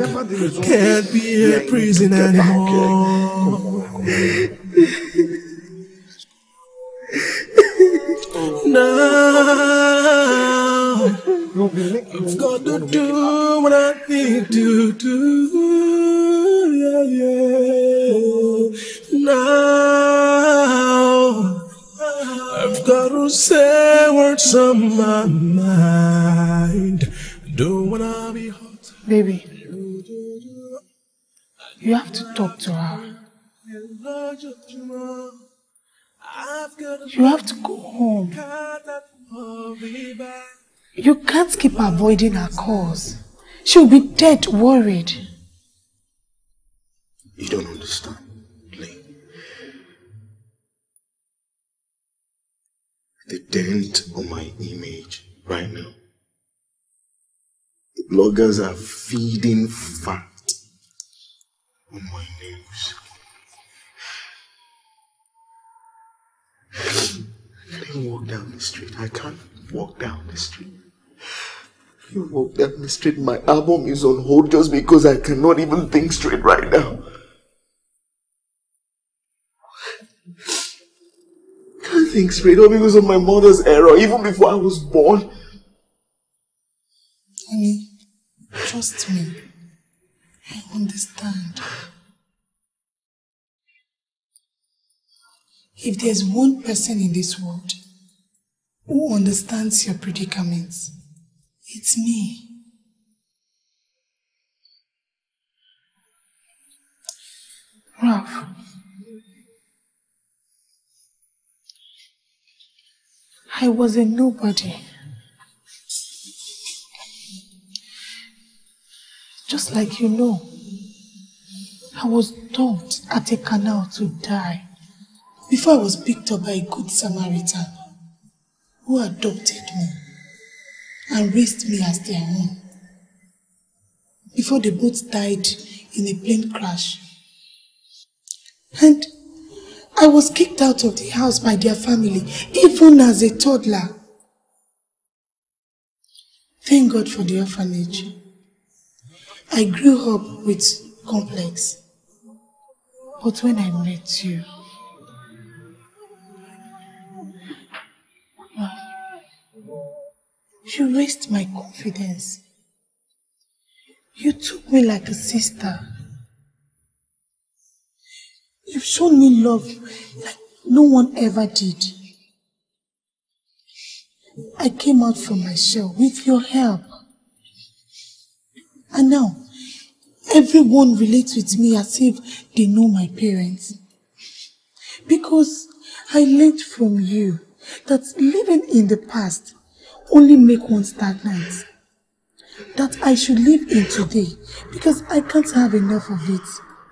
Can't be a prison anymore. now, I've got to do what I need to do. Yeah, yeah. Now. I've got to say what's on my mind do when I be hot. Baby, you have to talk to her. You have to go home. You can't keep avoiding her calls. She'll be dead worried. You don't understand, Lee. The dent on my image right now the bloggers are feeding fat on oh my news. I can not walk down the street. I can't walk down the street. You walk down the street. My album is on hold just because I cannot even think straight right now. Can't think straight all because of my mother's error, even before I was born. Mm. Trust me. I understand. If there's one person in this world who understands your predicaments, it's me. Ralph. I was a nobody. Just like you know, I was dumped at a canal to die before I was picked up by a good Samaritan who adopted me and raised me as their own before they both died in a plane crash. And I was kicked out of the house by their family, even as a toddler. Thank God for the orphanage. I grew up with complex. But when I met you, you raised my confidence. You took me like a sister. You've shown me love like no one ever did. I came out from my shell with your help. And now, everyone relates with me as if they know my parents. Because I learned from you that living in the past only makes one stagnant. That I should live in today because I can't have enough of it,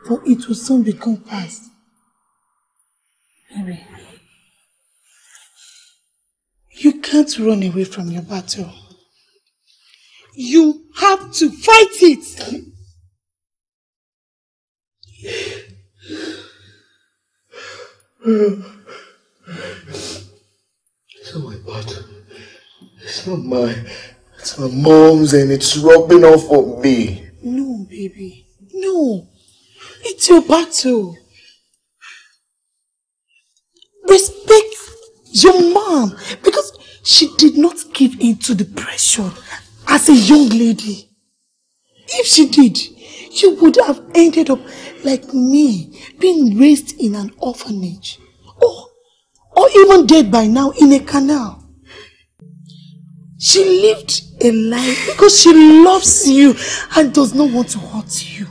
for it will soon become past. Anyway, you can't run away from your battle. You have to fight it. It's not my part. It's not mine. It's my mom's and it's rubbing off on me. No, baby. No. It's your battle. Respect your mom because she did not give in to the pressure as a young lady. If she did, she would have ended up like me, being raised in an orphanage. Or, or even dead by now in a canal. She lived a life because she loves you and does not want to hurt you.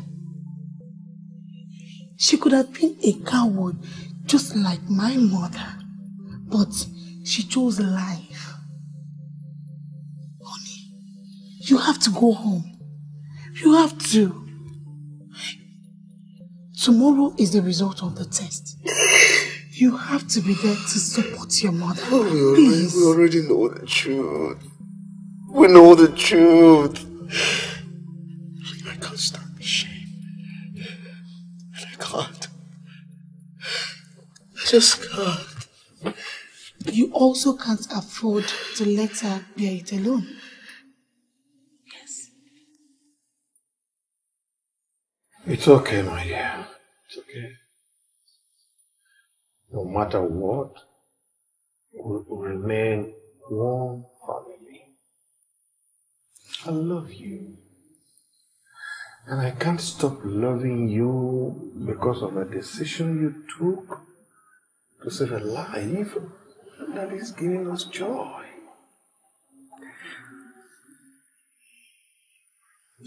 She could have been a coward just like my mother, but she chose life. You have to go home. You have to. Tomorrow is the result of the test. You have to be there to support your mother. Oh, we, already, we already know the truth. We know the truth. I can't stand the shame. And I can't. I just can't. You also can't afford to let her bear it alone. It's okay, my dear. It's okay. No matter what, we'll remain one family. I love you. And I can't stop loving you because of a decision you took to save a life that is giving us joy.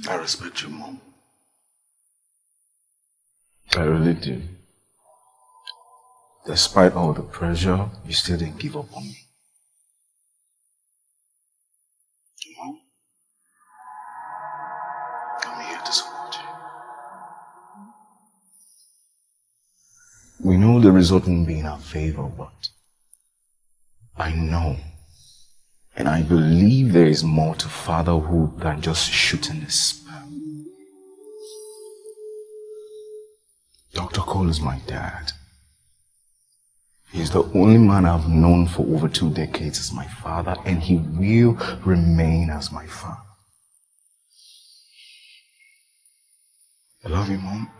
I respect you, Mom. I really do. Despite all the pressure, you still didn't give up on me. We know the result won't be in our favor, but I know and I believe there is more to fatherhood than just shooting the Dr. Cole is my dad. He's the only man I've known for over two decades as my father, and he will remain as my father. I love you, Mom.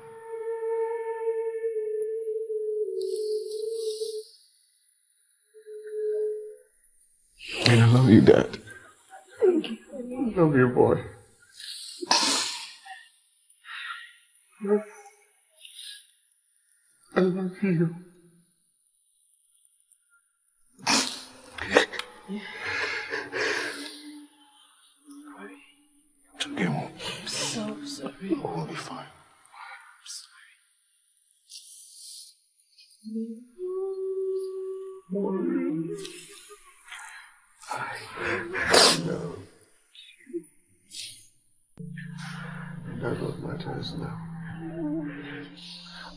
And I love you, Dad. Thank you. I love you, boy. I love you. Yeah. It's okay, Mom. It will be fine. I'm sorry. Mom. I know. That what matters now.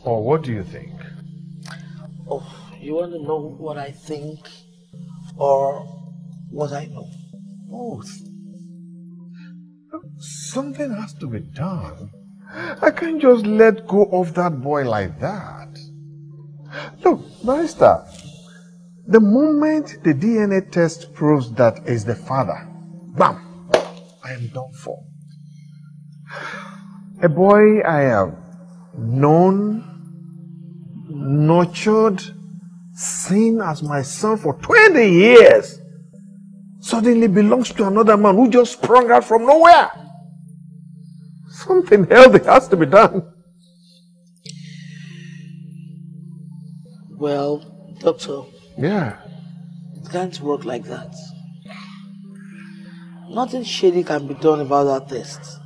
Or what do you think? Oh, you want to know what I think or what I know? Both. Something has to be done. I can't just let go of that boy like that. Look, Barrister, the moment the DNA test proves that is the father, bam, I am done for. A boy I have known nurtured sin as my son for 20 years suddenly belongs to another man who just sprung out from nowhere. Something healthy has to be done. Well, doctor. Yeah. It can't work like that. Nothing shady can be done about that test.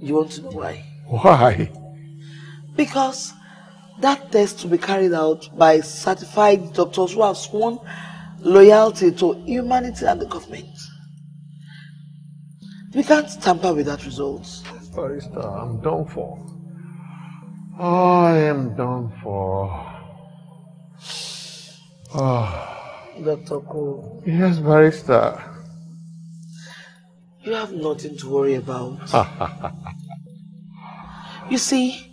You want to know why? Why? because that test to be carried out by certified doctors who have sworn loyalty to humanity and the government. We can't tamper with that result. Barrister, I'm done for. I am done for. Oh. Dr. Cole. Yes, Barrister. You have nothing to worry about. you see,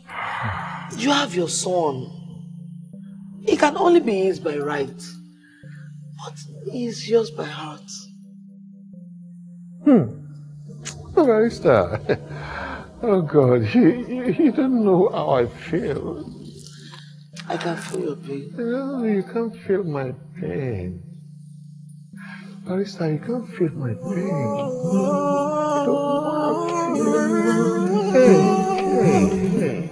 You have your son. He can only be his by right. But he is yours by heart. Hmm. Right, Oh God, you, you, you, don't know how I feel. I can feel your pain. No, you can't feel my pain. Barista, you can't feel my pain.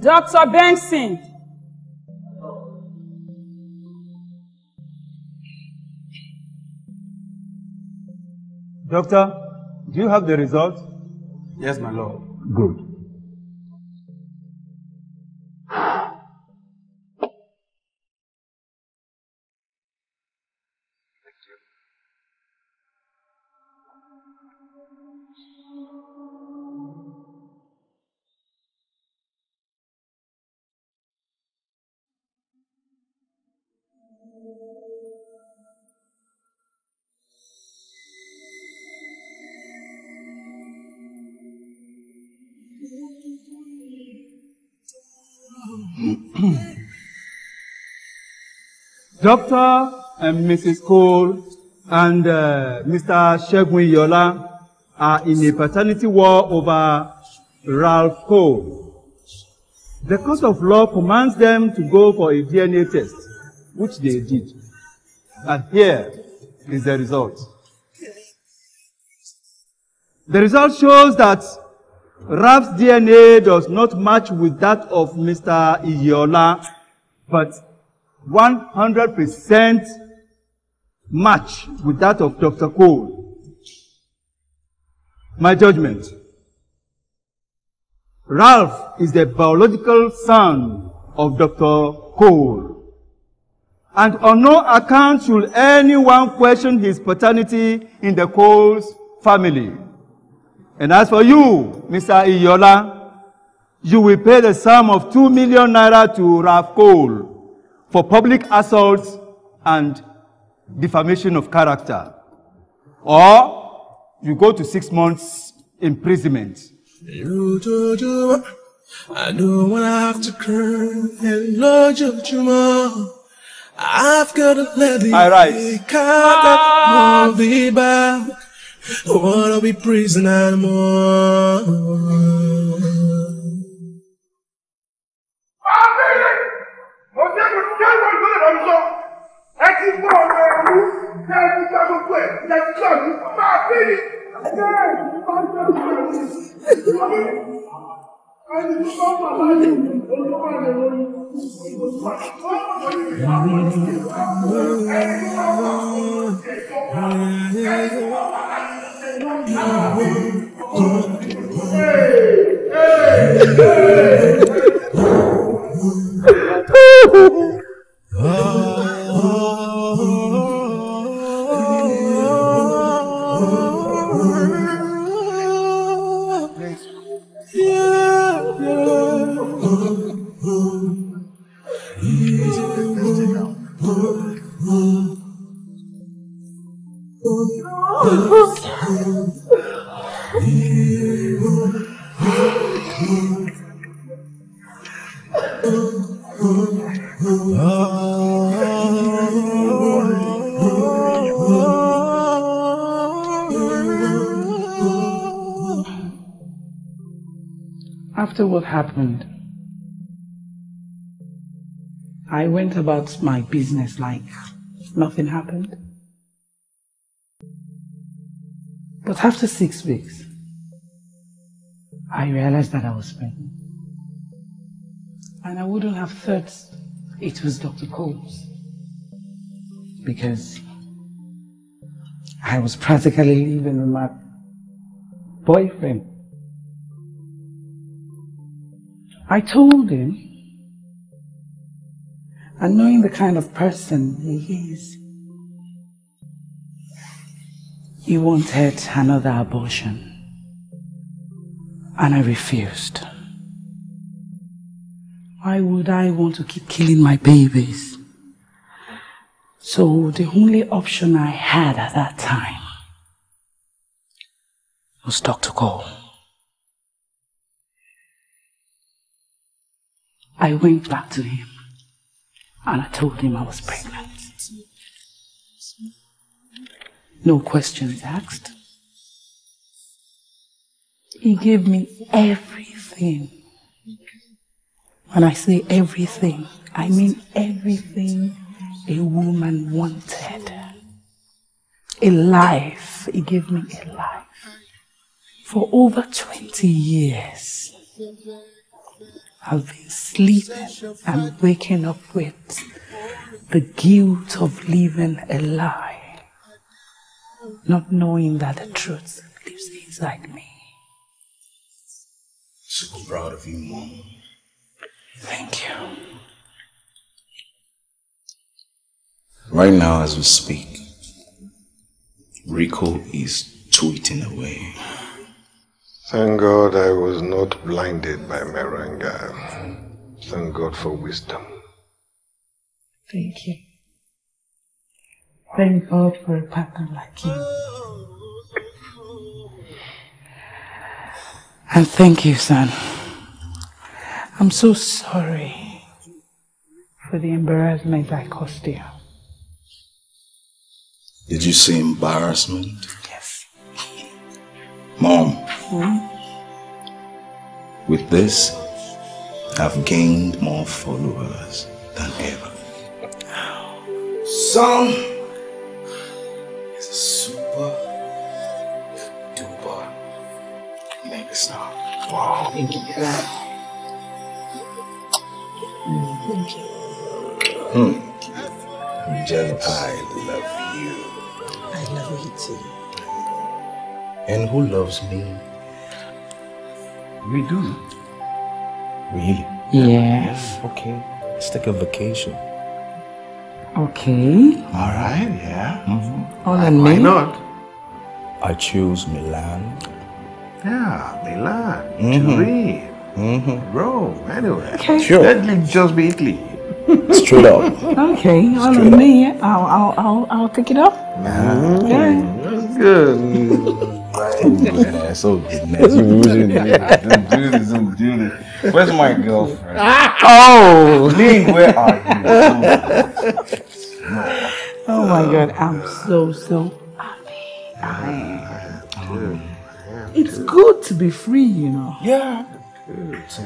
Dr. Benson. Doctor, do you have the result? Yes, my lord. Good. Dr. and Mrs. Cole and uh, Mr. Shegun Yola are in a paternity war over Ralph Cole. The court of law commands them to go for a DNA test, which they did. And here is the result. The result shows that Ralph's DNA does not match with that of Mr. Iyola, but 100% match with that of Dr. Cole. My judgment. Ralph is the biological son of Dr. Cole. And on no account should anyone question his paternity in the Cole's family. And as for you, Mr. Iyola, you will pay the sum of two million naira to Ralph Cole for public assault and defamation of character. Or you go to six months imprisonment. I don't wanna have to cry Hello, Jojuma I've gotta let the I rise. cut of the back Don't wanna be prisoner anymore Thank you. about my business like nothing happened. But after six weeks, I realized that I was pregnant. And I wouldn't have thought it was Dr. Cole's because I was practically living with my boyfriend. I told him and knowing the kind of person he is, he wanted another abortion. And I refused. Why would I want to keep killing my babies? So the only option I had at that time was Dr. Cole. I went back to him and I told him I was pregnant. No questions asked. He gave me everything. When I say everything, I mean everything a woman wanted. A life. He gave me a life. For over 20 years. I've been sleeping and waking up with the guilt of living a lie, not knowing that the truth lives inside me. Super proud of you, Mom. Thank you. Right now, as we speak, Rico is tweeting away. Thank God I was not blinded by Ranga. Thank God for wisdom. Thank you. Thank God for a partner like you. And thank you, son. I'm so sorry for the embarrassment I caused you. Did you say embarrassment? Mom, hmm? with this, I've gained more followers than ever. Some is a super duper mega star. Wow. Thank you. Thank you. Hmm. Angelica, I love you. I love you too and who loves me. We do. Really? Yes. Okay. Let's take a vacation. Okay. All right, yeah. Mm -hmm. All and me? Why oh, not? I choose Milan. Yeah, Milan, mm -hmm. Turin, mm -hmm. Rome, anywhere. Okay. Sure. That would just be Italy. Straight up. Okay, all of me. I'll, I'll, I'll, I'll pick it up. Mm -hmm. Yeah. That's good. So Ooh, so nasty. do this, do this. Where's my girlfriend? Ah! Oh, Lee, where are you? Oh my God, I'm so so happy. I am. It's good to be free, you know. Yeah. It's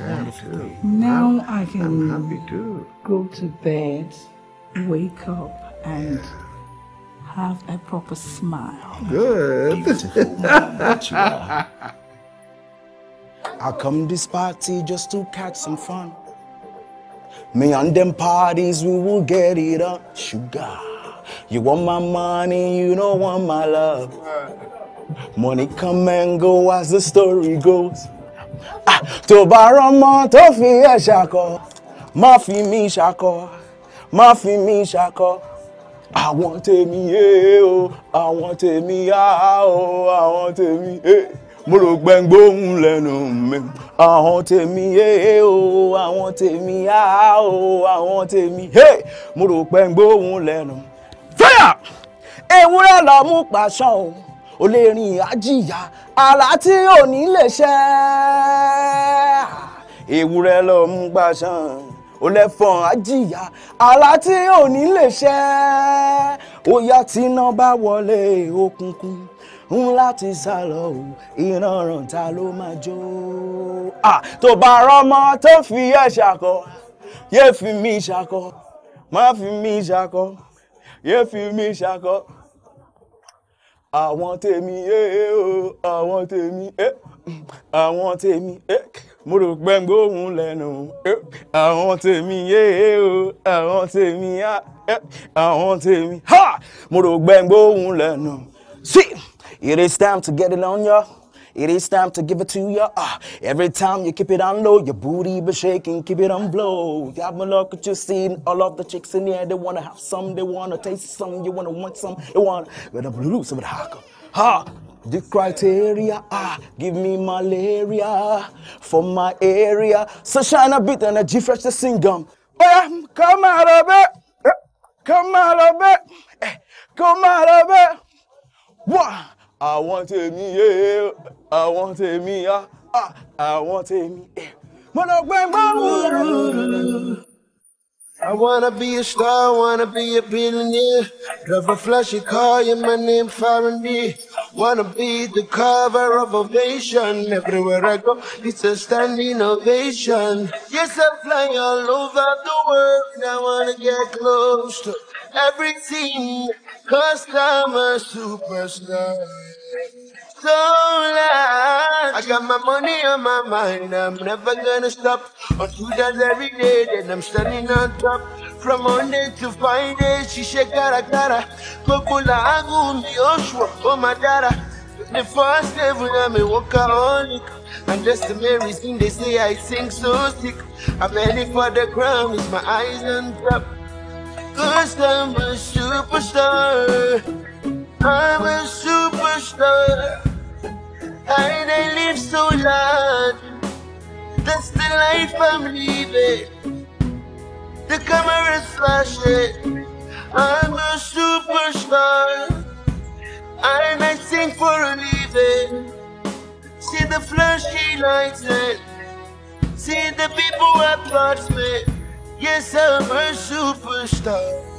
Now I can go to bed, wake up, and. Yeah have a proper smile. Good. I come this party just to catch some fun. Me and them parties, we will get it up, Sugar, you want my money, you don't want my love. Money come and go as the story goes. Ah, tó borrow more, tó fi ẹ̀ Mafi má fi mí ṣakọ, má fi mí àwọn tèmi yé o àwọn tèmi yá o àwọn tèmi yé mo rò gbẹ̀ngbóhùn lẹ́nu mi àwọn tèmi yé o àwọn tèmi yá o àwọn tèmi yé mo rò gbẹ̀ngbóhùn lẹ́nu. fẹ́yà ewúrẹ́ lọ mú pàṣán o ò lè rìn àjìyà àlá tí ò ní lè ṣẹ ewúrẹ́ lọ mú pàṣán olẹ́fọ̀n ajíyà àlá tí ò ní lè ṣẹ ó yá tí iná bá wọlé òkùnkùn ń láti sá lọ o ìrànràn ta ló máa jó tó bá rọmọ tó fi ẹ ṣàkọ yé fi mí ṣàkọ má fi mí ṣàkọ yé fi mí ṣàkọ àwọn tèmi ẹ ẹ o àwọn tèmi ẹ eh, àwọn tèmi ẹ. Eh. mo rò pé ń gbóhùn lẹ́nu eh, àwọn tèmi yéé o àwọn tèmi eh, àwọn tèmi ha mo rò pé ń lẹ́nu. See, it is time to get it on ya. is time to give it to ya. Uh, every time you keep it on low, your booty be shaking, keep it on blow. You have a look at you seen all of the chicks in here. They wanna have some, they wanna taste some, you wanna want some, they wanna. But a blue, so but how? Ha! The criteria, ah, give me malaria for my area. Sunshine a bit and a G fresh to sing gum. come out of it, come out of it, eh, come out of it. One, I want a me, yeah, I want a me, ah, ah I want a me. Eh. I wanna be a star, wanna be a billionaire. Drive a flashy car, yeah, my name Faraday. Wanna be the cover of ovation. Everywhere I go, it's a standing ovation. Yes, I fly all over the world. And I wanna get close to everything. Cause I'm a superstar so loud. I got my money on my mind, I'm never gonna stop. On two does every day, then I'm standing on top. From Monday to Friday, she shake "Gara gara, Kokula agun di oshwa, oh my dada. The first level, I'm a workaholic. And just a Mary's thing, they say I sing so sick. I'm heading for the ground with my eyes on top. Cause I'm a superstar. I'm a superstar. I they live so loud. That's the life I'm living. The camera's flashing. I'm a superstar. I may sing for a living. See the flash lights it. See the people applaud me. Yes, I'm a superstar.